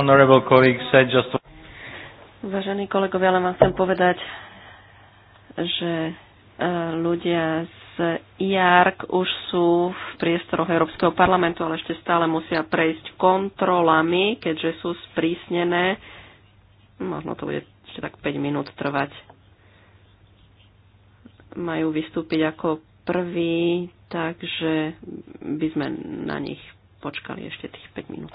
honorable colleague said just... Vážení kolegovia, ale vám chcem povedať, že e, ľudia z IARC už sú v priestoroch Európskeho parlamentu, ale ešte stále musia prejsť kontrolami, keďže sú sprísnené. Možno to bude ešte tak 5 minút trvať. Majú vystúpiť ako prví, takže by sme na nich počkali ešte tých 5 minút.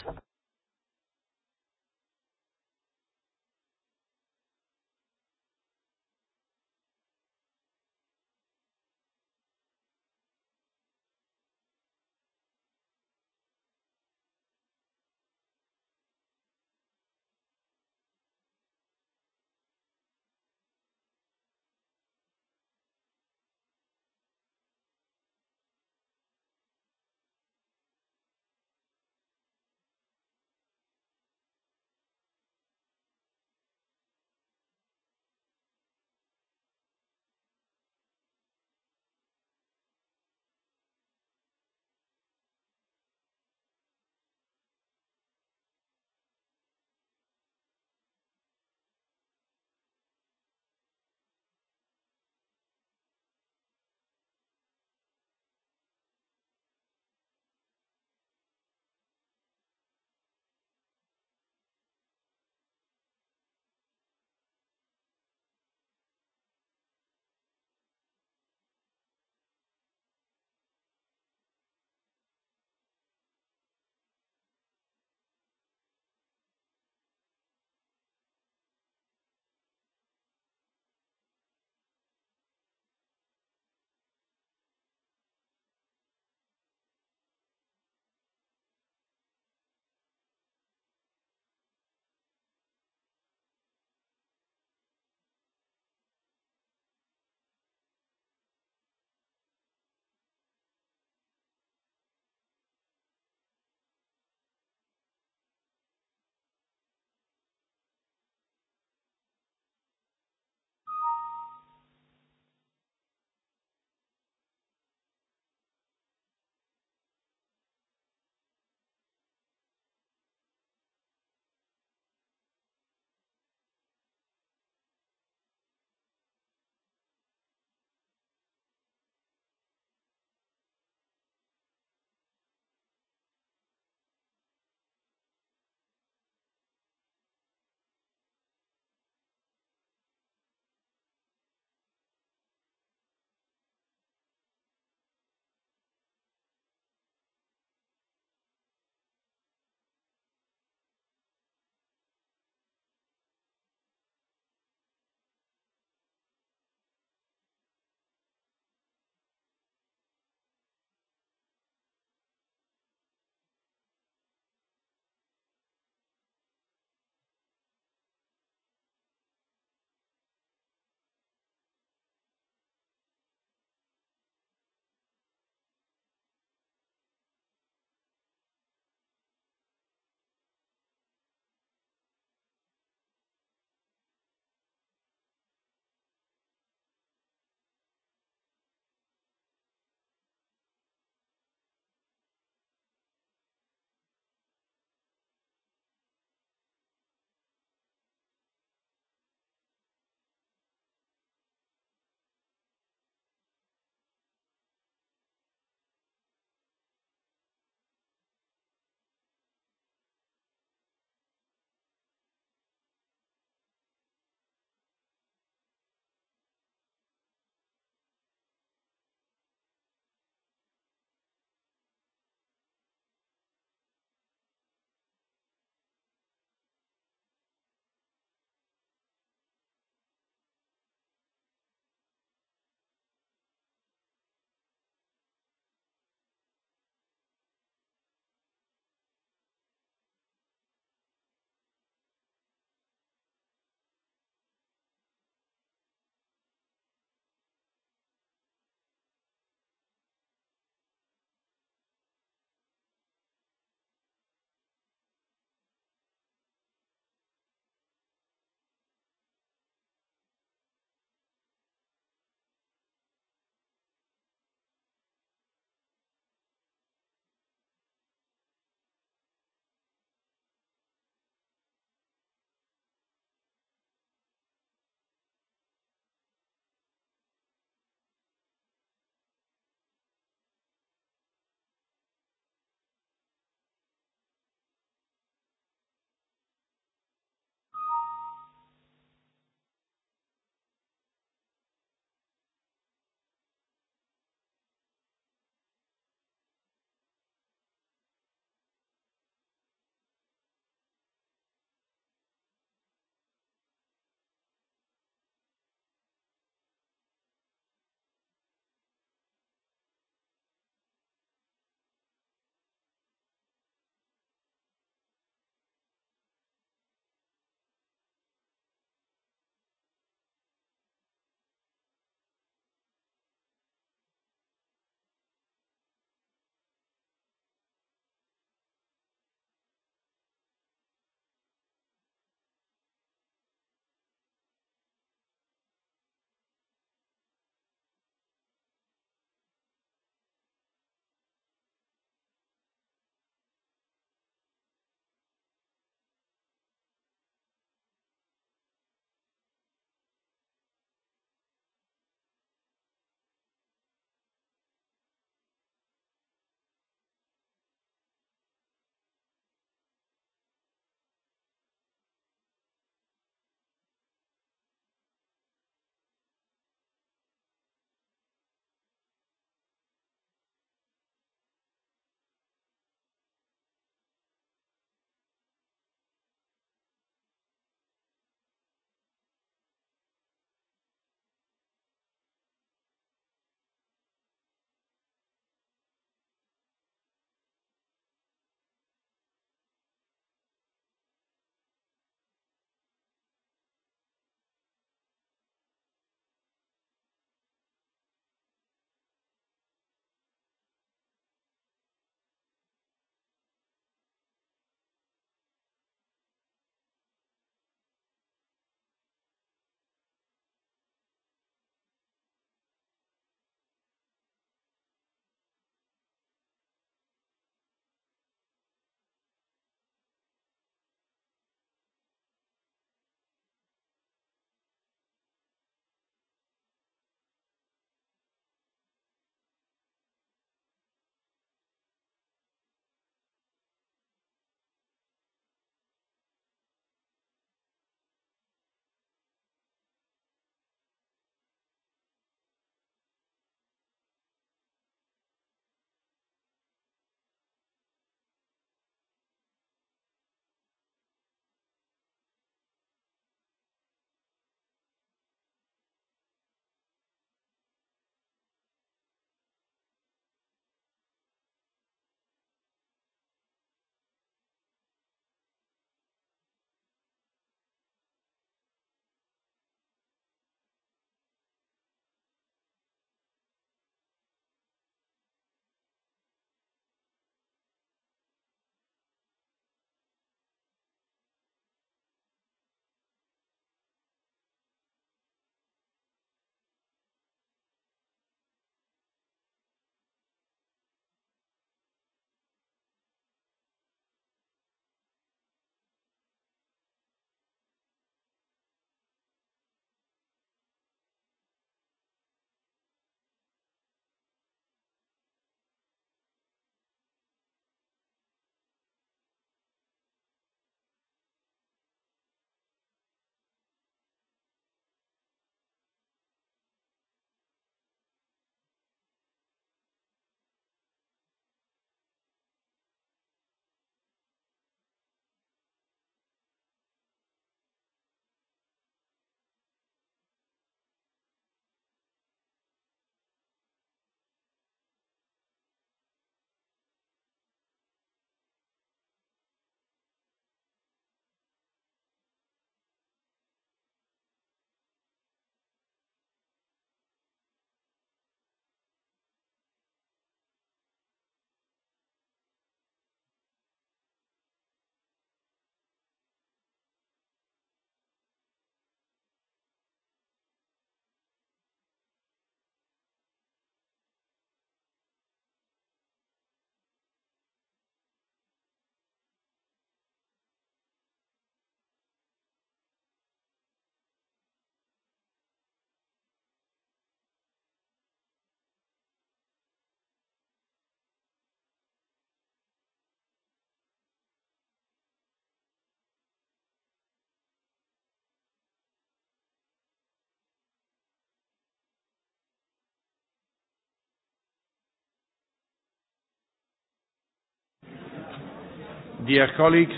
Dear colleagues,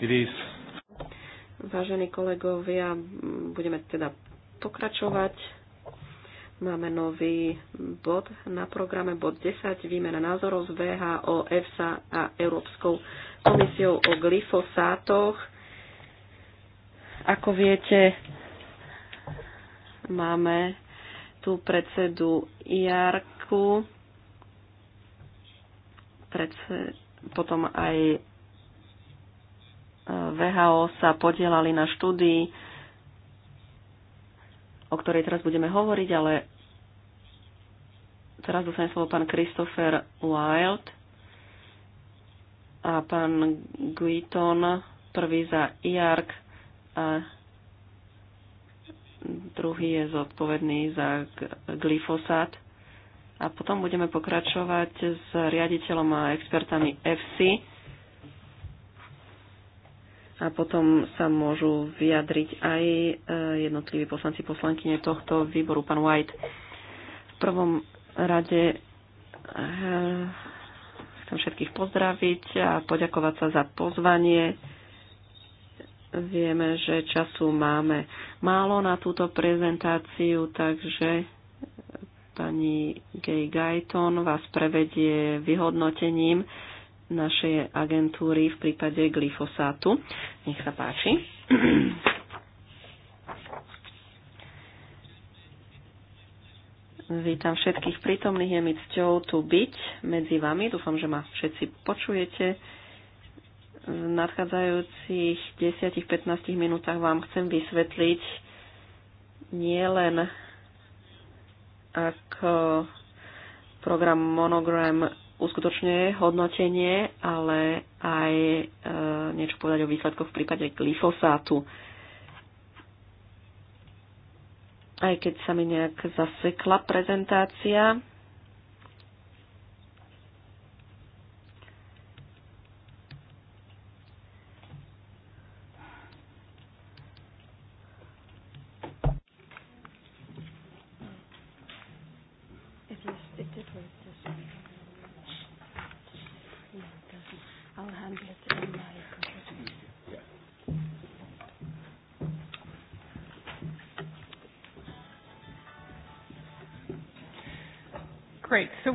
it is... Vážení kolegovia, budeme teda pokračovať. Máme nový bod na programe, bod 10, výmena názorov z VHO, EFSA a Európskou komisiou o glyfosátoch. Ako viete, máme tu predsedu Jarku, predsedu potom aj e, VHO sa podielali na štúdii, o ktorej teraz budeme hovoriť, ale teraz dostane slovo pán Christopher Wild a pán Guiton, prvý za IARC a druhý je zodpovedný za glyfosát a potom budeme pokračovať s riaditeľom a expertami FC a potom sa môžu vyjadriť aj eh, jednotliví poslanci poslankyne tohto výboru, pán White. V prvom rade eh, chcem všetkých pozdraviť a poďakovať sa za pozvanie. Vieme, že času máme málo na túto prezentáciu, takže Pani Gay Gajton vás prevedie vyhodnotením našej agentúry v prípade glyfosátu. Nech sa páči. Vítam všetkých prítomných, je mi cťou tu byť medzi vami. Dúfam, že ma všetci počujete. V nadchádzajúcich 10-15 minútach vám chcem vysvetliť nielen ako program Monogram uskutočňuje hodnotenie, ale aj e, niečo povedať o výsledkoch v prípade glyfosátu. Aj keď sa mi nejak zasekla prezentácia,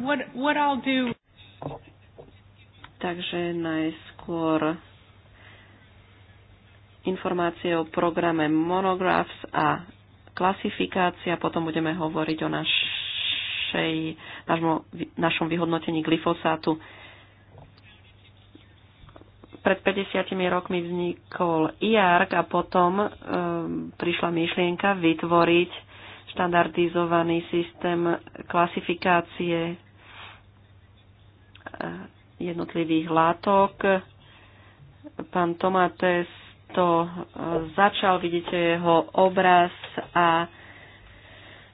what, what I'll do... Takže najskôr informácie o programe Monographs a klasifikácia, potom budeme hovoriť o našej, našmo, našom vyhodnotení glyfosátu. Pred 50 rokmi vznikol IARC a potom um, prišla myšlienka vytvoriť štandardizovaný systém klasifikácie jednotlivých látok. Pán Tomates to e, začal, vidíte jeho obraz a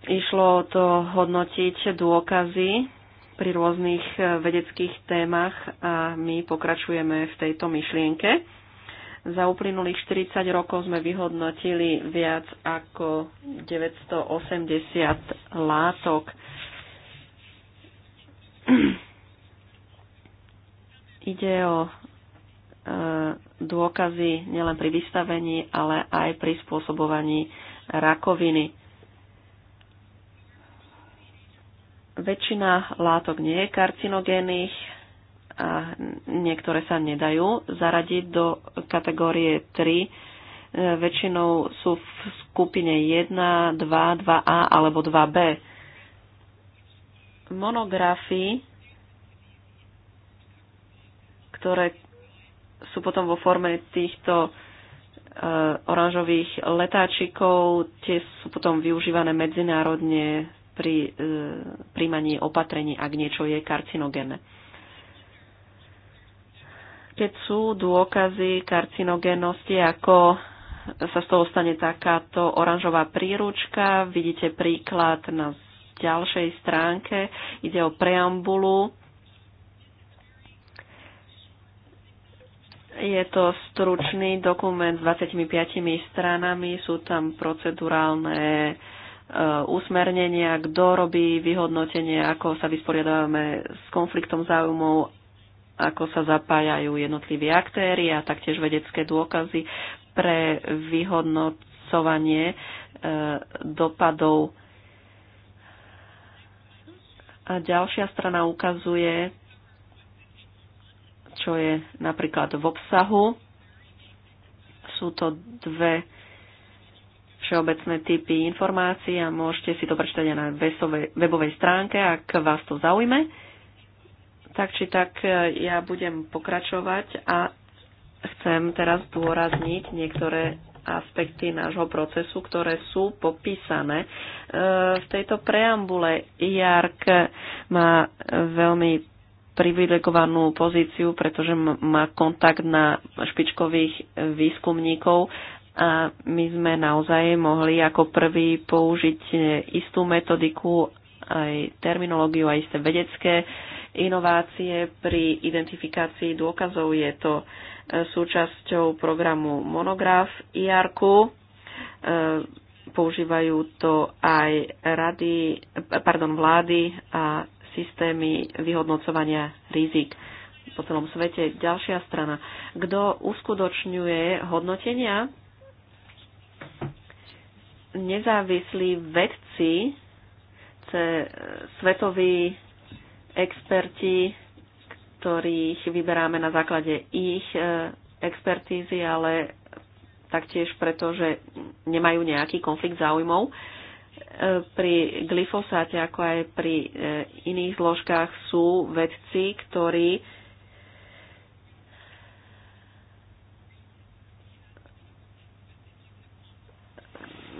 išlo to hodnotiť dôkazy pri rôznych e, vedeckých témach a my pokračujeme v tejto myšlienke. Za uplynulých 40 rokov sme vyhodnotili viac ako 980 látok Ide o e, dôkazy nielen pri vystavení, ale aj pri spôsobovaní rakoviny. Väčšina látok nie je karcinogénnych a niektoré sa nedajú zaradiť do kategórie 3. E, väčšinou sú v skupine 1, 2, 2A alebo 2B. Monografy ktoré sú potom vo forme týchto e, oranžových letáčikov, tie sú potom využívané medzinárodne pri e, príjmaní opatrení, ak niečo je karcinogénne. Keď sú dôkazy karcinogénnosti, ako sa z toho stane takáto oranžová príručka, vidíte príklad na ďalšej stránke, ide o preambulu Je to stručný dokument s 25 stranami, sú tam procedurálne e, usmernenia, kto robí vyhodnotenie, ako sa vysporiadávame s konfliktom záujmov, ako sa zapájajú jednotliví aktéry a taktiež vedecké dôkazy pre vyhodnocovanie e, dopadov. A ďalšia strana ukazuje čo je napríklad v obsahu. Sú to dve všeobecné typy informácií a môžete si to prečítať aj na webovej stránke, ak vás to zaujme. Tak či tak ja budem pokračovať a chcem teraz dôrazniť niektoré aspekty nášho procesu, ktoré sú popísané. E, v tejto preambule JARK má veľmi privilegovanú pozíciu, pretože má kontakt na špičkových eh, výskumníkov a my sme naozaj mohli ako prvý použiť eh, istú metodiku, aj terminológiu, aj isté vedecké inovácie pri identifikácii dôkazov. Je to eh, súčasťou programu Monograf IRQ. Používajú to aj rady, pardon, vlády a systémy vyhodnocovania rizik po celom svete. Ďalšia strana. Kto uskutočňuje hodnotenia? Nezávislí vedci, svetoví experti, ktorých vyberáme na základe ich e, expertízy, ale taktiež preto, že nemajú nejaký konflikt záujmov pri glyfosáte, ako aj pri e, iných zložkách, sú vedci, ktorí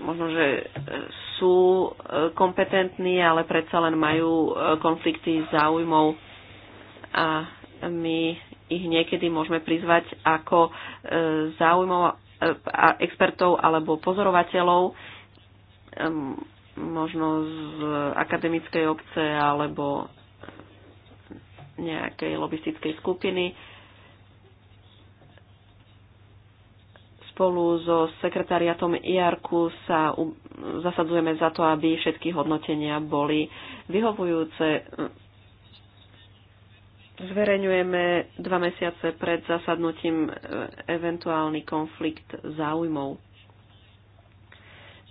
možno, že e, sú e, kompetentní, ale predsa len majú konflikty s záujmov a my ich niekedy môžeme prizvať ako záujmov expertov alebo pozorovateľov možno z akademickej obce alebo nejakej lobistickej skupiny spolu so sekretariatom IARKu sa zasadzujeme za to, aby všetky hodnotenia boli vyhovujúce. Zverejňujeme dva mesiace pred zasadnutím e, eventuálny konflikt záujmov.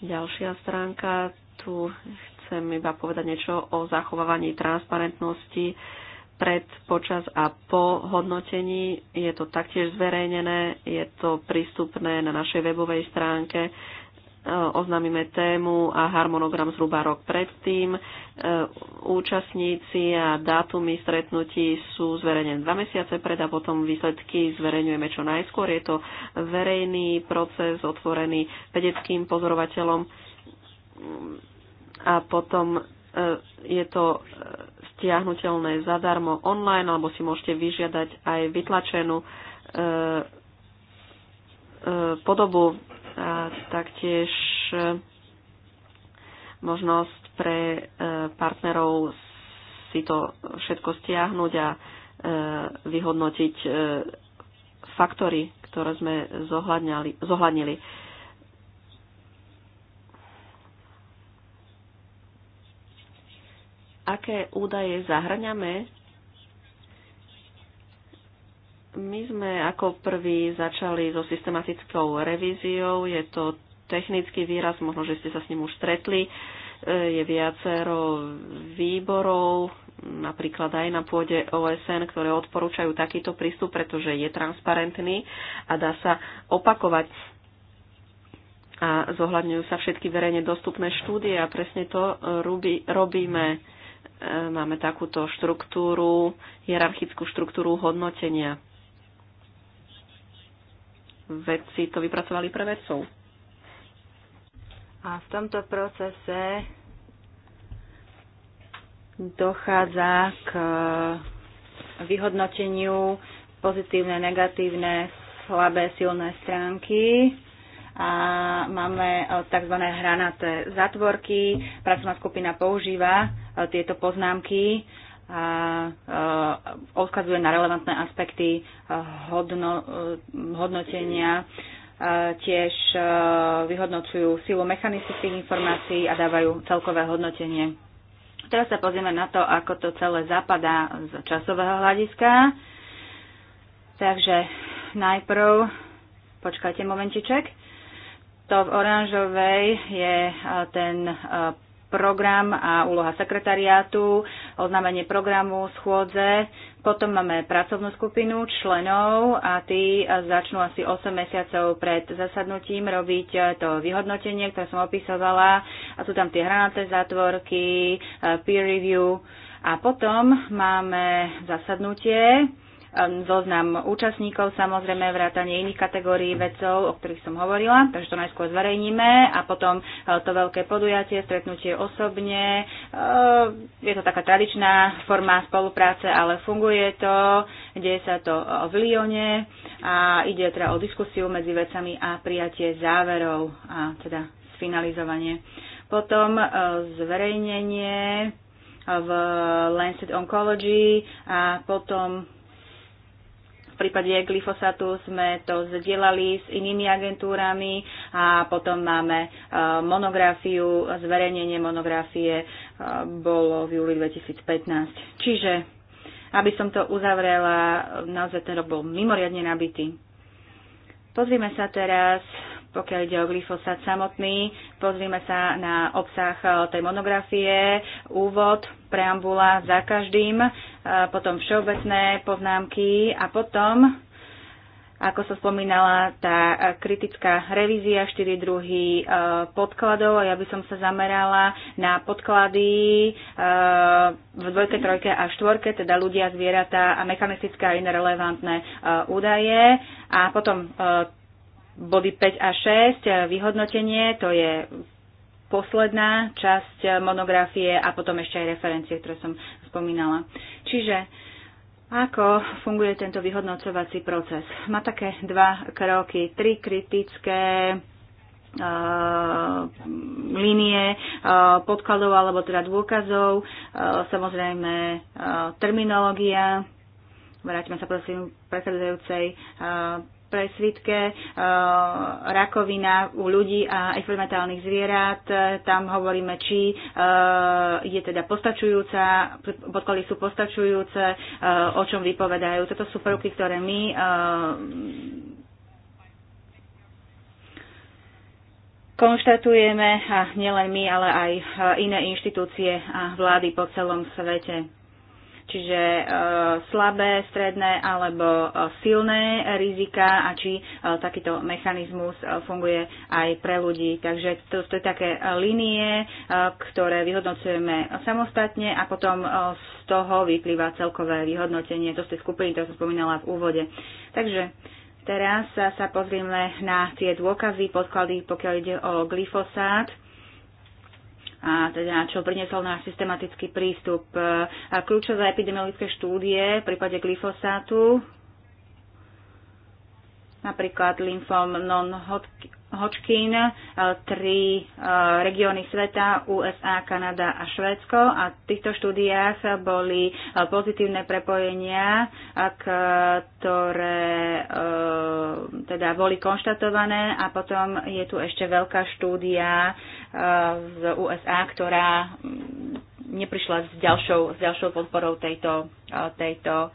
Ďalšia stránka, tu chcem iba povedať niečo o zachovávaní transparentnosti pred, počas a po hodnotení. Je to taktiež zverejnené, je to prístupné na našej webovej stránke. E, Oznamíme tému a harmonogram zhruba rok predtým. E, účastníci a dátumy stretnutí sú zverejnené dva mesiace pred a potom výsledky zverejňujeme čo najskôr. Je to verejný proces otvorený vedeckým pozorovateľom a potom e, je to e, stiahnutelné zadarmo online, alebo si môžete vyžiadať aj vytlačenú e, podobu a taktiež možnosť pre partnerov si to všetko stiahnuť a vyhodnotiť faktory, ktoré sme zohľadnili. aké údaje zahrňame. My sme ako prvý začali so systematickou revíziou. Je to technický výraz, možno, že ste sa s ním už stretli. Je viacero výborov, napríklad aj na pôde OSN, ktoré odporúčajú takýto prístup, pretože je transparentný a dá sa opakovať a zohľadňujú sa všetky verejne dostupné štúdie a presne to robí, robíme máme takúto štruktúru, hierarchickú štruktúru hodnotenia. Vedci to vypracovali pre vedcov. A v tomto procese dochádza k eh, vyhodnoteniu pozitívne, negatívne, slabé, silné stránky a máme e, tzv. hranaté zatvorky. Pracovná skupina používa e, tieto poznámky a e, odkazuje na relevantné aspekty hodno, hodnotenia tiež vyhodnocujú silu mechanistických informácií a dávajú celkové hodnotenie. Teraz sa pozrieme na to, ako to celé zapadá z časového hľadiska. Takže najprv, počkajte momentiček, to v oranžovej je ten program a úloha sekretariátu, oznámenie programu, schôdze. Potom máme pracovnú skupinu členov a tí začnú asi 8 mesiacov pred zasadnutím robiť to vyhodnotenie, ktoré som opisovala. A sú tam tie hranaté zátvorky, peer review. A potom máme zasadnutie, Ehm, zoznam účastníkov, samozrejme vrátanie iných kategórií vedcov, o ktorých som hovorila, takže to najskôr zverejníme a potom e, to veľké podujatie, stretnutie osobne. E, je to taká tradičná forma spolupráce, ale funguje to, deje sa to e, v Lione a ide teda o diskusiu medzi vecami a prijatie záverov a teda sfinalizovanie. Potom zverejnenie v Lancet Oncology a potom v prípade glyfosátu sme to zdieľali s inými agentúrami a potom máme e, monografiu, zverejnenie monografie e, bolo v júli 2015. Čiže, aby som to uzavrela, naozaj ten rok bol mimoriadne nabitý. Pozrime sa teraz pokiaľ ide o glyfosát samotný. Pozrime sa na obsah e, tej monografie, úvod, preambula za každým, e, potom všeobecné poznámky a potom, ako som spomínala, tá e, kritická revízia 4 druhy podkladov. Ja by som sa zamerala na podklady v dvojke, trojke a štvorke, teda ľudia, zvieratá a mechanistické a iné relevantné údaje. A potom Body 5 a 6, e, vyhodnotenie, to je posledná časť e, monografie a potom ešte aj referencie, ktoré som spomínala. Čiže ako funguje tento vyhodnocovací proces? Má také dva kroky, tri kritické uh, e, línie uh, podkladov alebo teda dôkazov, uh, samozrejme uh, terminológia, vrátime sa prosím prechádzajúcej uh, presvitke, e, rakovina u ľudí a experimentálnych zvierat. E, tam hovoríme, či e, je teda postačujúca, podklady sú postačujúce, o čom vypovedajú. Toto sú prvky, ktoré my konštatujeme, a nielen my, ale aj iné inštitúcie a vlády po celom svete čiže e, slabé, stredné alebo e, silné rizika a či e, takýto mechanizmus funguje aj pre ľudí. Takže to, to je také linie, ktoré vyhodnocujeme samostatne a potom z toho vyplýva celkové vyhodnotenie. To ste skupiny, to som spomínala v úvode. Takže teraz sa pozrieme na tie dôkazy, podklady, pokiaľ ide o glyfosát a teda čo priniesol náš systematický prístup. E, a kľúčové epidemiologické štúdie v prípade glyfosátu, napríklad lymfom non Hočkín, e, tri e, regióny sveta, USA, Kanada a Švédsko. A v týchto štúdiách boli e, pozitívne prepojenia, ktoré teda boli konštatované a potom je tu ešte veľká štúdia z USA, ktorá mm, neprišla s ďalšou, s ďalšou podporou tejto, tejto,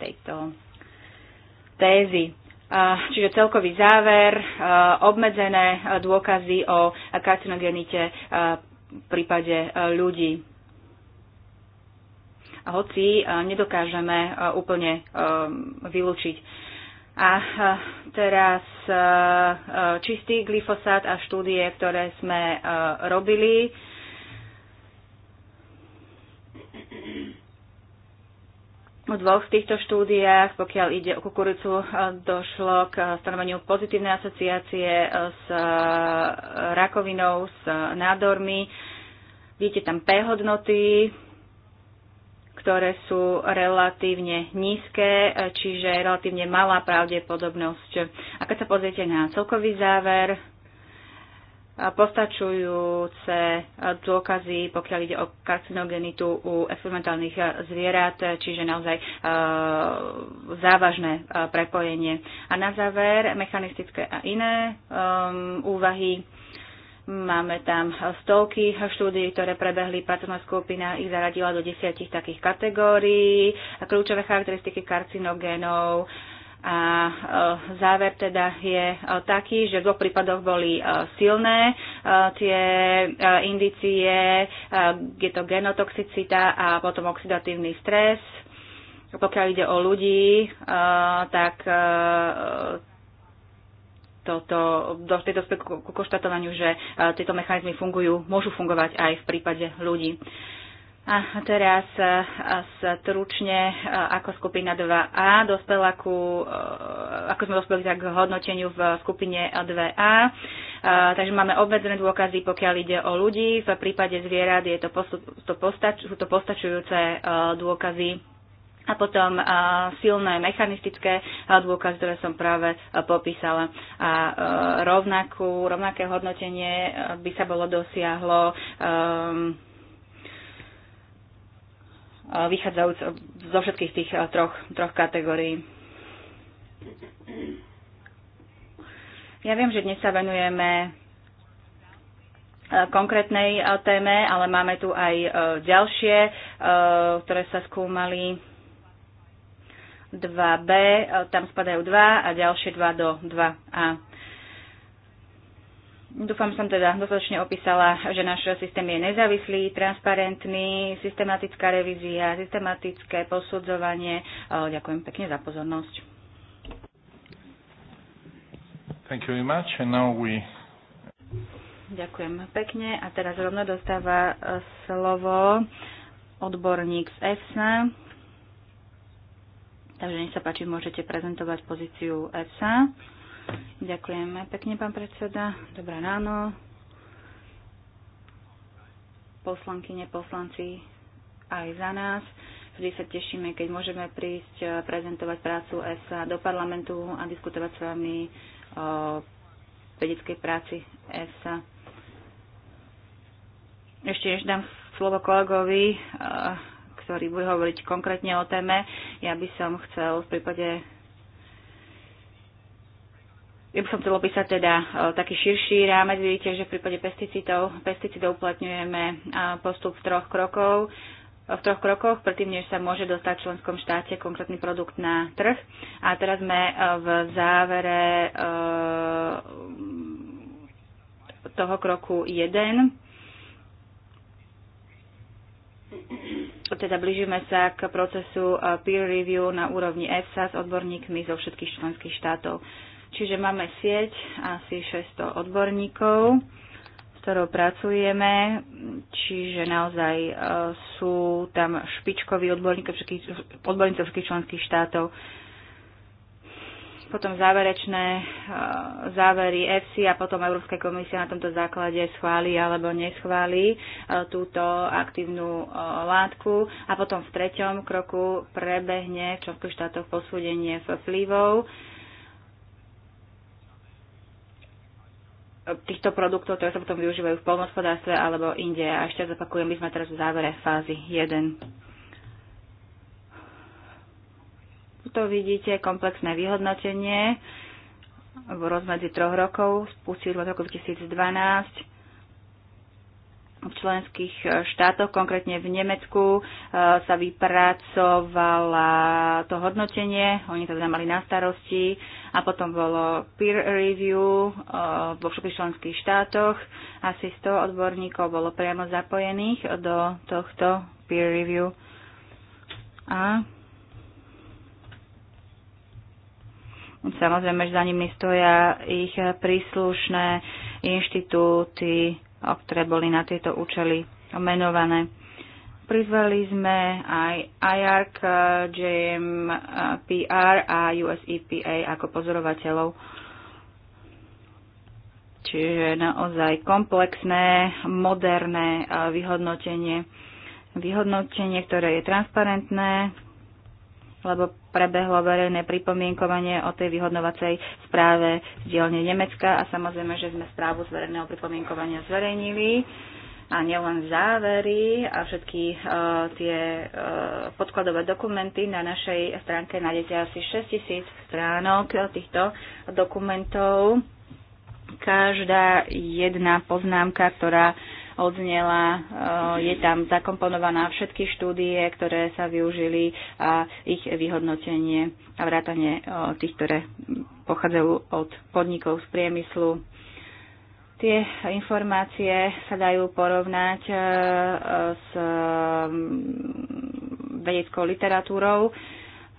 tejto tézy. Čiže celkový záver, obmedzené dôkazy o karcinogenite v prípade ľudí. Hoci nedokážeme úplne vylúčiť. A teraz čistý glyfosát a štúdie, ktoré sme robili, V dvoch z týchto štúdiách, pokiaľ ide o kukuricu, e, došlo k e, stanoveniu pozitívnej asociácie e, s rakovinou, s nádormi. Vidíte tam P hodnoty, ktoré sú relatívne nízke, čiže relatívne malá pravdepodobnosť. A keď sa pozriete na celkový záver, postačujúce dôkazy, pokiaľ ide o karcinogenitu u experimentálnych zvierat, čiže naozaj e, závažné e, prepojenie. A na záver mechanistické a iné e, úvahy. Máme tam stovky štúdií, ktoré prebehli. Pracovná skupina ich zaradila do desiatich takých kategórií. Kľúčové charakteristiky karcinogénov, a e, záver teda je e, taký, že v dvoch prípadoch boli e, silné tie indicie, je to genotoxicita a potom oxidatívny stres. Pokiaľ ide o ľudí, tak toto, do tejto ku konštatovaniu, že tieto mechanizmy fungujú, môžu fungovať aj v prípade ľudí. Uh, a teraz e, stručne, e, ako skupina 2A dospela ku, e, ako sme dospeli k hodnoteniu v skupine 2A. Takže máme obmedzené dôkazy, pokiaľ ide o ľudí. V prípade zvierat je to, postu, to postač, sú to postačujúce dôkazy a potom silné mechanistické dôkazy, ktoré som práve popísala. A rovnakú, rovnaké hodnotenie by sa bolo dosiahlo um, vychádzajúc zo všetkých tých eh, troch, troch kategórií. Ja viem, že dnes sa venujeme eh, konkrétnej eh, téme, ale máme tu aj ďalšie, ktoré sa skúmali 2B, tam spadajú 2 a ďalšie 2 do 2A. Dúfam, som teda dostatočne opísala, že náš systém je nezávislý, transparentný, systematická revízia, systematické posudzovanie. Ďakujem pekne za pozornosť. Thank you very much. And now we... Ďakujem pekne. A teraz rovno dostáva e, slovo odborník z EFSA. Takže nech sa páči, môžete prezentovať pozíciu EFSA. Ďakujeme pekne, pán predseda. Dobré ráno. Poslankyne, poslanci aj za nás. Vždy sa tešíme, keď môžeme prísť eh, prezentovať prácu ESA do parlamentu a diskutovať s vami o vedeckej práci ESA. Ešte než dám slovo kolegovi, eh, ktorý bude hovoriť konkrétne o téme, ja by som chcel v prípade ja by som chcela opísať teda e, taký širší rámec. Vidíte, že v prípade pesticidov, pesticídov uplatňujeme e, postup v troch krokov e, v troch krokoch, predtým, než sa môže dostať v členskom štáte konkrétny produkt na trh. A teraz sme v závere toho kroku 1. Teda blížime sa k procesu peer review na úrovni EFSA s odborníkmi zo všetkých členských štátov. Čiže máme sieť asi 600 odborníkov, s ktorou pracujeme, čiže naozaj e, sú tam špičkoví odborníci všetkých, všetkých členských štátov. Potom záverečné e, závery EFSI a potom Európska komisia na tomto základe schváli alebo neschváli e, túto aktívnu látku. A potom v treťom kroku prebehne v členských štátoch posúdenie vplyvov týchto produktov, ktoré sa potom využívajú v polnospodárstve alebo inde. A ešte zopakujem, my sme teraz v závere fázy 1. Tu vidíte komplexné vyhodnotenie v rozmedzi troch rokov, spustili sme v roku 2012 v členských e, štátoch, konkrétne v Nemecku, e, sa vypracovala to hodnotenie, oni to teda mali na starosti a potom bolo peer review e, vo všetkých členských štátoch. Asi 100 odborníkov bolo priamo zapojených do tohto peer review. A samozrejme, že za nimi stoja ich príslušné inštitúty, ktoré boli na tieto účely menované. Prizvali sme aj IARC, JMPR a USEPA ako pozorovateľov. Čiže naozaj komplexné, moderné vyhodnotenie. Vyhodnotenie, ktoré je transparentné, lebo prebehlo verejné pripomienkovanie o tej vyhodnovacej správe z dielne Nemecka a samozrejme, že sme správu z verejného pripomienkovania zverejnili a nielen závery a všetky uh, tie uh, podkladové dokumenty na našej stránke nájdete asi 6000 stránok týchto dokumentov. Každá jedna poznámka, ktorá uh, odznela. Eh, je tam zakomponovaná všetky štúdie, ktoré sa využili a ich vyhodnotenie a vrátanie eh, tých, ktoré pochádzajú od podnikov z priemyslu. Tie informácie sa dajú porovnať eh, s mm, vedeckou literatúrou.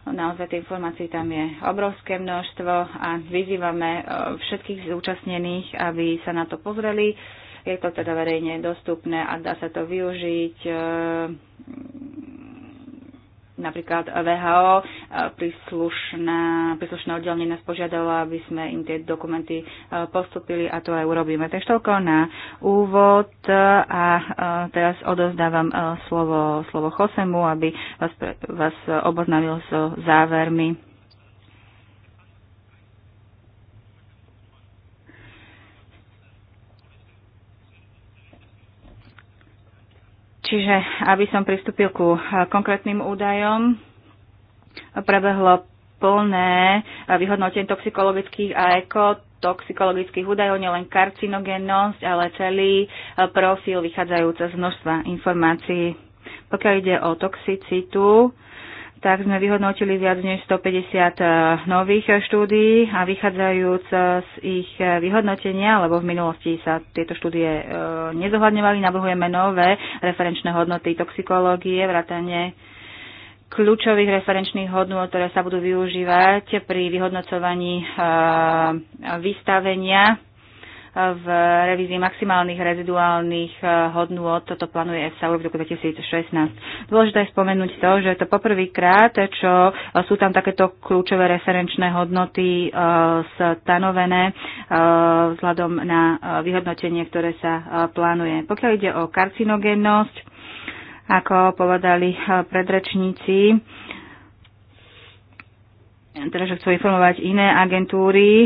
Naozaj tie informácie tam je obrovské množstvo a vyzývame všetkých zúčastnených, aby sa na to pozreli je to teda verejne dostupné a dá sa to využiť e, napríklad VHO, e, príslušná, príslušné oddelenie nás požiadalo, aby sme im tie dokumenty e, postupili a to aj urobíme. Takže toľko na úvod a teraz odozdávam slovo, slovo Chosemu, aby vás, vás oboznámil so závermi. Čiže aby som pristúpil ku eh, konkrétnym údajom, prebehlo plné eh, vyhodnotenie toxikologických a ekotoxikologických údajov, nielen karcinogénnosť, ale celý eh, profil vychádzajúce z množstva informácií. Pokiaľ ide o toxicitu, tak sme vyhodnotili viac než 150 e, nových štúdií a vychádzajúc e, z ich e, vyhodnotenia, lebo v minulosti sa tieto štúdie nezohľadňovali, navrhujeme nové referenčné hodnoty toxikológie, vrátane kľúčových referenčných hodnôt, ktoré sa budú využívať pri vyhodnocovaní vystavenia v revízii maximálnych reziduálnych eh, hodnôt. Toto plánuje EFSA v roku 2016. Dôležité je spomenúť to, že je to poprvýkrát, čo sú tam takéto kľúčové referenčné hodnoty eh, stanovené eh, vzhľadom na vyhodnotenie, ktoré sa plánuje. Pokiaľ ide o karcinogénnosť, ako povedali predrečníci, teda, že chcú informovať iné agentúry,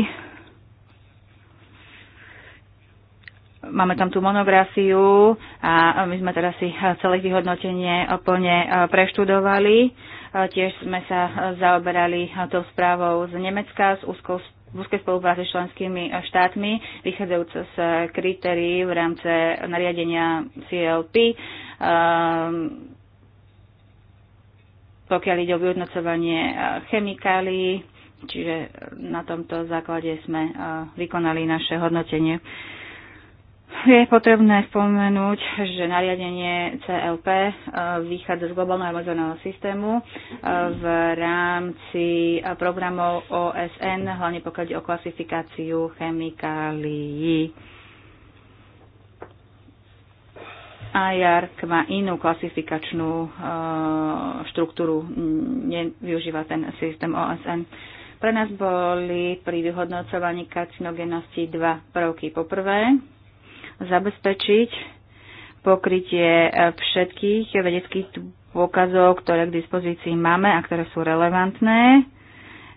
Máme tam tú monografiu a my sme teraz si celé vyhodnotenie plne e, preštudovali. E, tiež sme sa zaoberali tou správou z Nemecka, z úzkou v úzkej spolupráci s členskými e, štátmi, vychádzajúce z kritérií v rámci nariadenia CLP. Um, pokiaľ ide o vyhodnocovanie chemikálií, čiže na tomto základe sme vykonali naše hodnotenie. Je potrebné spomenúť, že nariadenie CLP e, vychádza z globálneho harmonizovaného systému e, v rámci e, programov OSN, hlavne pokiaľ ide o klasifikáciu chemikálií. IARC má inú klasifikačnú štruktúru, nevyužíva ten systém OSN. Pre nás boli pri vyhodnocovaní karcinogenosti dva prvky. Poprvé, zabezpečiť pokrytie e, všetkých vedeckých dôkazov, ktoré k dispozícii máme a ktoré sú relevantné. E,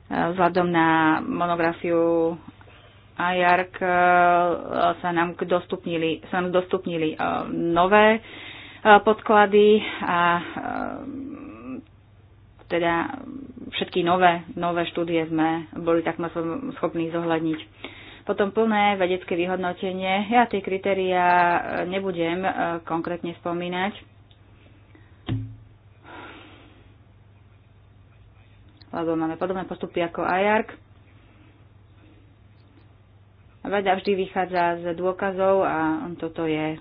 vzhľadom na monografiu AJARK, e, sa nám dostupnili, sa nám dostupnili nové podklady a teda všetky nové, nové štúdie sme boli takmer schopní zohľadniť. Potom plné vedecké vyhodnotenie. Ja tie kritériá e, nebudem e, konkrétne spomínať. Lebo máme podobné postupy ako IARC. Veda vždy vychádza z dôkazov a toto je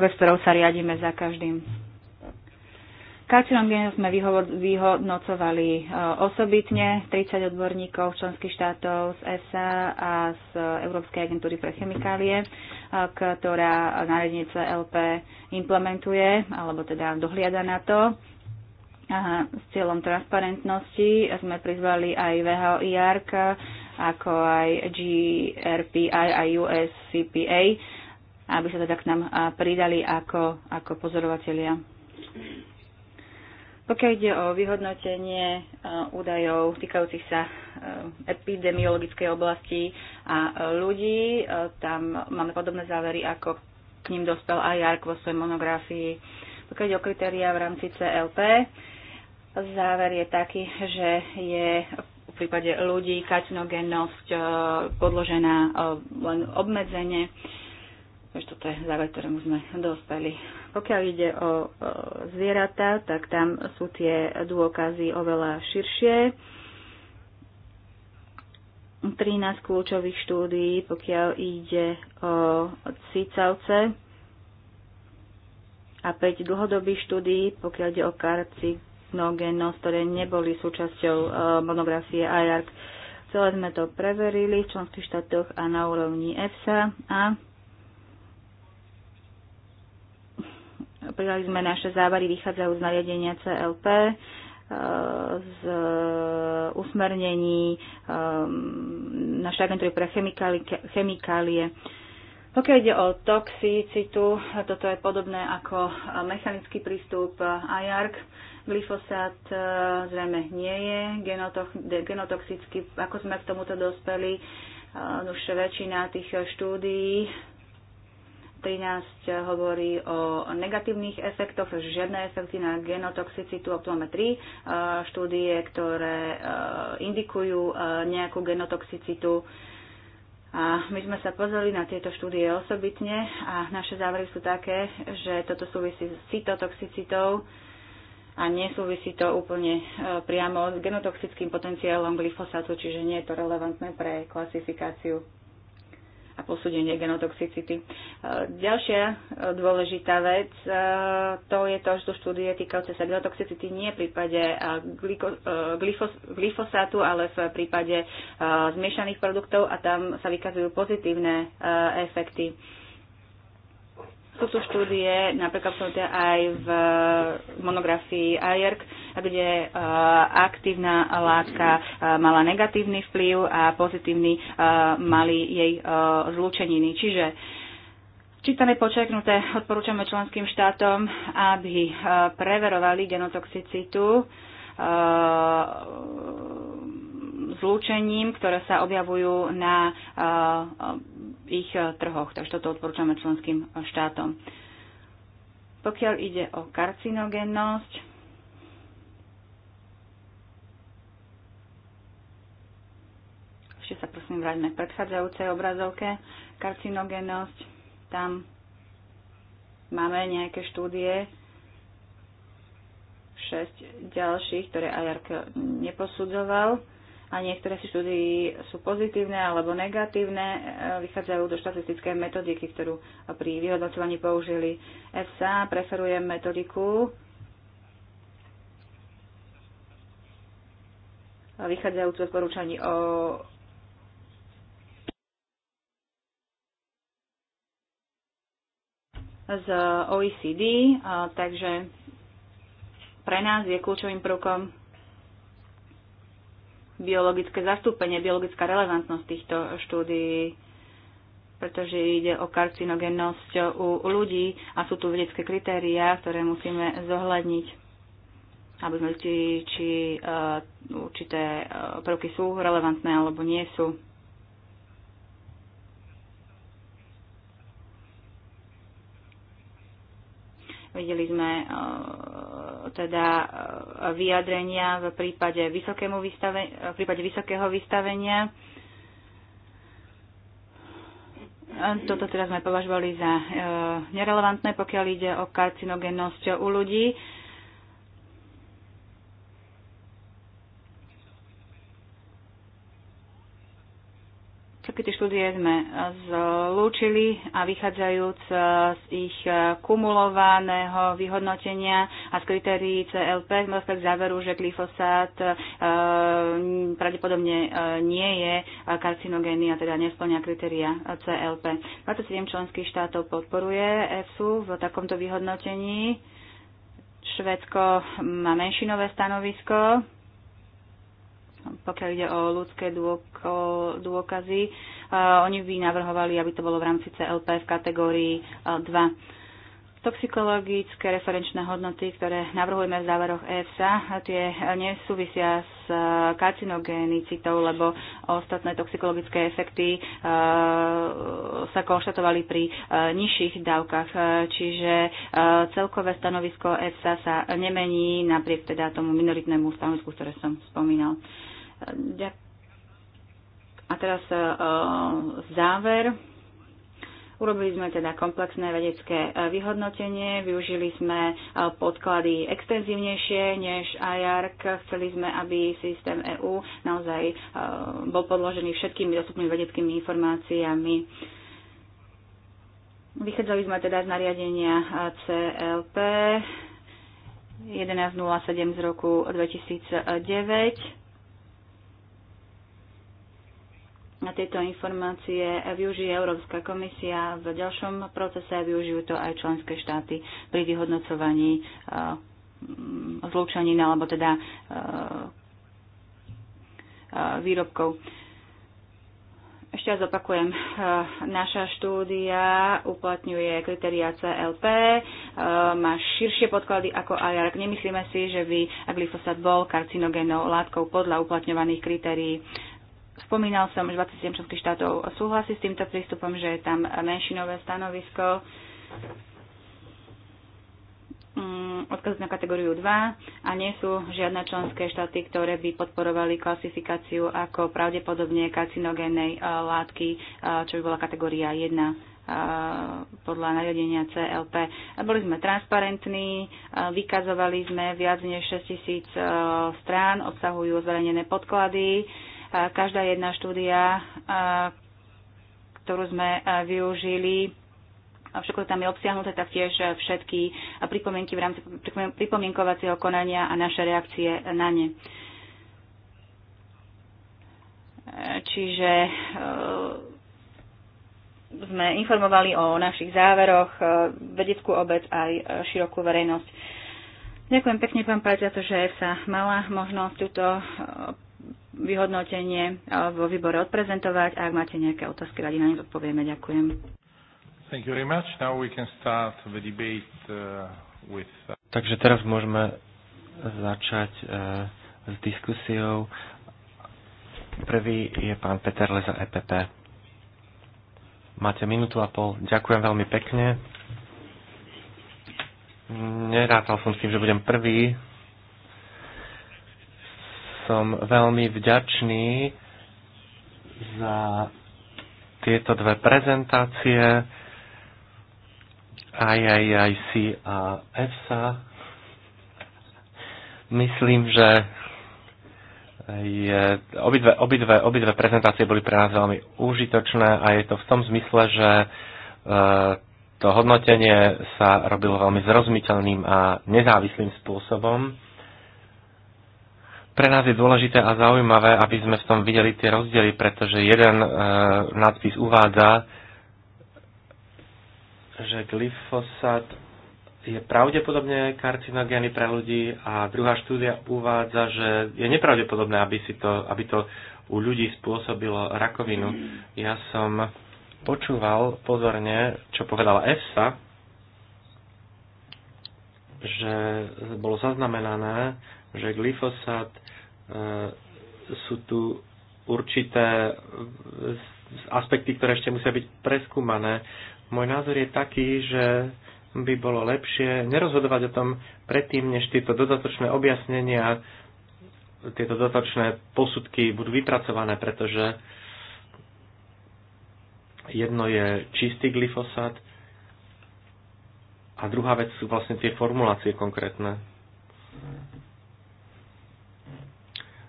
vec, ktorou sa riadíme za každým Karcinogén sme vyhodnocovali e, osobitne 30 odborníkov členských štátov z ESA a z Európskej agentúry pre chemikálie, e, ktorá nariadenie CLP implementuje, alebo teda dohliada na to. A s cieľom transparentnosti sme prizvali aj VHO IARC, ako aj GRPI a USCPA, aby sa teda k nám pridali ako, ako pozorovatelia. Pokiaľ ide o vyhodnotenie e, údajov týkajúcich sa e, epidemiologickej oblasti a e, ľudí, tam máme podobné závery, ako k ním dostal aj Jark vo svojej monografii. Pokiaľ ide o kritéria v rámci CLP, záver je taký, že je v prípade ľudí karcinogennosť podložená len obmedzenie Takže toto je záver, ktorému sme dospeli. Pokiaľ ide o zvieratá, tak tam sú tie dôkazy oveľa širšie. 13 kľúčových štúdií, pokiaľ ide o cicavce a 5 dlhodobých štúdií, pokiaľ ide o karcinogénnosť, ktoré neboli súčasťou e, monografie IARC. Celé sme to preverili v členských štátoch a na úrovni EFSA a Pridali sme naše závary, vychádzajú z nariadenia CLP, e, z usmernení e, našej agentúry pre chemikálie. Pokiaľ ide o toxicitu, toto je podobné ako mechanický prístup IARC. Glyfosát e, zrejme nie je genotoxický. Ako sme k tomuto dospeli? Už väčšina tých štúdií 13 hovorí o negatívnych efektoch, že žiadne efekty na genotoxicitu o máme 3, eh, štúdie, ktoré eh, indikujú eh, nejakú genotoxicitu. A my sme sa pozreli na tieto štúdie osobitne a naše závery sú také, že toto súvisí s cytotoxicitou a nesúvisí to úplne priamo s genotoxickým potenciálom glyfosátu, čiže nie je to relevantné pre klasifikáciu a posúdenie genotoxicity. E, ďalšia e, dôležitá vec, e, to je to, že tu štúdie týkajúce sa genotoxicity nie v prípade glyfosátu, ale v prípade zmiešaných produktov a tam sa vykazujú pozitívne efekty tu štúdie napríklad sú aj v eh, monografii AIRC, kde eh, aktívna látka eh, mala negatívny vplyv a pozitívny mali jej zlúčeniny. Čiže Čítané počeknuté odporúčame členským štátom, aby preverovali genotoxicitu zlúčením, ktoré sa objavujú na eh, ich trhoch. Takže toto odporúčame členským štátom. Pokiaľ ide o karcinogennosť, ešte sa prosím vráťme k predchádzajúcej obrazovke, karcinogennosť, tam máme nejaké štúdie, 6 ďalších, ktoré Ajarko neposudzoval a niektoré si štúdii sú pozitívne alebo negatívne, e, vychádzajú do štatistickej metodiky, ktorú pri vyhodnocovaní použili EFSA. Preferujem metodiku vychádzajúcu odporúčaní o z OECD, takže pre nás je kľúčovým prvkom biologické zastúpenie, biologická relevantnosť týchto štúdií, pretože ide o karcinogennosť u ľudí a sú tu vedecké kritériá, ktoré musíme zohľadniť, aby sme zistili, či uh, určité eh, prvky sú relevantné alebo nie sú. Videli sme uh, teda e, vyjadrenia v prípade, v prípade vysokého vystavenia. Toto teraz sme považovali za e, nerelevantné, pokiaľ ide o karcinogennosť u ľudí. Všetky tie štúdie sme zlúčili a vychádzajúc z ich kumulovaného vyhodnotenia a z kritérií CLP sme dostali k záveru, že glyfosát e, pravdepodobne e, nie je karcinogénny a teda nesplňa kritéria CLP. 27 členských štátov podporuje EFSU v takomto vyhodnotení. Švedsko má menšinové stanovisko, pokiaľ ide o ľudské dôkazy, oni by navrhovali, aby to bolo v rámci CLP v kategórii 2 toxikologické referenčné hodnoty, ktoré navrhujeme v záveroch EFSA, tie nesúvisia s karcinogénicitou, lebo ostatné toxikologické efekty sa konštatovali pri nižších dávkach, čiže celkové stanovisko EFSA sa nemení napriek teda tomu minoritnému stanovisku, ktoré som spomínal. A teraz e, záver. Urobili sme teda komplexné vedecké e, vyhodnotenie, využili sme e, podklady extenzívnejšie než IARC. Chceli sme, aby systém EU naozaj bol podložený všetkými dostupnými vedeckými informáciami. Vychádzali sme teda z nariadenia CLP 1107 z roku 2009 na tieto informácie využije Európska komisia, v ďalšom procese využijú to aj členské štáty pri vyhodnocovaní e, mm, zlúčanín alebo teda e, e, výrobkov. Ešte raz opakujem, naša štúdia uplatňuje kritériá CLP, má širšie podklady ako IARC. Nemyslíme si, že by glyfosát bol karcinogénou látkou podľa uplatňovaných kritérií Spomínal som, že 27 členských štátov súhlasí s týmto prístupom, že je tam menšinové stanovisko. Mm, Odkaz na kategóriu 2 a nie sú žiadne členské štáty, ktoré by podporovali klasifikáciu ako pravdepodobne karcinogénnej eh, látky, eh, čo by bola kategória 1 eh, podľa nariadenia CLP. Boli sme transparentní, vykazovali sme viac než 6000 strán, obsahujú zverejnené podklady Každá jedna štúdia, ktorú sme využili, a všetko tam je obsiahnuté, taktiež všetky pripomienky v rámci pripomienkovacieho konania a naše reakcie na ne. Čiže e, sme informovali o našich záveroch e, vedeckú obec aj e, širokú verejnosť. Ďakujem pekne, pán Pať, za to, že sa mala možnosť túto vyhodnotenie e, vo výbore odprezentovať a ak máte nejaké otázky, radi na ne odpovieme. Ďakujem. Thank you very much. Now we can start the debate uh, with... Uh, Takže teraz môžeme začať uh, s diskusiou. Prvý je pán Peter Leza EPP. Máte minútu a pol. Ďakujem veľmi pekne. Nerátal som s tým, že budem prvý, som veľmi vďačný za tieto dve prezentácie IAIC a EFSA. Myslím, že je, obidve, obidve, obidve prezentácie boli pre nás veľmi užitočné a je to v tom zmysle, že e, to hodnotenie sa robilo veľmi zrozumiteľným a nezávislým spôsobom pre nás je dôležité a zaujímavé, aby sme v tom videli tie rozdiely, pretože jeden e, nadpis uvádza, že glyfosát je pravdepodobne karcinogény pre ľudí a druhá štúdia uvádza, že je nepravdepodobné, aby, si to, aby to u ľudí spôsobilo rakovinu. Ja som počúval pozorne, čo povedala EFSA, že bolo zaznamenané že glyfosát e, sú tu určité aspekty, ktoré ešte musia byť preskúmané. Môj názor je taký, že by bolo lepšie nerozhodovať o tom predtým, než tieto dodatočné objasnenia, tieto dodatočné posudky budú vypracované, pretože jedno je čistý glyfosát a druhá vec sú vlastne tie formulácie konkrétne.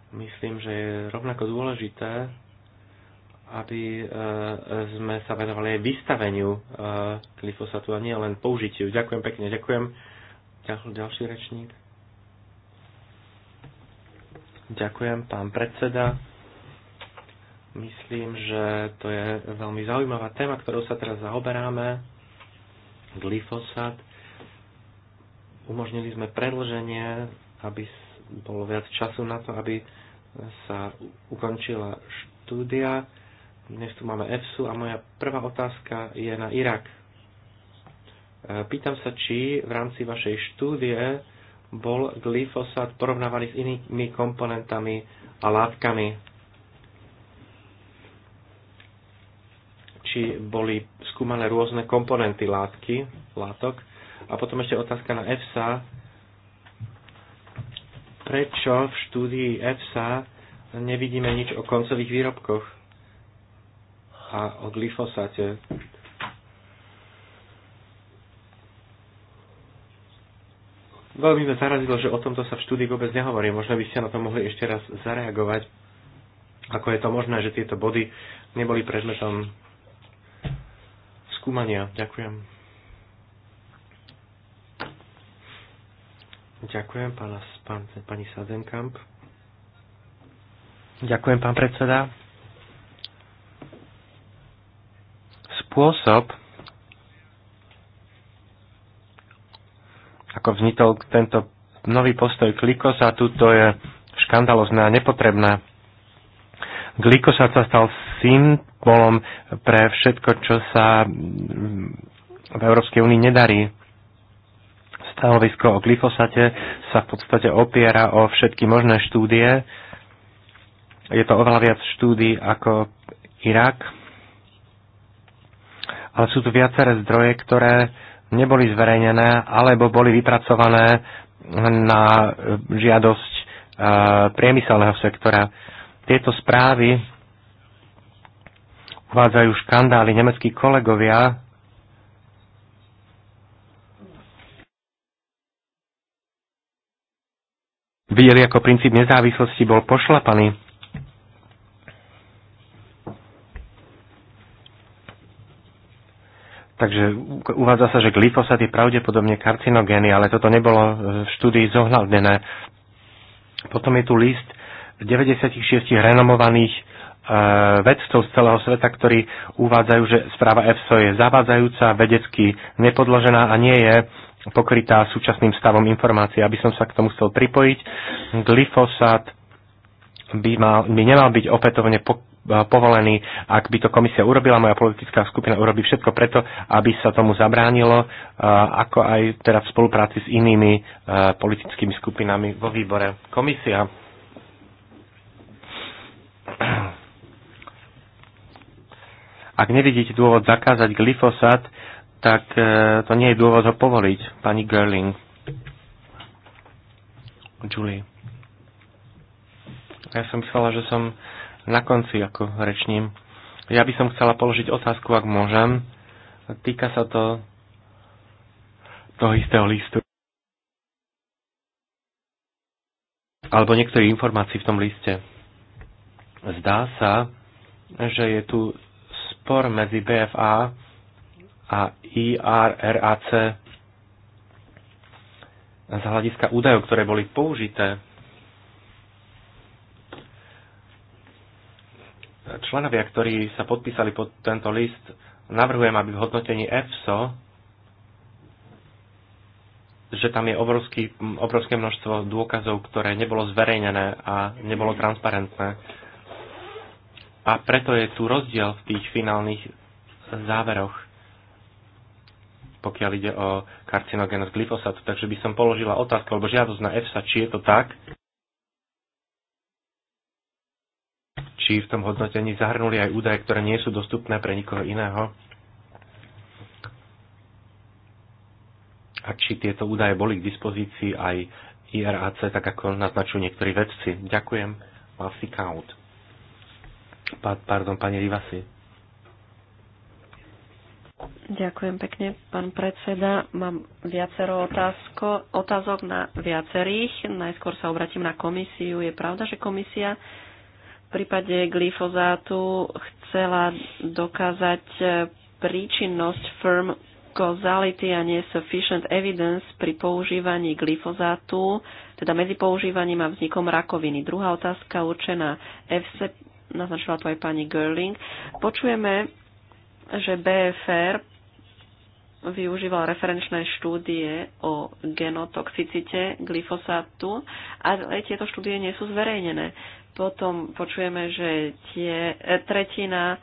Myslím, že je rovnako dôležité, aby e, sme sa venovali aj vystaveniu e, glyfosatu a nie len použitiu. Ďakujem pekne, ďakujem. Ďalší rečník. Ďakujem, pán predseda. Myslím, že to je veľmi zaujímavá téma, ktorou sa teraz zaoberáme. Glyfosat. Umožnili sme predlženie, aby bolo viac času na to, aby sa ukončila štúdia. Dnes tu máme EFSU a moja prvá otázka je na Irak. E, pýtam sa, či v rámci vašej štúdie bol glyfosát porovnávaný s inými komponentami a látkami. Či boli skúmané rôzne komponenty látky, látok. A potom ešte otázka na EFSA prečo v štúdii EFSA nevidíme nič o koncových výrobkoch a o glyfosáte. Veľmi ma zarazilo, že o tomto sa v štúdii vôbec nehovorí. Možno by ste na to mohli ešte raz zareagovať, ako je to možné, že tieto body neboli predmetom skúmania. Ďakujem. Ďakujem, pána, pán, pani Sadenkamp. Ďakujem, pán predseda. Spôsob, ako vznikol tento nový postoj glikosatu, to je škandalozné a nepotrebné. Glikosat sa stal symbolom pre všetko, čo sa v Európskej únii nedarí. Stanovisko o glyfosate sa v podstate opiera o všetky možné štúdie. Je to oveľa viac štúdí ako Irak, ale sú tu viaceré zdroje, ktoré neboli zverejnené alebo boli vypracované na žiadosť e, priemyselného sektora. Tieto správy uvádzajú škandály. Nemeckí kolegovia videli, ako princíp nezávislosti bol pošlapaný. Takže uvádza sa, že glyfosát je pravdepodobne karcinogény, ale toto nebolo v štúdii zohľadnené. Potom je tu list 96 renomovaných e, vedcov z celého sveta, ktorí uvádzajú, že správa EFSO je zavádzajúca, vedecky nepodložená a nie je pokrytá súčasným stavom informácií. Aby som sa k tomu chcel pripojiť, glyfosát by, mal, by nemal byť opätovne po, povolený, ak by to komisia urobila, moja politická skupina urobí všetko preto, aby sa tomu zabránilo, ako aj teda v spolupráci s inými politickými skupinami vo výbore. Komisia. Ak nevidíte dôvod zakázať glyfosát, tak e, to nie je dôvod ho povoliť. Pani Gerling. Julie. Ja som myslela, že som na konci ako rečním. Ja by som chcela položiť otázku, ak môžem. Týka sa to toho istého listu. Alebo niektorých informácií v tom liste. Zdá sa, že je tu spor medzi BFA a IRRAC z hľadiska údajov, ktoré boli použité. Členovia, ktorí sa podpísali pod tento list, navrhujem, aby v hodnotení EFSO, že tam je obrovský, obrovské množstvo dôkazov, ktoré nebolo zverejnené a nebolo transparentné. A preto je tu rozdiel v tých finálnych záveroch pokiaľ ide o karcinogénnosť glyfosátu. Takže by som položila otázku alebo žiadosť na EFSA, či je to tak, či v tom hodnotení zahrnuli aj údaje, ktoré nie sú dostupné pre nikoho iného a či tieto údaje boli k dispozícii aj IRAC, tak ako naznačujú niektorí vedci. Ďakujem. Má si count. pardon, pani Rivasi. Ďakujem pekne, pán predseda. Mám viacero otázko, otázok na viacerých. Najskôr sa obratím na komisiu. Je pravda, že komisia v prípade glyfozátu chcela dokázať príčinnosť firm causality a nie sufficient evidence pri používaní glyfozátu, teda medzi používaním a vznikom rakoviny. Druhá otázka určená EFSE, naznačila to aj pani Girling. Počujeme že BFR využíval referenčné štúdie o genotoxicite glyfosátu, ale tieto štúdie nie sú zverejnené. Potom počujeme, že tie e, tretina e,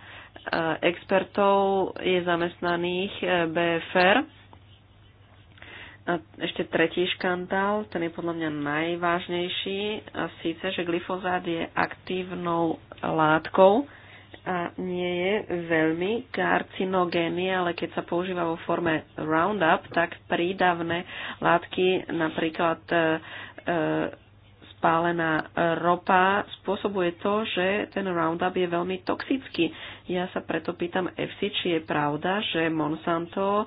expertov je zamestnaných e, BFR. A ešte tretí škandál, ten je podľa mňa najvážnejší, a síce, že glyfozát je aktívnou látkou, a nie je veľmi karcinogénny, ale keď sa používa vo forme Roundup, tak prídavné látky, napríklad e, e spálená ropa, spôsobuje to, že ten Roundup je veľmi toxický. Ja sa preto pýtam FC, či je pravda, že Monsanto e,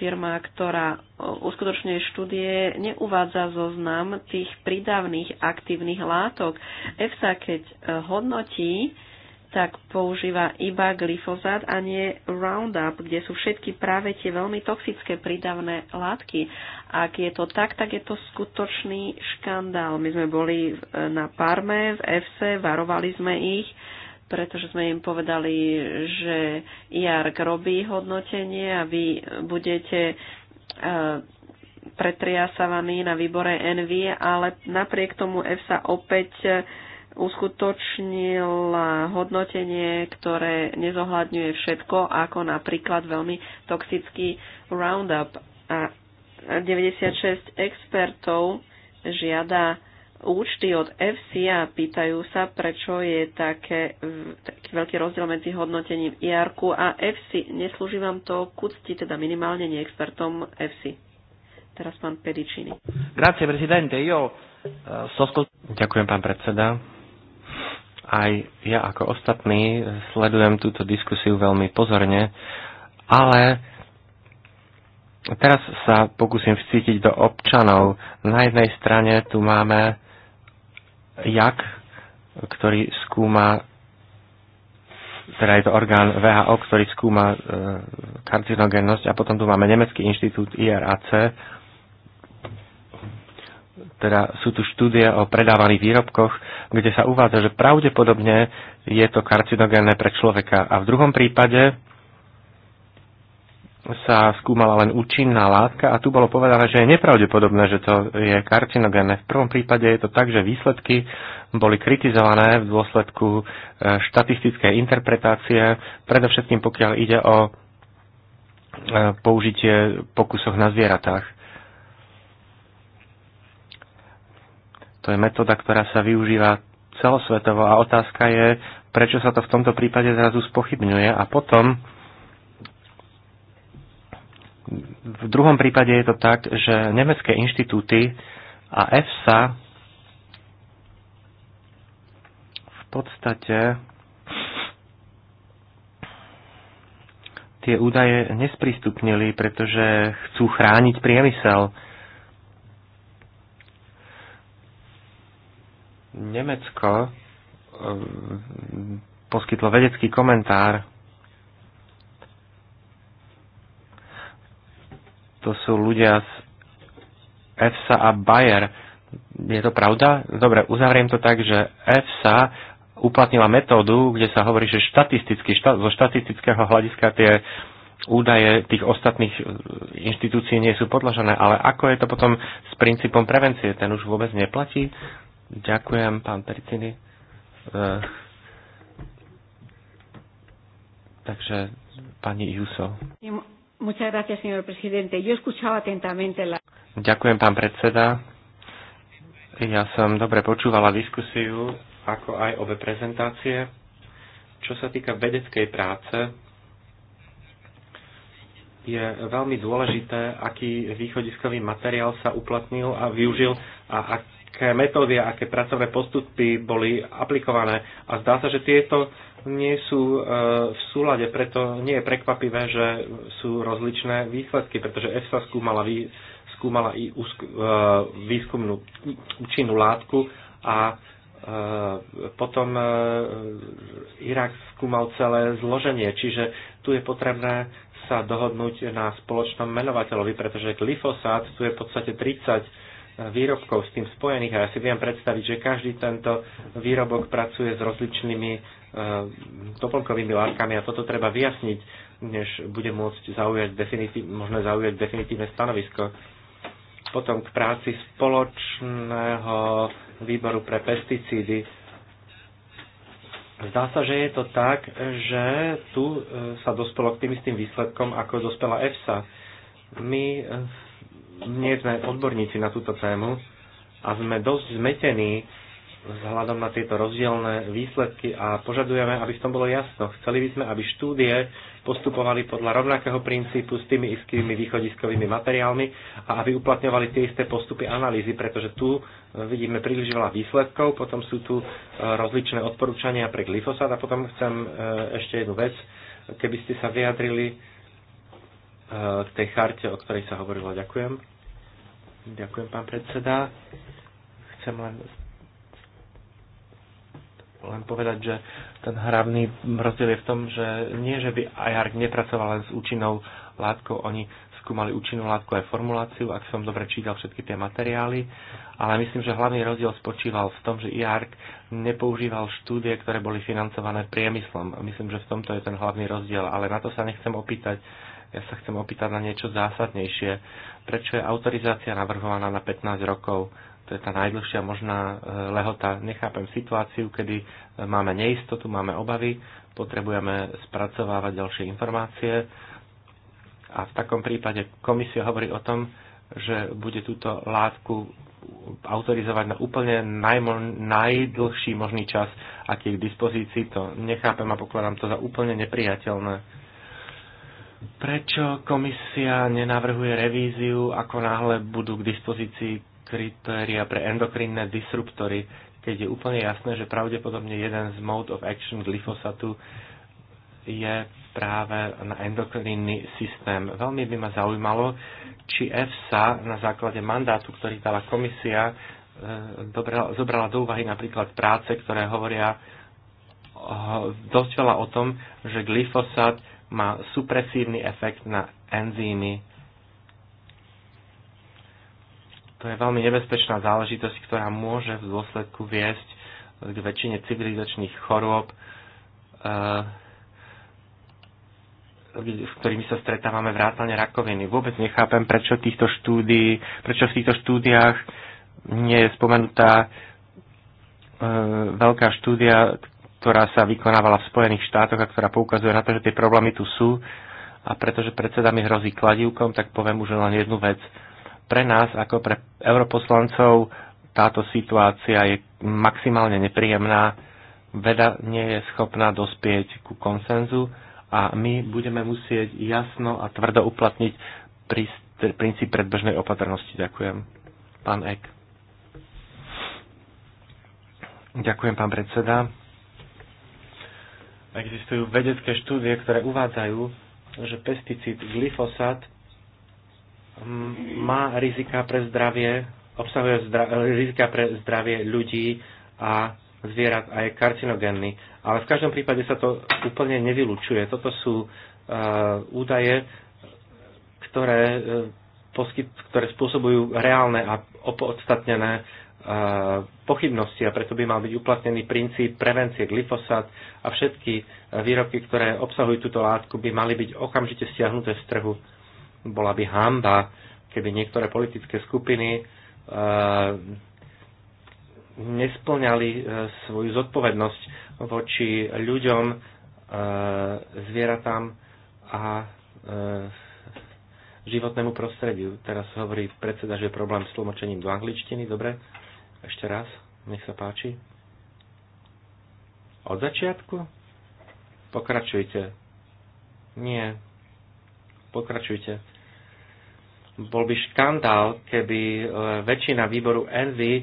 firma, ktorá e, uskutočňuje štúdie, neuvádza zoznam tých prídavných aktívnych látok. EFSA, keď e, hodnotí, tak používa iba glyfozát a nie Roundup, kde sú všetky práve tie veľmi toxické prídavné látky. Ak je to tak, tak je to skutočný škandál. My sme boli na Parme, v FC, varovali sme ich pretože sme im povedali, že IARC robí hodnotenie a vy budete e, pretriasavaní na výbore NV, ale napriek tomu EFSA opäť e, uskutočnil hodnotenie, ktoré nezohľadňuje všetko, ako napríklad veľmi toxický Roundup. A 96 expertov žiada účty od FC a pýtajú sa, prečo je také, taký veľký rozdiel medzi hodnotením IR e a FC. Neslúži vám to kucti, teda minimálne nie expertom FC. Teraz pán Pedičiny. Grazie, prezidente. Io, uh, Ďakujem, pán predseda. Aj ja ako ostatní sledujem túto diskusiu veľmi pozorne, ale teraz sa pokúsim vcítiť do občanov. Na jednej strane tu máme JAK, ktorý skúma, teda je to orgán VHO, ktorý skúma e, karcinogennosť a potom tu máme Nemecký inštitút IRAC, teda sú tu štúdie o predávaných výrobkoch, kde sa uvádza, že pravdepodobne je to karcinogénne pre človeka. A v druhom prípade sa skúmala len účinná látka a tu bolo povedané, že je nepravdepodobné, že to je karcinogénne. V prvom prípade je to tak, že výsledky boli kritizované v dôsledku e, štatistickej interpretácie, predovšetkým pokiaľ ide o e, použitie pokusoch na zvieratách. To je metóda, ktorá sa využíva celosvetovo a otázka je, prečo sa to v tomto prípade zrazu spochybňuje a potom v druhom prípade je to tak, že nemecké inštitúty a EFSA v podstate tie údaje nesprístupnili, pretože chcú chrániť priemysel. Nemecko ehm, poskytlo vedecký komentár to sú ľudia z EFSA a Bayer. Je to pravda? Dobre, uzavriem to tak, že EFSA uplatnila metódu, kde sa hovorí, že štatisticky, šta, zo štatistického hľadiska tie údaje tých ostatných e, inštitúcií nie sú podložené, ale ako je to potom s princípom prevencie? Ten už vôbec neplatí? Ďakujem, pán Periciny. Uh, e, takže pani Juso. Muchas gracias, señor presidente. Yo escuchaba atentamente la... Ďakujem, pán predseda. Ja som dobre počúvala diskusiu, ako aj obe prezentácie. Čo sa týka vedeckej práce, je veľmi dôležité, aký východiskový materiál sa uplatnil a využil a ak, aké metódy a aké pracovné postupy boli aplikované. A zdá sa, že tieto nie sú e, v súlade, preto nie je prekvapivé, že sú rozličné výsledky, pretože EFSA skúmala, vý, skúmala i úsk, e, výskumnú účinnú látku a e, potom Irak skúmal celé zloženie, čiže tu je potrebné sa dohodnúť na spoločnom menovateľovi, pretože glyfosát tu je v podstate 30 výrobkov s tým spojených a ja si viem predstaviť, že každý tento výrobok pracuje s rozličnými e, doplnkovými látkami a toto treba vyjasniť, než bude môcť zaujať definitív, možné zaujať definitívne stanovisko. Potom k práci spoločného výboru pre pesticídy. Zdá sa, že je to tak, že tu e, sa dospelo k tým istým výsledkom, ako dospela EFSA. My nie sme odborníci na túto tému a sme dosť zmetení vzhľadom na tieto rozdielne výsledky a požadujeme, aby v tom bolo jasno. Chceli by sme, aby štúdie postupovali podľa rovnakého princípu s tými istými východiskovými materiálmi a aby uplatňovali tie isté postupy analýzy, pretože tu e, vidíme príliš veľa výsledkov, potom sú tu e, rozličné odporúčania pre glyfosát a potom chcem e, ešte jednu vec, keby ste sa vyjadrili k eh, tej charte, o ktorej sa hovorilo. Ďakujem. Ďakujem, pán predseda. Chcem len len povedať, že ten hravný rozdiel je v tom, že nie, že by IARC nepracoval len s účinnou látkou, oni skúmali účinnú látku aj formuláciu, ak som dobre čítal všetky tie materiály, ale myslím, že hlavný rozdiel spočíval v tom, že IARC nepoužíval štúdie, ktoré boli financované priemyslom. Myslím, že v tomto je ten hlavný rozdiel, ale na to sa nechcem opýtať. Ja sa chcem opýtať na niečo zásadnejšie. Prečo je autorizácia navrhovaná na 15 rokov? To je tá najdlhšia možná e, lehota. Nechápem situáciu, kedy e, máme neistotu, máme obavy, potrebujeme spracovávať ďalšie informácie a v takom prípade komisia hovorí o tom, že bude túto látku autorizovať na úplne najmo- najdlhší možný čas, aký je k dispozícii. To nechápem a pokladám to za úplne nepriateľné Prečo komisia nenavrhuje revíziu, ako náhle budú k dispozícii kritéria pre endokrinné disruptory, keď je úplne jasné, že pravdepodobne jeden z mode of action glyfosatu je práve na endokrinný systém. Veľmi by ma zaujímalo, či EFSA na základe mandátu, ktorý dala komisia, e, zobrala do úvahy napríklad práce, ktoré hovoria dosť veľa o tom, že glyfosát má supresívny efekt na enzymy. To je veľmi nebezpečná záležitosť, ktorá môže v dôsledku viesť k väčšine civilizačných chorôb, eh, s ktorými sa stretávame vrátane rakoviny. Vôbec nechápem, prečo, týchto štúdií, prečo v týchto štúdiách nie je spomenutá eh, veľká štúdia, ktorá sa vykonávala v Spojených štátoch a ktorá poukazuje na to, že tie problémy tu sú. A pretože predseda mi hrozí kladívkom, tak poviem už len jednu vec. Pre nás, ako pre europoslancov, táto situácia je maximálne nepríjemná. Veda nie je schopná dospieť ku konsenzu a my budeme musieť jasno a tvrdo uplatniť princíp predbežnej opatrnosti. Ďakujem. Pán Ek. Ďakujem, pán predseda. Existujú vedecké štúdie, ktoré uvádzajú, že pesticíd glyfosát mm, má rizika pre zdravie, obsahuje zdra- rizika pre zdravie ľudí a zvierat a je karcinogénny. Ale v každom prípade sa to úplne nevylučuje. Toto sú uh, údaje, ktoré, uh, poskyt, ktoré spôsobujú reálne a opodstatnené Eh, pochybnosti a preto by mal byť uplatnený princíp prevencie glyfosát a všetky eh, výrobky, ktoré obsahujú túto látku, by mali byť okamžite stiahnuté z trhu. Bola by hamba, keby niektoré politické skupiny eh, nesplňali svoju zodpovednosť voči ľuďom, zvieratám a životnému prostrediu. Teraz hovorí predseda, že je problém s tlmočením do angličtiny, dobre? Ešte raz, nech sa páči. Od začiatku? Pokračujte. Nie. Pokračujte. Bol by škandál, keby e, väčšina výboru Envy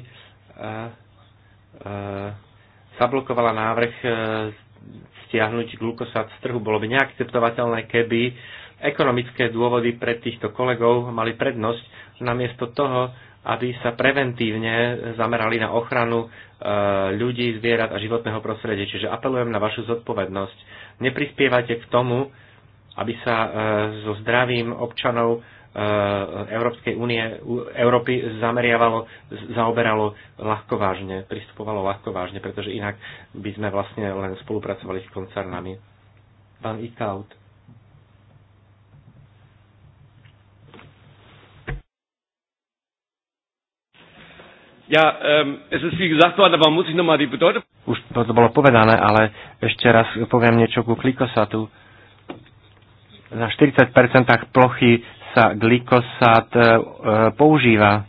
uh, uh, zablokovala návrh uh, stiahnuť glukosát z trhu. Bolo by neakceptovateľné, keby ekonomické dôvody pre týchto kolegov mali prednosť namiesto toho, aby sa preventívne zamerali na ochranu e, ľudí, zvierat a životného prostredia. Čiže apelujem na vašu zodpovednosť. Neprispievajte k tomu, aby sa e, so zdravím občanov e, Európskej únie, Európy zameriavalo, zaoberalo ľahko vážne, pristupovalo ľahko vážne, pretože inak by sme vlastne len spolupracovali s koncernami. Pán Ikaut. Ja, ehm, es ist wie gesagt worden, aber muss ich nochmal die Bedeutung... Už to bolo povedané, ale ešte raz poviem niečo ku glikosatu. Na 40% plochy sa glikosát e, e, používa.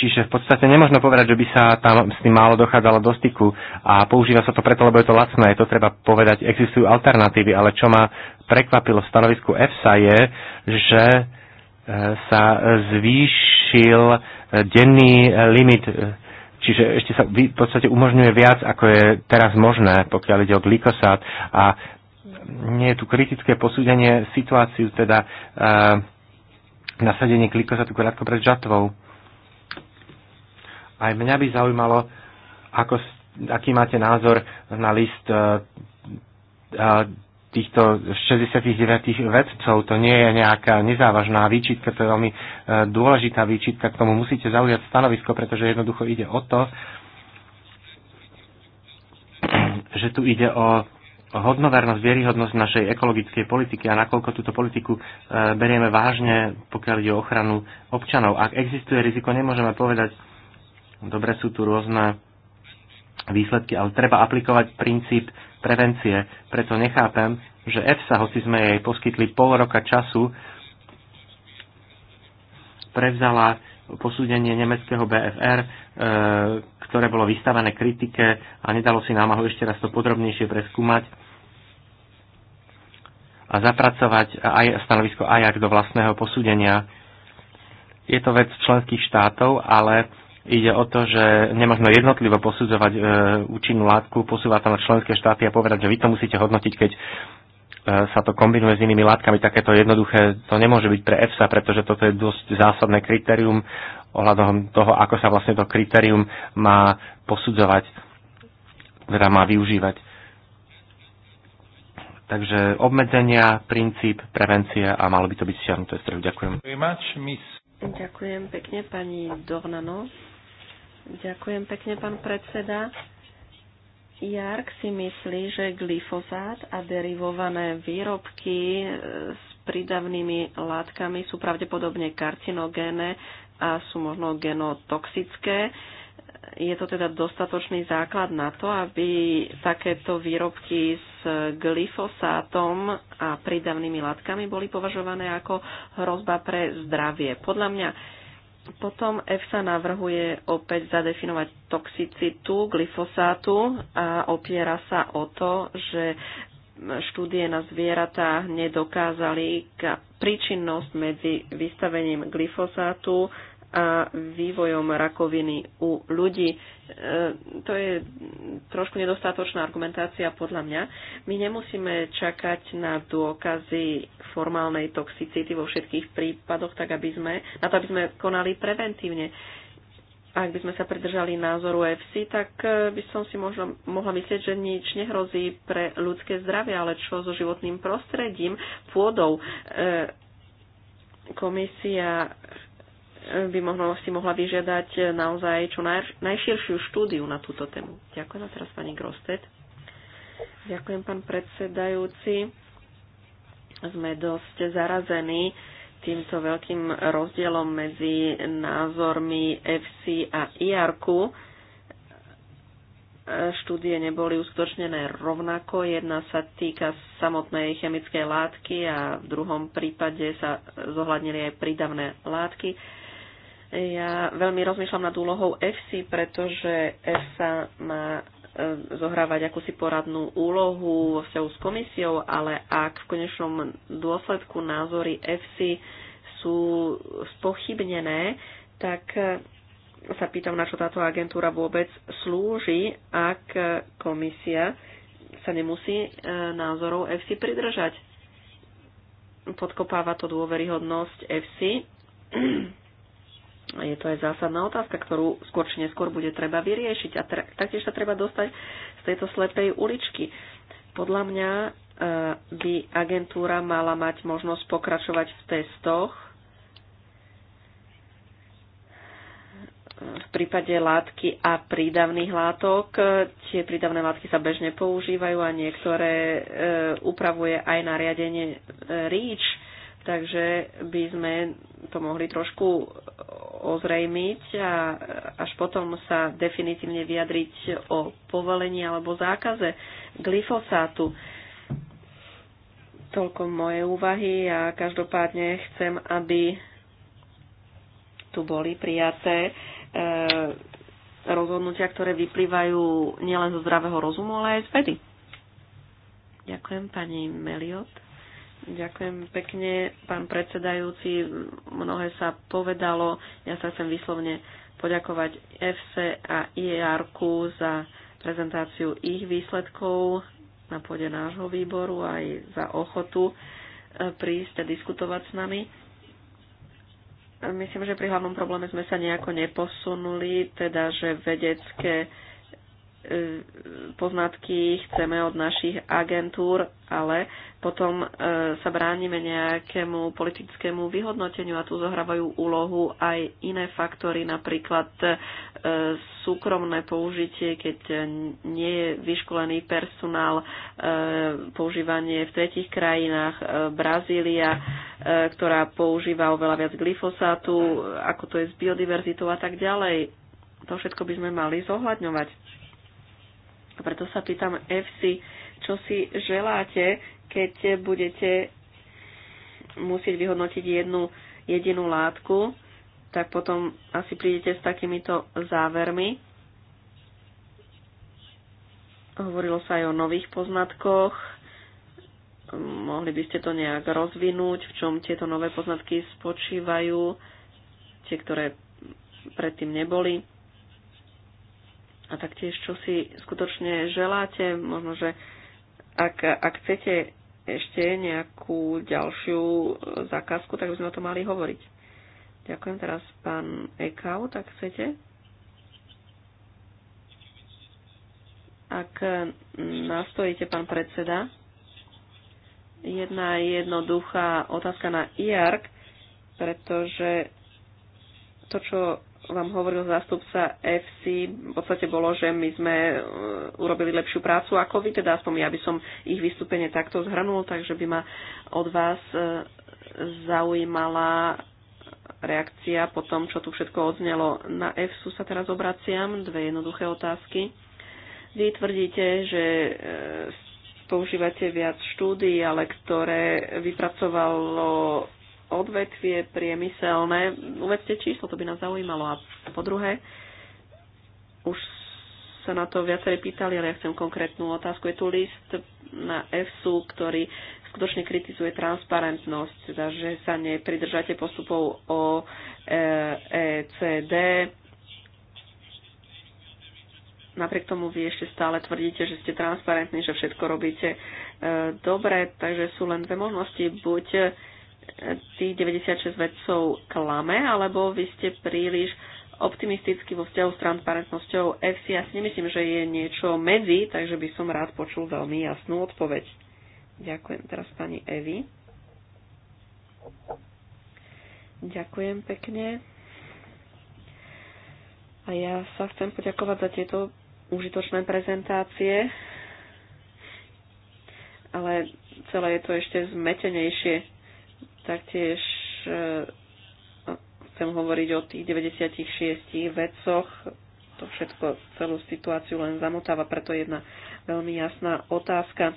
Čiže v podstate nemožno povedať, že by sa tam s tým málo dochádzalo do styku a používa sa to preto, lebo je to lacné. To treba povedať, existujú alternatívy, ale čo ma prekvapilo v stanovisku EFSA je, že sa zvýšil e, denný e, limit, e, čiže ešte sa v podstate umožňuje viac, ako je teraz možné, pokiaľ ide o glikosát. a nie je tu kritické posúdenie situáciu, teda uh, nasadenie glikosátu krátko pred žatvou. Aj mňa by zaujímalo, ako, aký máte názor na list uh, uh, týchto 69 vedcov. To nie je nejaká nezávažná výčitka, to je veľmi e, dôležitá výčitka. K tomu musíte zaujať stanovisko, pretože jednoducho ide o to, že tu ide o hodnovernosť, vieryhodnosť našej ekologickej politiky a nakoľko túto politiku e, berieme vážne, pokiaľ ide o ochranu občanov. Ak existuje riziko, nemôžeme povedať, dobre sú tu rôzne výsledky, ale treba aplikovať princíp prevencie. Preto nechápem, že EFSA, hoci sme jej poskytli pol roka času, prevzala posúdenie nemeckého BFR, e, ktoré bolo vystavené kritike a nedalo si námahu ešte raz to podrobnejšie preskúmať a zapracovať aj stanovisko AJAK do vlastného posúdenia. Je to vec členských štátov, ale Ide o to, že nemožno jednotlivo posudzovať e, účinnú látku, posúvať to na členské štáty a povedať, že vy to musíte hodnotiť, keď e, sa to kombinuje s inými látkami. Takéto jednoduché to nemôže byť pre EFSA, pretože toto je dosť zásadné kritérium ohľadom toho, ako sa vlastne to kritérium má posudzovať, teda má využívať. Takže obmedzenia, princíp, prevencia a malo by to byť stiahnuté z trhu. Ďakujem. Ďakujem pekne pani Dornano. Ďakujem pekne, pán predseda. Jark si myslí, že glyfozát a derivované výrobky e, s prídavnými látkami sú pravdepodobne karcinogéne a sú možno genotoxické. Je to teda dostatočný základ na to, aby takéto výrobky s glyfosátom a prídavnými látkami boli považované ako hrozba pre zdravie. Podľa mňa potom EFSA navrhuje opäť zadefinovať toxicitu glyfosátu a opiera sa o to, že štúdie na zvieratách nedokázali príčinnosť medzi vystavením glyfosátu a vývojom rakoviny u ľudí. E, to je trošku nedostatočná argumentácia podľa mňa. My nemusíme čakať na dôkazy formálnej toxicity vo všetkých prípadoch, tak aby sme, na to, aby sme konali preventívne. Ak by sme sa pridržali názoru FC, tak e, by som si možno, mohla myslieť, že nič nehrozí pre ľudské zdravie, ale čo so životným prostredím, pôdou. E, komisia by mohla, si mohla vyžiadať naozaj čo naj, najširšiu štúdiu na túto tému. Ďakujem a teraz pani Grosted. Ďakujem, pán predsedajúci. Sme dosť zarazení týmto veľkým rozdielom medzi názormi FC a IRQ. Štúdie neboli uskutočnené rovnako. Jedna sa týka samotnej chemickej látky a v druhom prípade sa zohľadnili aj prídavné látky ja veľmi rozmýšľam nad úlohou FC, pretože EFSA má e, zohrávať akúsi poradnú úlohu vo vzťahu s komisiou, ale ak v konečnom dôsledku názory FC sú spochybnené, tak e, sa pýtam, na čo táto agentúra vôbec slúži, ak komisia sa nemusí e, názorov FC pridržať. Podkopáva to dôveryhodnosť FC je to aj zásadná otázka, ktorú skôr či neskôr bude treba vyriešiť a taktiež sa treba dostať z tejto slepej uličky. Podľa mňa e, by agentúra mala mať možnosť pokračovať v testoch e, v prípade látky a prídavných látok. E, tie prídavné látky sa bežne používajú a niektoré upravuje aj nariadenie REACH, takže by sme to mohli trošku ozrejmiť a až potom sa definitívne vyjadriť o povolení alebo zákaze glyfosátu. Toľko moje úvahy a každopádne chcem, aby tu boli prijaté e, rozhodnutia, ktoré vyplývajú nielen zo zdravého rozumu, ale aj z vedy. Ďakujem pani Meliot. Ďakujem pekne, pán predsedajúci. Mnohé sa povedalo. Ja sa chcem vyslovne poďakovať FC a ier za prezentáciu ich výsledkov na pôde nášho výboru aj za ochotu e, prísť a diskutovať s nami. Myslím, že pri hlavnom probléme sme sa nejako neposunuli, teda že vedecké poznatky chceme od našich agentúr, ale potom e, sa bránime nejakému politickému vyhodnoteniu a tu zohrávajú úlohu aj iné faktory, napríklad e, súkromné použitie, keď nie je vyškolený personál, e, používanie v tretich krajinách, Brazília, ktorá používa oveľa viac glyfosátu, ako to je s biodiverzitou a tak ďalej. To všetko by sme mali zohľadňovať a preto sa pýtam FC, čo si želáte, keď budete musieť vyhodnotiť jednu jedinú látku, tak potom asi prídete s takýmito závermi. Hovorilo sa aj o nových poznatkoch. Mohli by ste to nejak rozvinúť, v čom tieto nové poznatky spočívajú, tie, ktoré predtým neboli a taktiež, čo si skutočne želáte. Možno, že ak, ak chcete ešte nejakú ďalšiu zákazku, tak by sme o tom mali hovoriť. Ďakujem teraz pán Ekau, tak chcete? Ak nastojíte, pán predseda, jedna jednoduchá otázka na IARC, pretože to, čo vám hovoril zástupca FC, v podstate bolo, že my sme e, urobili lepšiu prácu ako vy, teda aspoň ja by som ich vystúpenie takto zhrnul, takže by ma od vás e, zaujímala reakcia po tom, čo tu všetko odznelo. Na EFSU sa teraz obraciam, dve jednoduché otázky. Vy tvrdíte, že e, používate viac štúdií, ale ktoré vypracovalo odvetvie priemyselné. Uvedte číslo, to by nás zaujímalo. A po druhé, už sa na to viacerí pýtali, ale ja chcem konkrétnu otázku. Je tu list na EFSU, ktorý skutočne kritizuje transparentnosť, teda, že sa nepridržate postupov o ECD. E Napriek tomu vy ešte stále tvrdíte, že ste transparentní, že všetko robíte e, dobre, takže sú len dve možnosti. Buď tých 96 vedcov klame, alebo vy ste príliš optimisticky vo vzťahu s transparentnosťou FC. Ja si nemyslím, že je niečo medzi, takže by som rád počul veľmi jasnú odpoveď. Ďakujem teraz pani Evi. Ďakujem pekne. A ja sa chcem poďakovať za tieto užitočné prezentácie, ale celé je to ešte zmetenejšie Taktiež e, chcem hovoriť o tých 96 vecoch. To všetko, celú situáciu len zamotáva, preto je jedna veľmi jasná otázka.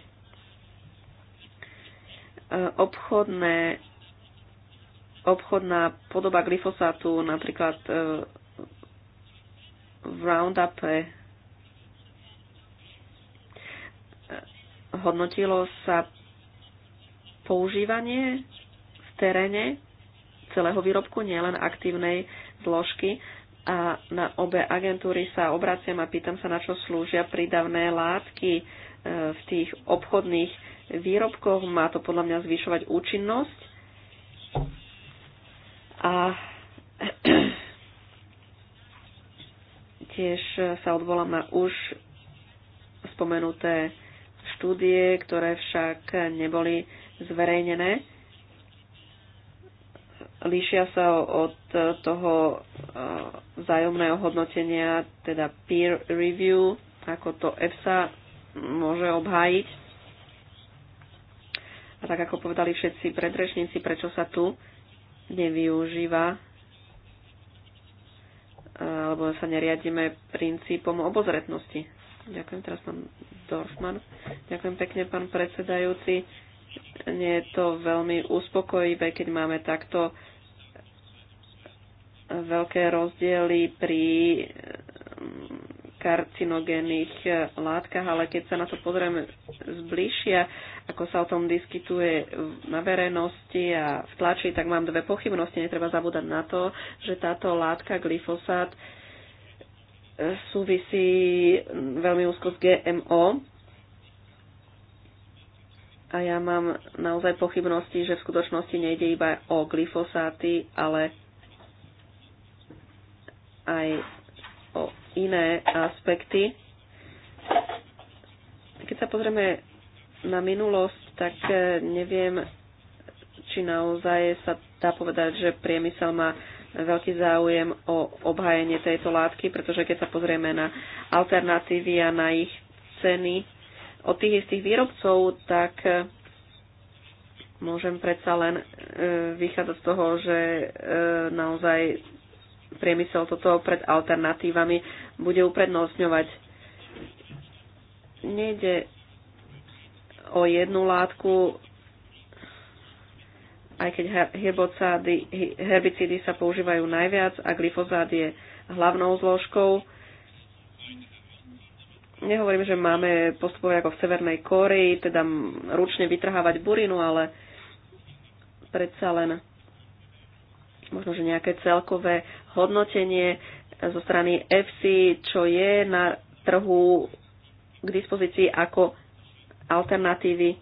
E, obchodné, obchodná podoba glyfosátu napríklad e, v Roundupe hodnotilo sa používanie teréne celého výrobku, nielen aktívnej zložky. A na obe agentúry sa obraciam a pýtam sa, na čo slúžia prídavné látky e, v tých obchodných výrobkoch. Má to podľa mňa zvyšovať účinnosť. A tiež sa odvolám na už spomenuté štúdie, ktoré však neboli zverejnené líšia sa od toho eh, vzájomného hodnotenia, teda peer review, ako to EFSA môže obhájiť. A tak ako povedali všetci predrečníci, prečo sa tu nevyužíva eh, alebo sa neriadíme princípom obozretnosti. Ďakujem teraz pán Dorfman. Ďakujem pekne pán predsedajúci. Nie je to veľmi uspokojivé, keď máme takto veľké rozdiely pri mm, karcinogénnych e, látkach, ale keď sa na to pozrieme zbližšia, ako sa o tom diskutuje na verejnosti a v tlači, tak mám dve pochybnosti. Netreba zabúdať na to, že táto látka glyfosát e, súvisí veľmi úzko s GMO. A ja mám naozaj pochybnosti, že v skutočnosti nejde iba o glyfosáty, ale aj o iné aspekty. Keď sa pozrieme na minulosť, tak e, neviem, či naozaj sa dá povedať, že priemysel má veľký záujem o obhajenie tejto látky, pretože keď sa pozrieme na alternatívy a na ich ceny od tých istých výrobcov, tak e, môžem predsa len e, vychádzať z toho, že naozaj priemysel toto pred alternatívami bude uprednostňovať. Nejde o jednu látku, aj keď herbicídy sa používajú najviac a glyfozát je hlavnou zložkou. Nehovorím, že máme postupovať ako v Severnej Kórii, teda ručne vytrhávať burinu, ale predsa len možno, že nejaké celkové hodnotenie zo strany FC, čo je na trhu k dispozícii ako alternatívy.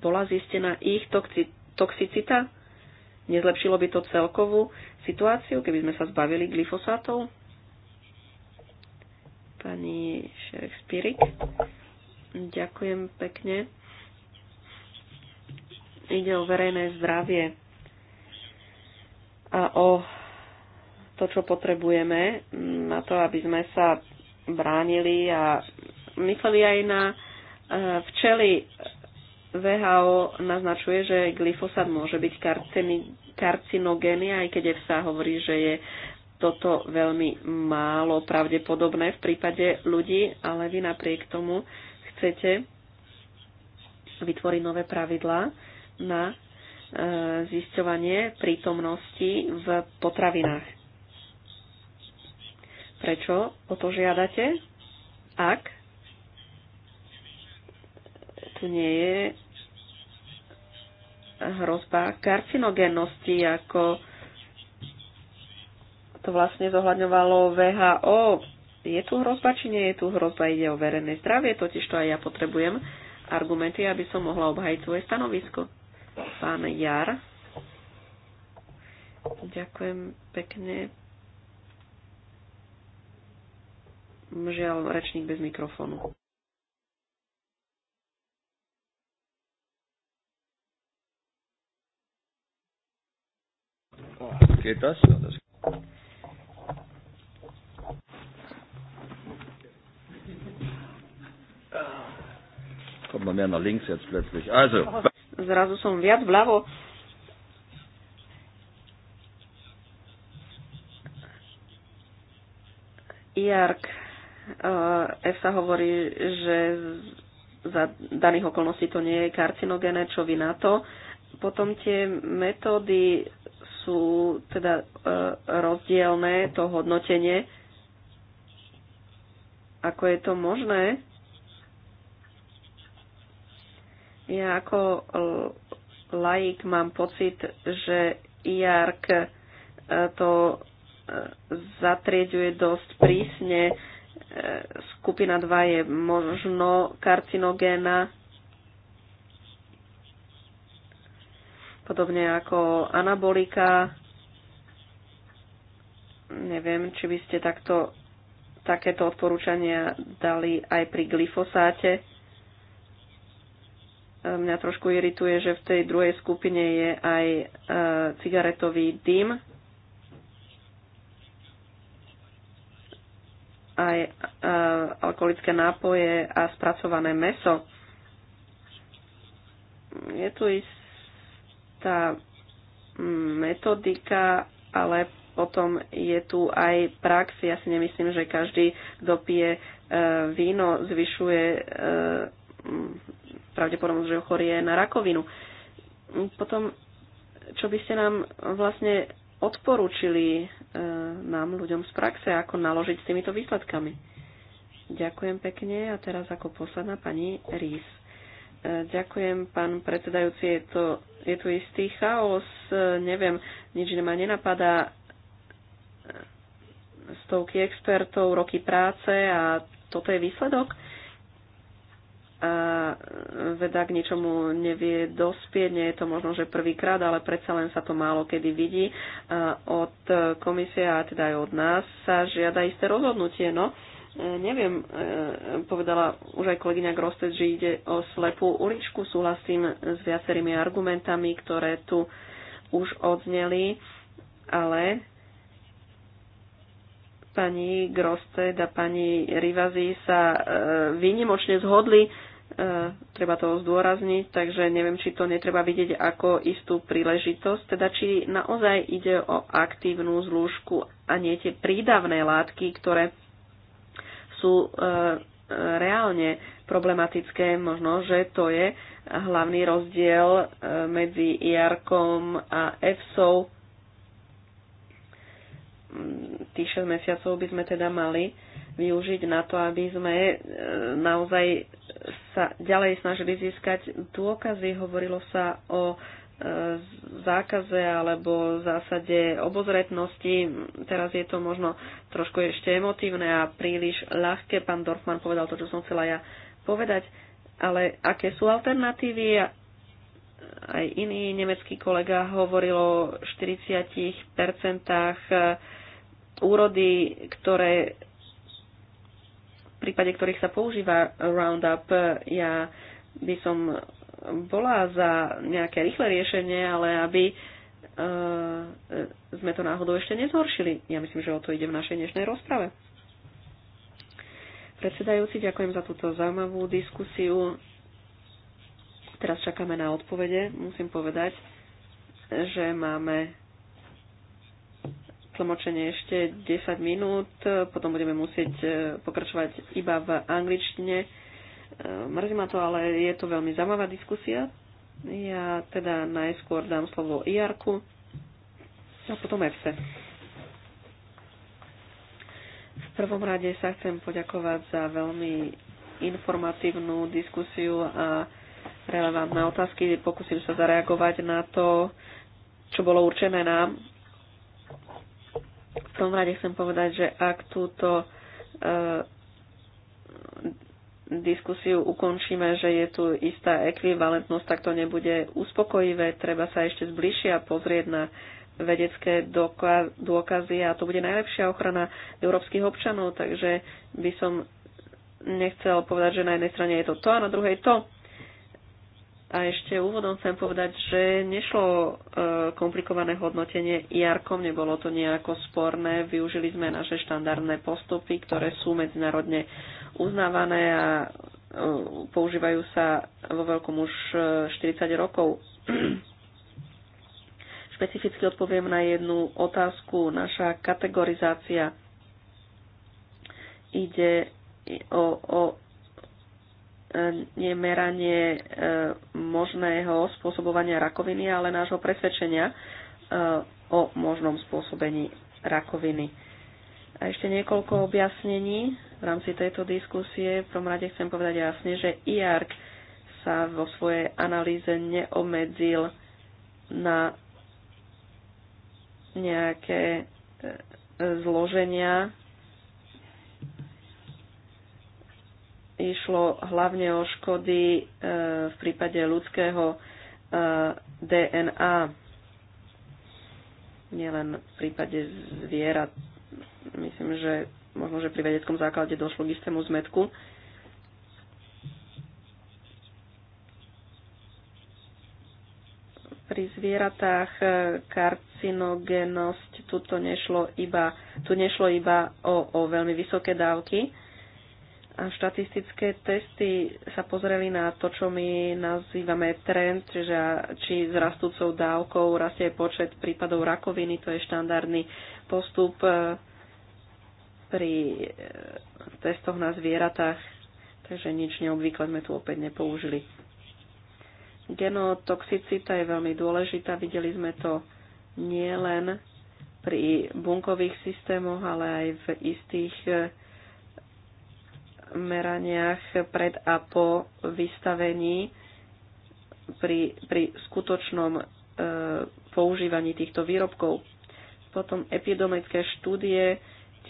Bola zistená ich toxicita? Nezlepšilo by to celkovú situáciu, keby sme sa zbavili glyfosátov? Pani Šerek Spirik, ďakujem pekne. Ide o verejné zdravie a o to, čo potrebujeme mm, na to, aby sme sa bránili a mysleli aj na e, včely. VHO naznačuje, že glyfosát môže byť karcinogénny, aj keď sa hovorí, že je toto veľmi málo pravdepodobné v prípade ľudí, ale vy napriek tomu chcete vytvoriť nové pravidlá na zisťovanie prítomnosti v potravinách. Prečo o to žiadate? Ak tu nie je hrozba karcinogennosti, ako to vlastne zohľadňovalo VHO. Je tu hrozba, či nie je tu hrozba? Ide o verejné zdravie, totiž to aj ja potrebujem argumenty, aby som mohla obhajiť svoje stanovisko pán Jar. Ďakujem pekne. Žiaľ, rečník bez mikrofónu. Kommt man mehr nach links jetzt plötzlich. Also zrazu som viac vľavo. Eh, F sa hovorí, že za daných okolností to nie je karcinogéne, čo vy na to. Potom tie metódy sú teda e, rozdielne, to hodnotenie. Ako je to možné? Ja ako e, laik mám pocit, že IARC e, to e, zatrieďuje dosť prísne. Skupina 2 je možno karcinogéna, podobne ako anabolika. Neviem, či by ste takto, takéto odporúčania dali aj pri glyfosáte. E, mňa trošku irituje, že v tej druhej skupine je aj e, cigaretový dym. aj e, alkoholické nápoje a spracované meso. Je tu istá metodika, ale potom je tu aj prax. Ja si nemyslím, že každý, kto pije víno, zvyšuje pravdepodobnosť, že ochorie na rakovinu. Potom, čo by ste nám vlastne odporúčili e, nám, ľuďom z praxe, ako naložiť s týmito výsledkami? Ďakujem pekne a teraz ako posledná pani Rís. E, ďakujem, pán predsedajúci, je, to, je tu istý chaos, e, neviem, nič ma nenapadá, stovky expertov, roky práce a toto je výsledok a veda k ničomu nevie dospieť, nie je to možno, že prvýkrát, ale predsa len sa to málo kedy vidí. Od komisie a teda aj od nás sa žiada isté rozhodnutie, no e, neviem, e, povedala už aj kolegyňa Grostec, že ide o slepú uličku. Súhlasím s viacerými argumentami, ktoré tu už odzneli, ale pani Grosted a pani Rivazi sa e, výnimočne zhodli E, treba to zdôrazniť, takže neviem, či to netreba vidieť ako istú príležitosť, teda či naozaj ide o aktívnu zlúžku a nie tie prídavné látky, ktoré sú e, e, reálne problematické. Možno, že to je hlavný rozdiel medzi IR-kom a EFSO. Mm, tých 6 mesiacov by sme teda mali využiť na to, aby sme e, naozaj sa ďalej snažili získať dôkazy. Hovorilo sa o e, zákaze alebo zásade obozretnosti. Teraz je to možno trošku ešte emotívne a príliš ľahké. Pán Dorfman povedal to, čo som chcela ja povedať. Ale aké sú alternatívy? Aj iný nemecký kolega hovoril o 40% e, úrody, ktoré prípade ktorých sa používa Roundup. Ja by som bola za nejaké rýchle riešenie, ale aby e, sme to náhodou ešte nezhoršili. Ja myslím, že o to ide v našej dnešnej rozprave. Predsedajúci, ďakujem za túto zaujímavú diskusiu. Teraz čakáme na odpovede. Musím povedať, že máme tlmočenie ešte 10 minút, potom budeme musieť e, pokračovať iba v angličtine. E, mrzí ma to, ale je to veľmi zaujímavá diskusia. Ja teda najskôr dám slovo Iarku a potom FC. V prvom rade sa chcem poďakovať za veľmi informatívnu diskusiu a relevantné otázky. Pokúsim sa zareagovať na to, čo bolo určené nám v tom rade chcem povedať, že ak túto e, diskusiu ukončíme, že je tu istá ekvivalentnosť, tak to nebude uspokojivé. Treba sa ešte zbližšia pozrieť na vedecké dôkazy a to bude najlepšia ochrana európskych občanov, takže by som nechcel povedať, že na jednej strane je to to a na druhej to. A ešte úvodom chcem povedať, že nešlo e, komplikované hodnotenie IARCom, nebolo to nejako sporné. Využili sme naše štandardné postupy, ktoré sú medzinárodne uznávané a e, používajú sa vo veľkom už 40 e, rokov. Špecificky odpoviem na jednu otázku. Naša kategorizácia ide o, o nie meranie e, možného spôsobovania rakoviny, ale nášho presvedčenia e, o možnom spôsobení rakoviny. A ešte niekoľko objasnení v rámci tejto diskusie. V prvom rade chcem povedať jasne, že IARC sa vo svojej analýze neobmedzil na nejaké e, zloženia išlo hlavne o škody e, v prípade ľudského e, DNA, nielen v prípade zvierat. Myslím, že možno, že pri vedeckom základe došlo k istému zmetku. pri zvieratách e, karcinogenosť, tu, nešlo iba, tu nešlo iba o, o veľmi vysoké dávky, štatistické testy sa pozreli na to, čo my nazývame trend, čiže či s rastúcou dávkou rastie počet prípadov rakoviny, to je štandardný postup e, pri e, testoch na zvieratách, takže nič neobvykle sme tu opäť nepoužili. Genotoxicita je veľmi dôležitá, videli sme to nielen pri bunkových systémoch, ale aj v istých e, meraniach pred a po vystavení pri, pri skutočnom e, používaní týchto výrobkov. Potom epidemické štúdie,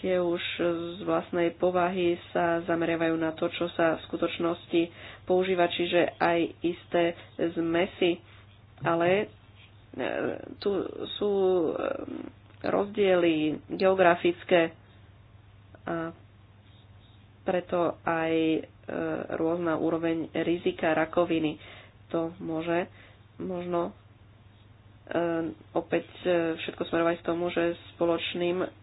tie už z vlastnej povahy sa zameriavajú na to, čo sa v skutočnosti používa, čiže aj isté zmesy. Ale e, tu sú e, rozdiely geografické a preto aj e, rôzna úroveň rizika rakoviny. To môže možno e, opäť e, všetko smerovať k tomu, že spoločným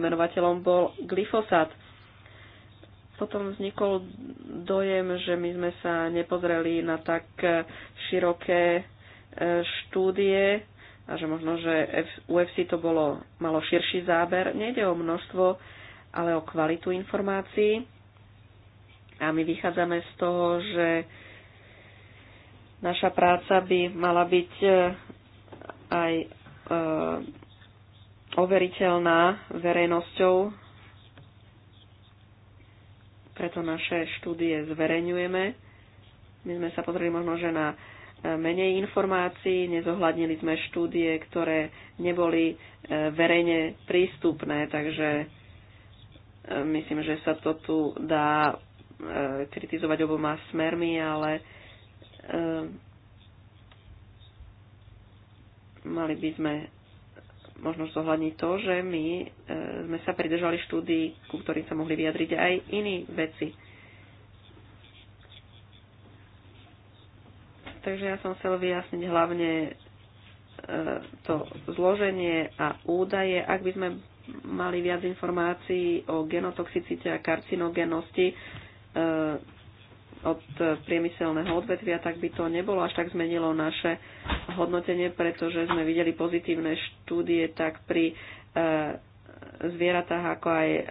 menovateľom bol glyfosát. Potom vznikol dojem, že my sme sa nepozreli na tak široké štúdie a že možno, že UFC to bolo, malo širší záber. Nejde o množstvo, ale o kvalitu informácií a my vychádzame z toho, že naša práca by mala byť e, aj e, overiteľná verejnosťou, preto naše štúdie zverejňujeme. My sme sa pozreli možno, že na e, menej informácií, nezohľadnili sme štúdie, ktoré neboli verejne prístupné, takže myslím, že sa to tu dá E, kritizovať oboma smermi, ale e, mali by sme možno zohľadniť to, že my e, sme sa pridržali štúdií, ku ktorým sa mohli vyjadriť aj iní veci. Takže ja som chcel vyjasniť hlavne to zloženie a údaje. Ak by sme mali viac informácií o genotoxicite a karcinogenosti, E, od priemyselného odvetvia, tak by to nebolo až tak zmenilo naše hodnotenie, pretože sme videli pozitívne štúdie tak pri e, zvieratách, ako aj e,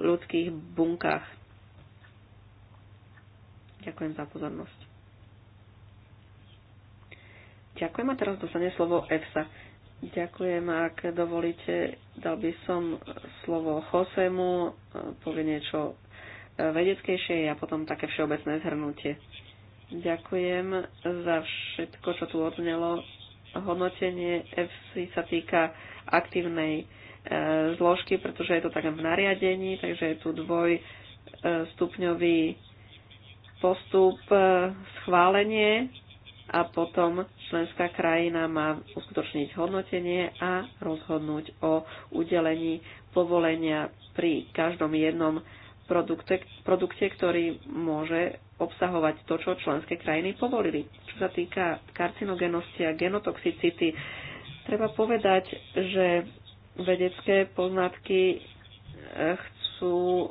ľudských bunkách. Ďakujem za pozornosť. Ďakujem a teraz dostane slovo EFSA. Ďakujem, ak dovolíte, dal by som slovo Josemu, povie niečo vedeckejšie a potom také všeobecné zhrnutie. Ďakujem za všetko, čo tu odznelo. Hodnotenie FC sa týka aktívnej e, zložky, pretože je to také v nariadení, takže je tu dvojstupňový e, postup e, schválenie a potom členská krajina má uskutočniť hodnotenie a rozhodnúť o udelení povolenia pri každom jednom produkte, produkte, ktorý môže obsahovať to, čo členské krajiny povolili. Čo sa týka karcinogenosti a genotoxicity, treba povedať, že vedecké poznatky eh, chcú eh,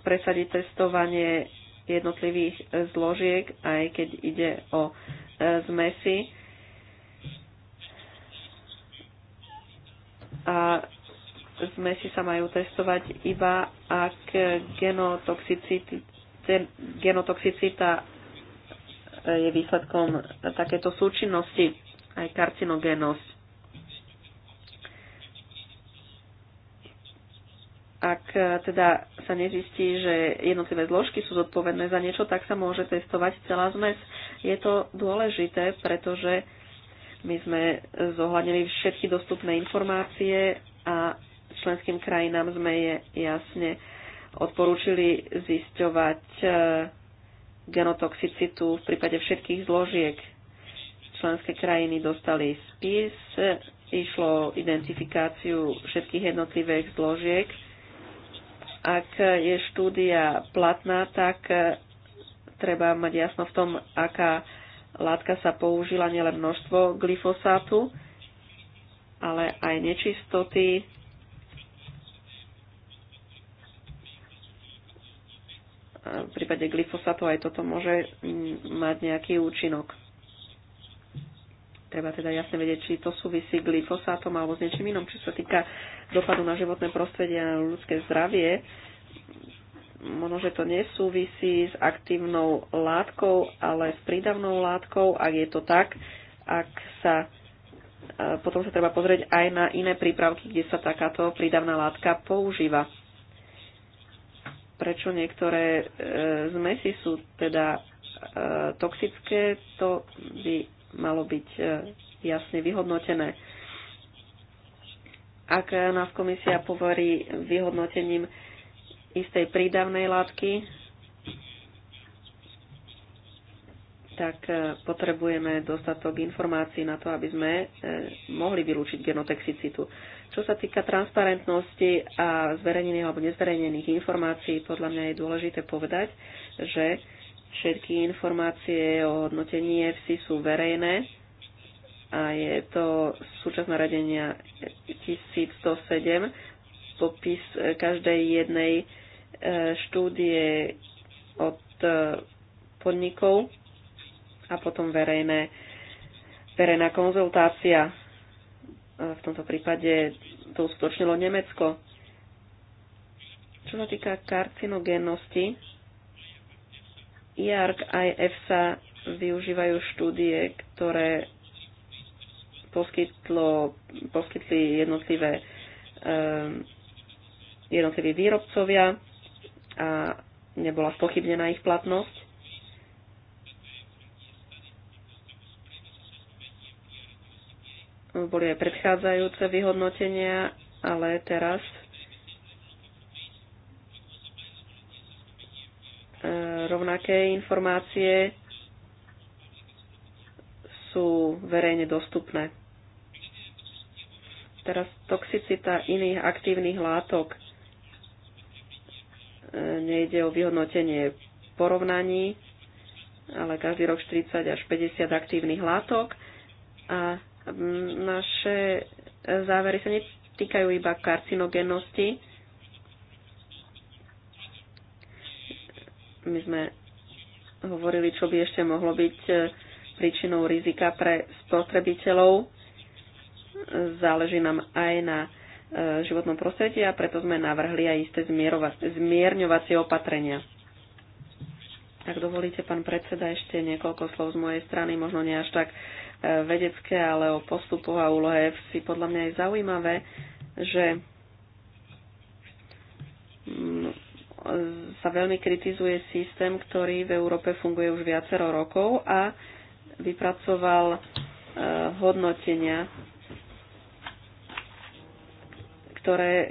presadiť testovanie jednotlivých eh, zložiek, aj keď ide o zmesy. A zmesi sa majú testovať iba, ak genotoxicita e, je výsledkom takéto súčinnosti, aj karcinogénosť. Ak e, teda sa nezistí, že jednotlivé zložky sú zodpovedné za niečo, tak sa môže testovať celá zmes. Je to dôležité, pretože my sme zohľadnili všetky dostupné informácie a členským krajinám sme je jasne odporúčili zisťovať e, genotoxicitu v prípade všetkých zložiek. Členské krajiny dostali spis, e, išlo o identifikáciu všetkých jednotlivých zložiek. Ak je štúdia platná, tak e, treba mať jasno v tom, aká látka sa použila, nielen množstvo glyfosátu, ale aj nečistoty, v prípade glyfosatu aj toto môže mm, mať nejaký účinok. Treba teda jasne vedieť, či to súvisí glyfosátom alebo s niečím inom, Čo sa týka dopadu na životné prostredie a ľudské zdravie. Možno, že to nesúvisí s aktívnou látkou, ale s prídavnou látkou, ak je to tak, ak sa e, potom sa treba pozrieť aj na iné prípravky, kde sa takáto prídavná látka používa prečo niektoré e, zmesi sú teda e, toxické, to by malo byť e, jasne vyhodnotené. Ak nás komisia poverí vyhodnotením istej prídavnej látky, tak potrebujeme dostatok informácií na to, aby sme mohli vylúčiť genotoxicitu. Čo sa týka transparentnosti a zverejnených alebo nezverejnených informácií, podľa mňa je dôležité povedať, že všetky informácie o hodnotení EFC sú verejné a je to súčasné radenia 1107, popis každej jednej e, štúdie od e, podnikov a potom verejné, verejná konzultácia v tomto prípade to uskutočnilo Nemecko. Čo sa týka karcinogénnosti, IARC a EFSA využívajú štúdie, ktoré poskytlo, poskytli jednotlivé um, jednotliví výrobcovia a nebola spochybnená ich platnosť. Boli aj predchádzajúce vyhodnotenia, ale teraz e, rovnaké informácie sú verejne dostupné. Teraz toxicita iných aktívnych látok. E, nejde o vyhodnotenie porovnaní, ale každý rok 40 až 50 aktívnych látok a naše závery sa netýkajú iba karcinogennosti. My sme hovorili, čo by ešte mohlo byť e, príčinou rizika pre spotrebiteľov. Záleží nám aj na e, životnom prostredí a preto sme navrhli aj isté zmierňovacie opatrenia. Ak dovolíte, pán predseda, ešte niekoľko slov z mojej strany, možno nie až tak vedecké, ale o postupoch a úlohe FC. Podľa mňa je zaujímavé, že mm, sa veľmi kritizuje systém, ktorý v Európe funguje už viacero rokov a vypracoval e, hodnotenia, ktoré e,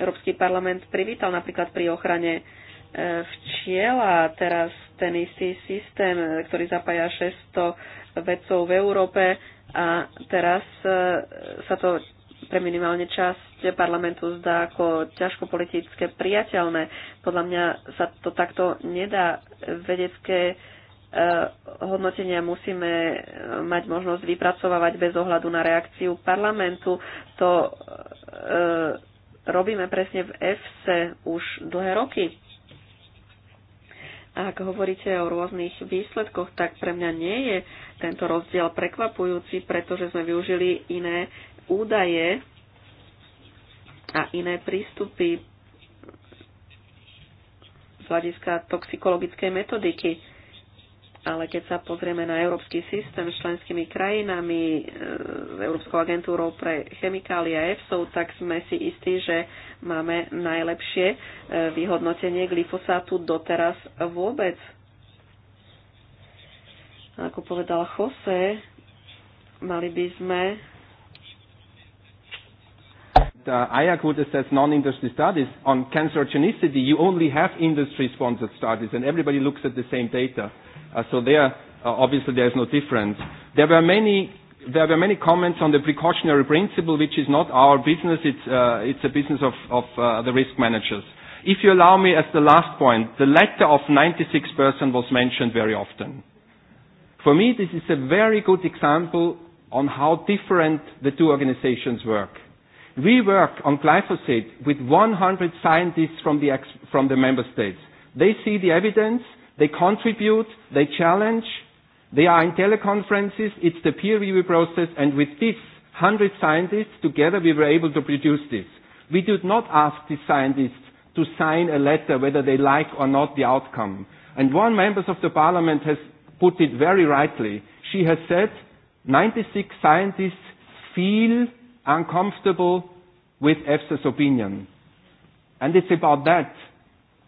Európsky parlament privítal napríklad pri ochrane e, včiel a teraz ten istý systém, ktorý zapája 600 vedcov v Európe a teraz e, sa to pre minimálne časť parlamentu zdá ako ťažko politické priateľné. Podľa mňa sa to takto nedá. Vedecké e, hodnotenia musíme e, mať možnosť vypracovávať bez ohľadu na reakciu parlamentu. To robíme presne v EFSE už dlhé roky. Ak hovoríte o rôznych výsledkoch, tak pre mňa nie je tento rozdiel prekvapujúci, pretože sme využili iné údaje a iné prístupy z hľadiska toxikologickej metodiky ale keď sa pozrieme na európsky systém s členskými krajinami, e, s Európskou agentúrou pre chemikálie a EFSO, tak sme si istí, že máme najlepšie e, vyhodnotenie glyfosátu doteraz vôbec. Ako povedal Jose, mali by sme uh, IACUT assess non-industry studies on cancerogenicity. You only have industry-sponsored studies, and everybody looks at the same data. Uh, so there, uh, obviously, there is no difference. There were many there were many comments on the precautionary principle, which is not our business. It's, uh, it's a business of, of uh, the risk managers. If you allow me, as the last point, the letter of 96% was mentioned very often. For me, this is a very good example on how different the two organizations work. We work on glyphosate with 100 scientists from the, ex- from the member states. They see the evidence, They contribute, they challenge, they are in teleconferences, it's the peer review process, and with this, 100 scientists together we were able to produce this. We did not ask the scientists to sign a letter whether they like or not the outcome. And one member of the parliament has put it very rightly. She has said 96 scientists feel uncomfortable with EFSA's opinion. And it's about that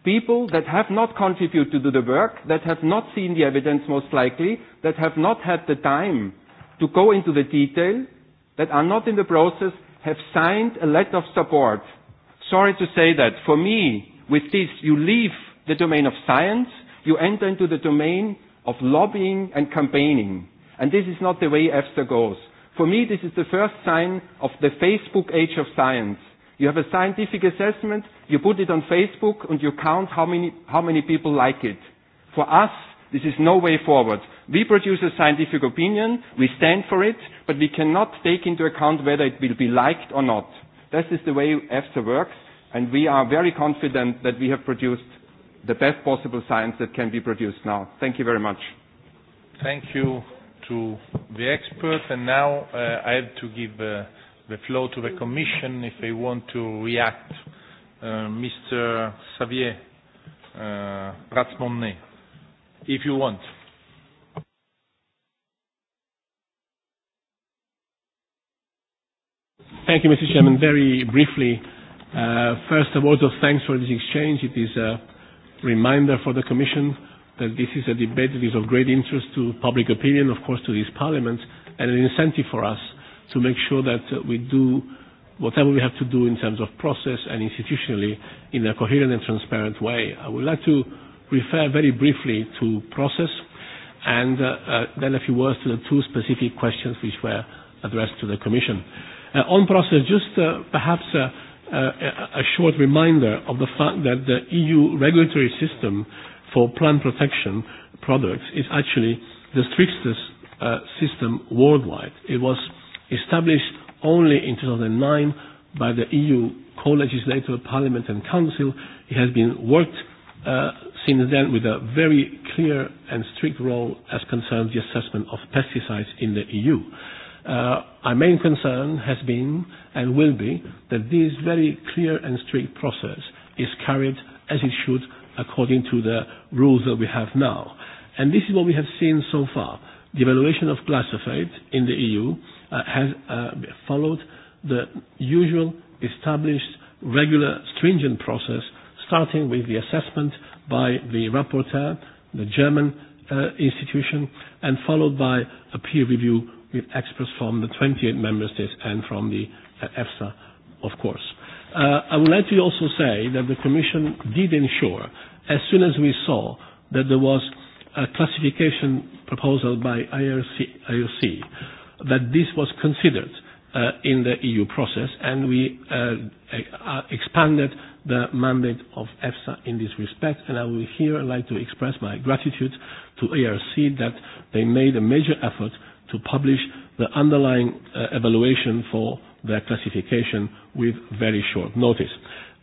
people that have not contributed to the work, that have not seen the evidence most likely, that have not had the time to go into the detail, that are not in the process, have signed a letter of support. Sorry to say that. For me, with this, you leave the domain of science, you enter into the domain of lobbying and campaigning. And this is not the way EFSA goes. For me, this is the first sign of the Facebook age of science You have a scientific assessment, you put it on Facebook, and you count how many, how many people like it. For us, this is no way forward. We produce a scientific opinion, we stand for it, but we cannot take into account whether it will be liked or not. This is the way EFSA works, and we are very confident that we have produced the best possible science that can be produced now. Thank you very much. Thank you to the experts, and now uh, I have to give uh, the floor to the Commission if they want to react. Uh, Mr. Xavier uh, if you want. Thank you, Mr. Chairman. Very briefly, uh, first of all, just thanks for this exchange. It is a reminder for the Commission that this is a debate that is of great interest to public opinion, of course, to this Parliament, and an incentive for us to make sure that uh, we do whatever we have to do in terms of process and institutionally in a coherent and transparent way. I would like to refer very briefly to process and uh, uh, then a few words to the two specific questions which were addressed to the Commission. Uh, on process, just uh, perhaps uh, uh, a short reminder of the fact that the EU regulatory system for plant protection products is actually the strictest uh, system worldwide. It was established only in 2009 by the EU co-legislator, Parliament and Council. It has been worked uh, since then with a very clear and strict role as concerns the assessment of pesticides in the EU. Uh, our main concern has been and will be that this very clear and strict process is carried as it should according to the rules that we have now. And this is what we have seen so far. The evaluation of glyphosate in the EU uh, has uh, followed the usual established regular stringent process, starting with the assessment by the rapporteur, the German uh, institution, and followed by a peer review with experts from the 28 member states and from the uh, EFSA, of course. Uh, I would like to also say that the Commission did ensure, as soon as we saw that there was a classification proposal by IRC, IRC that this was considered uh, in the EU process, and we uh, uh, expanded the mandate of EFSA in this respect. And I would here like to express my gratitude to ARC that they made a major effort to publish the underlying uh, evaluation for their classification with very short notice.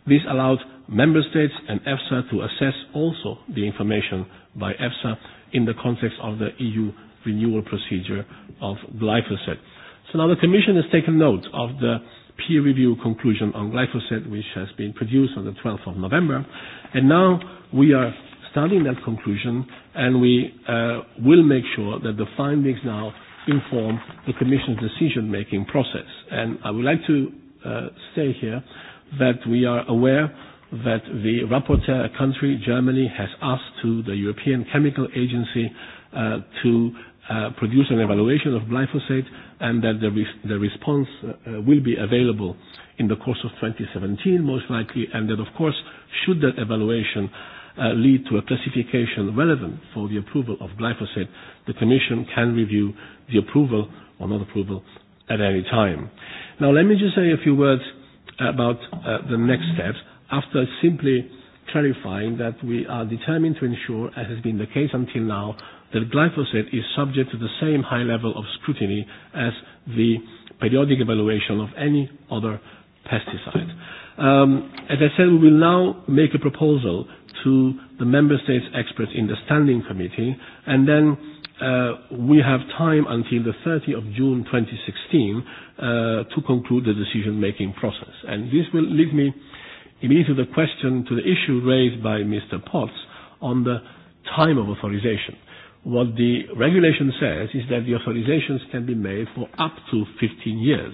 This allowed member states and EFSA to assess also the information by EFSA in the context of the EU renewal procedure of glyphosate. So now the Commission has taken note of the peer review conclusion on glyphosate, which has been produced on the 12th of November, and now we are studying that conclusion, and we uh, will make sure that the findings now inform the Commission's decision-making process. And I would like to uh, say here that we are aware that the rapporteur country, Germany, has asked to the European Chemical Agency uh, to uh, produce an evaluation of glyphosate and that the, res the response uh, uh will be available in the course of 2017 most likely and that of course should that evaluation uh, lead to a classification relevant for the approval of glyphosate, the Commission can review the approval or not approval at any time. Now let me just say a few words about uh, the next steps after simply clarifying that we are determined to ensure, as has been the case until now, that glyphosate is subject to the same high level of scrutiny as the periodic evaluation of any other pesticide. Um, as I said, we will now make a proposal to the member states experts in the standing committee, and then uh, we have time until the 30th of June 2016 uh, to conclude the decision-making process. And this will lead me immediately to the question, to the issue raised by Mr. Potts on the time of authorization. What the regulation says is that the authorizations can be made for up to 15 years.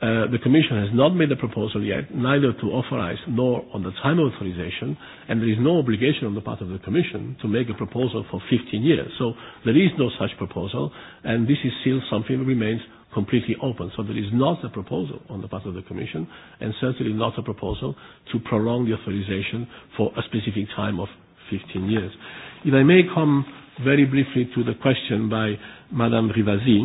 Uh, the Commission has not made a proposal yet, neither to authorize nor on the time of authorization, and there is no obligation on the part of the Commission to make a proposal for 15 years. So there is no such proposal, and this is still something that remains completely open. So there is not a proposal on the part of the Commission, and certainly not a proposal to prolong the authorization for a specific time of 15 years. If I may come very briefly to the question by Madame Rivasi.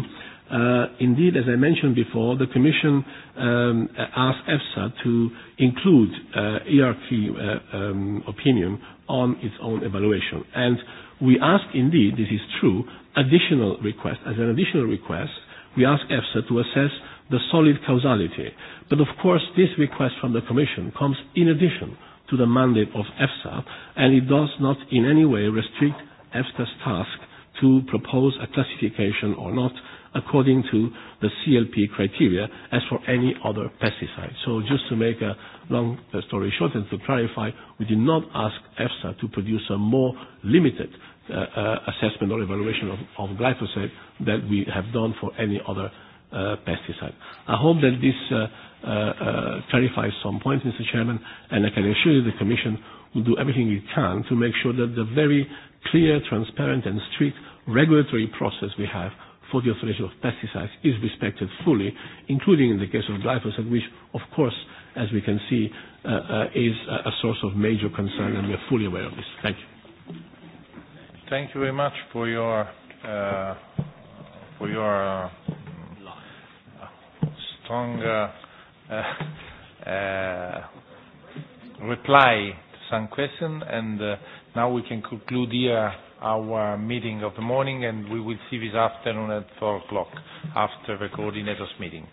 Uh, indeed, as I mentioned before, the Commission um, asked EFSA to include uh, ERC uh, um, opinion on its own evaluation. And we ask, indeed, this is true, additional request, as an additional request, we ask EFSA to assess the solid causality. But of course, this request from the Commission comes in addition to the mandate of EFSA, and it does not in any way restrict EFTA's task to propose a classification or not according to the CLP criteria as for any other pesticide. So just to make a long story short and to clarify, we did not ask EFSA to produce a more limited uh, uh, assessment or evaluation of, of glyphosate that we have done for any other uh, pesticide. I hope that this uh, uh, uh, clarifies some points, Mr. Chairman, and I can assure you the Commission will do everything it can to make sure that the very clear, transparent and strict regulatory process we have for the authorization of pesticides is respected fully, including in the case of glyphosate, which of course, as we can see, uh, uh, is a, a source of major concern and we are fully aware of this. Thank you. Thank you very much for your, uh, for your uh, strong uh, uh, uh, reply to some question and uh, Now we can conclude here our meeting of the morning, and we will see this afternoon at 4:00 P.M. after the coordinators meeting.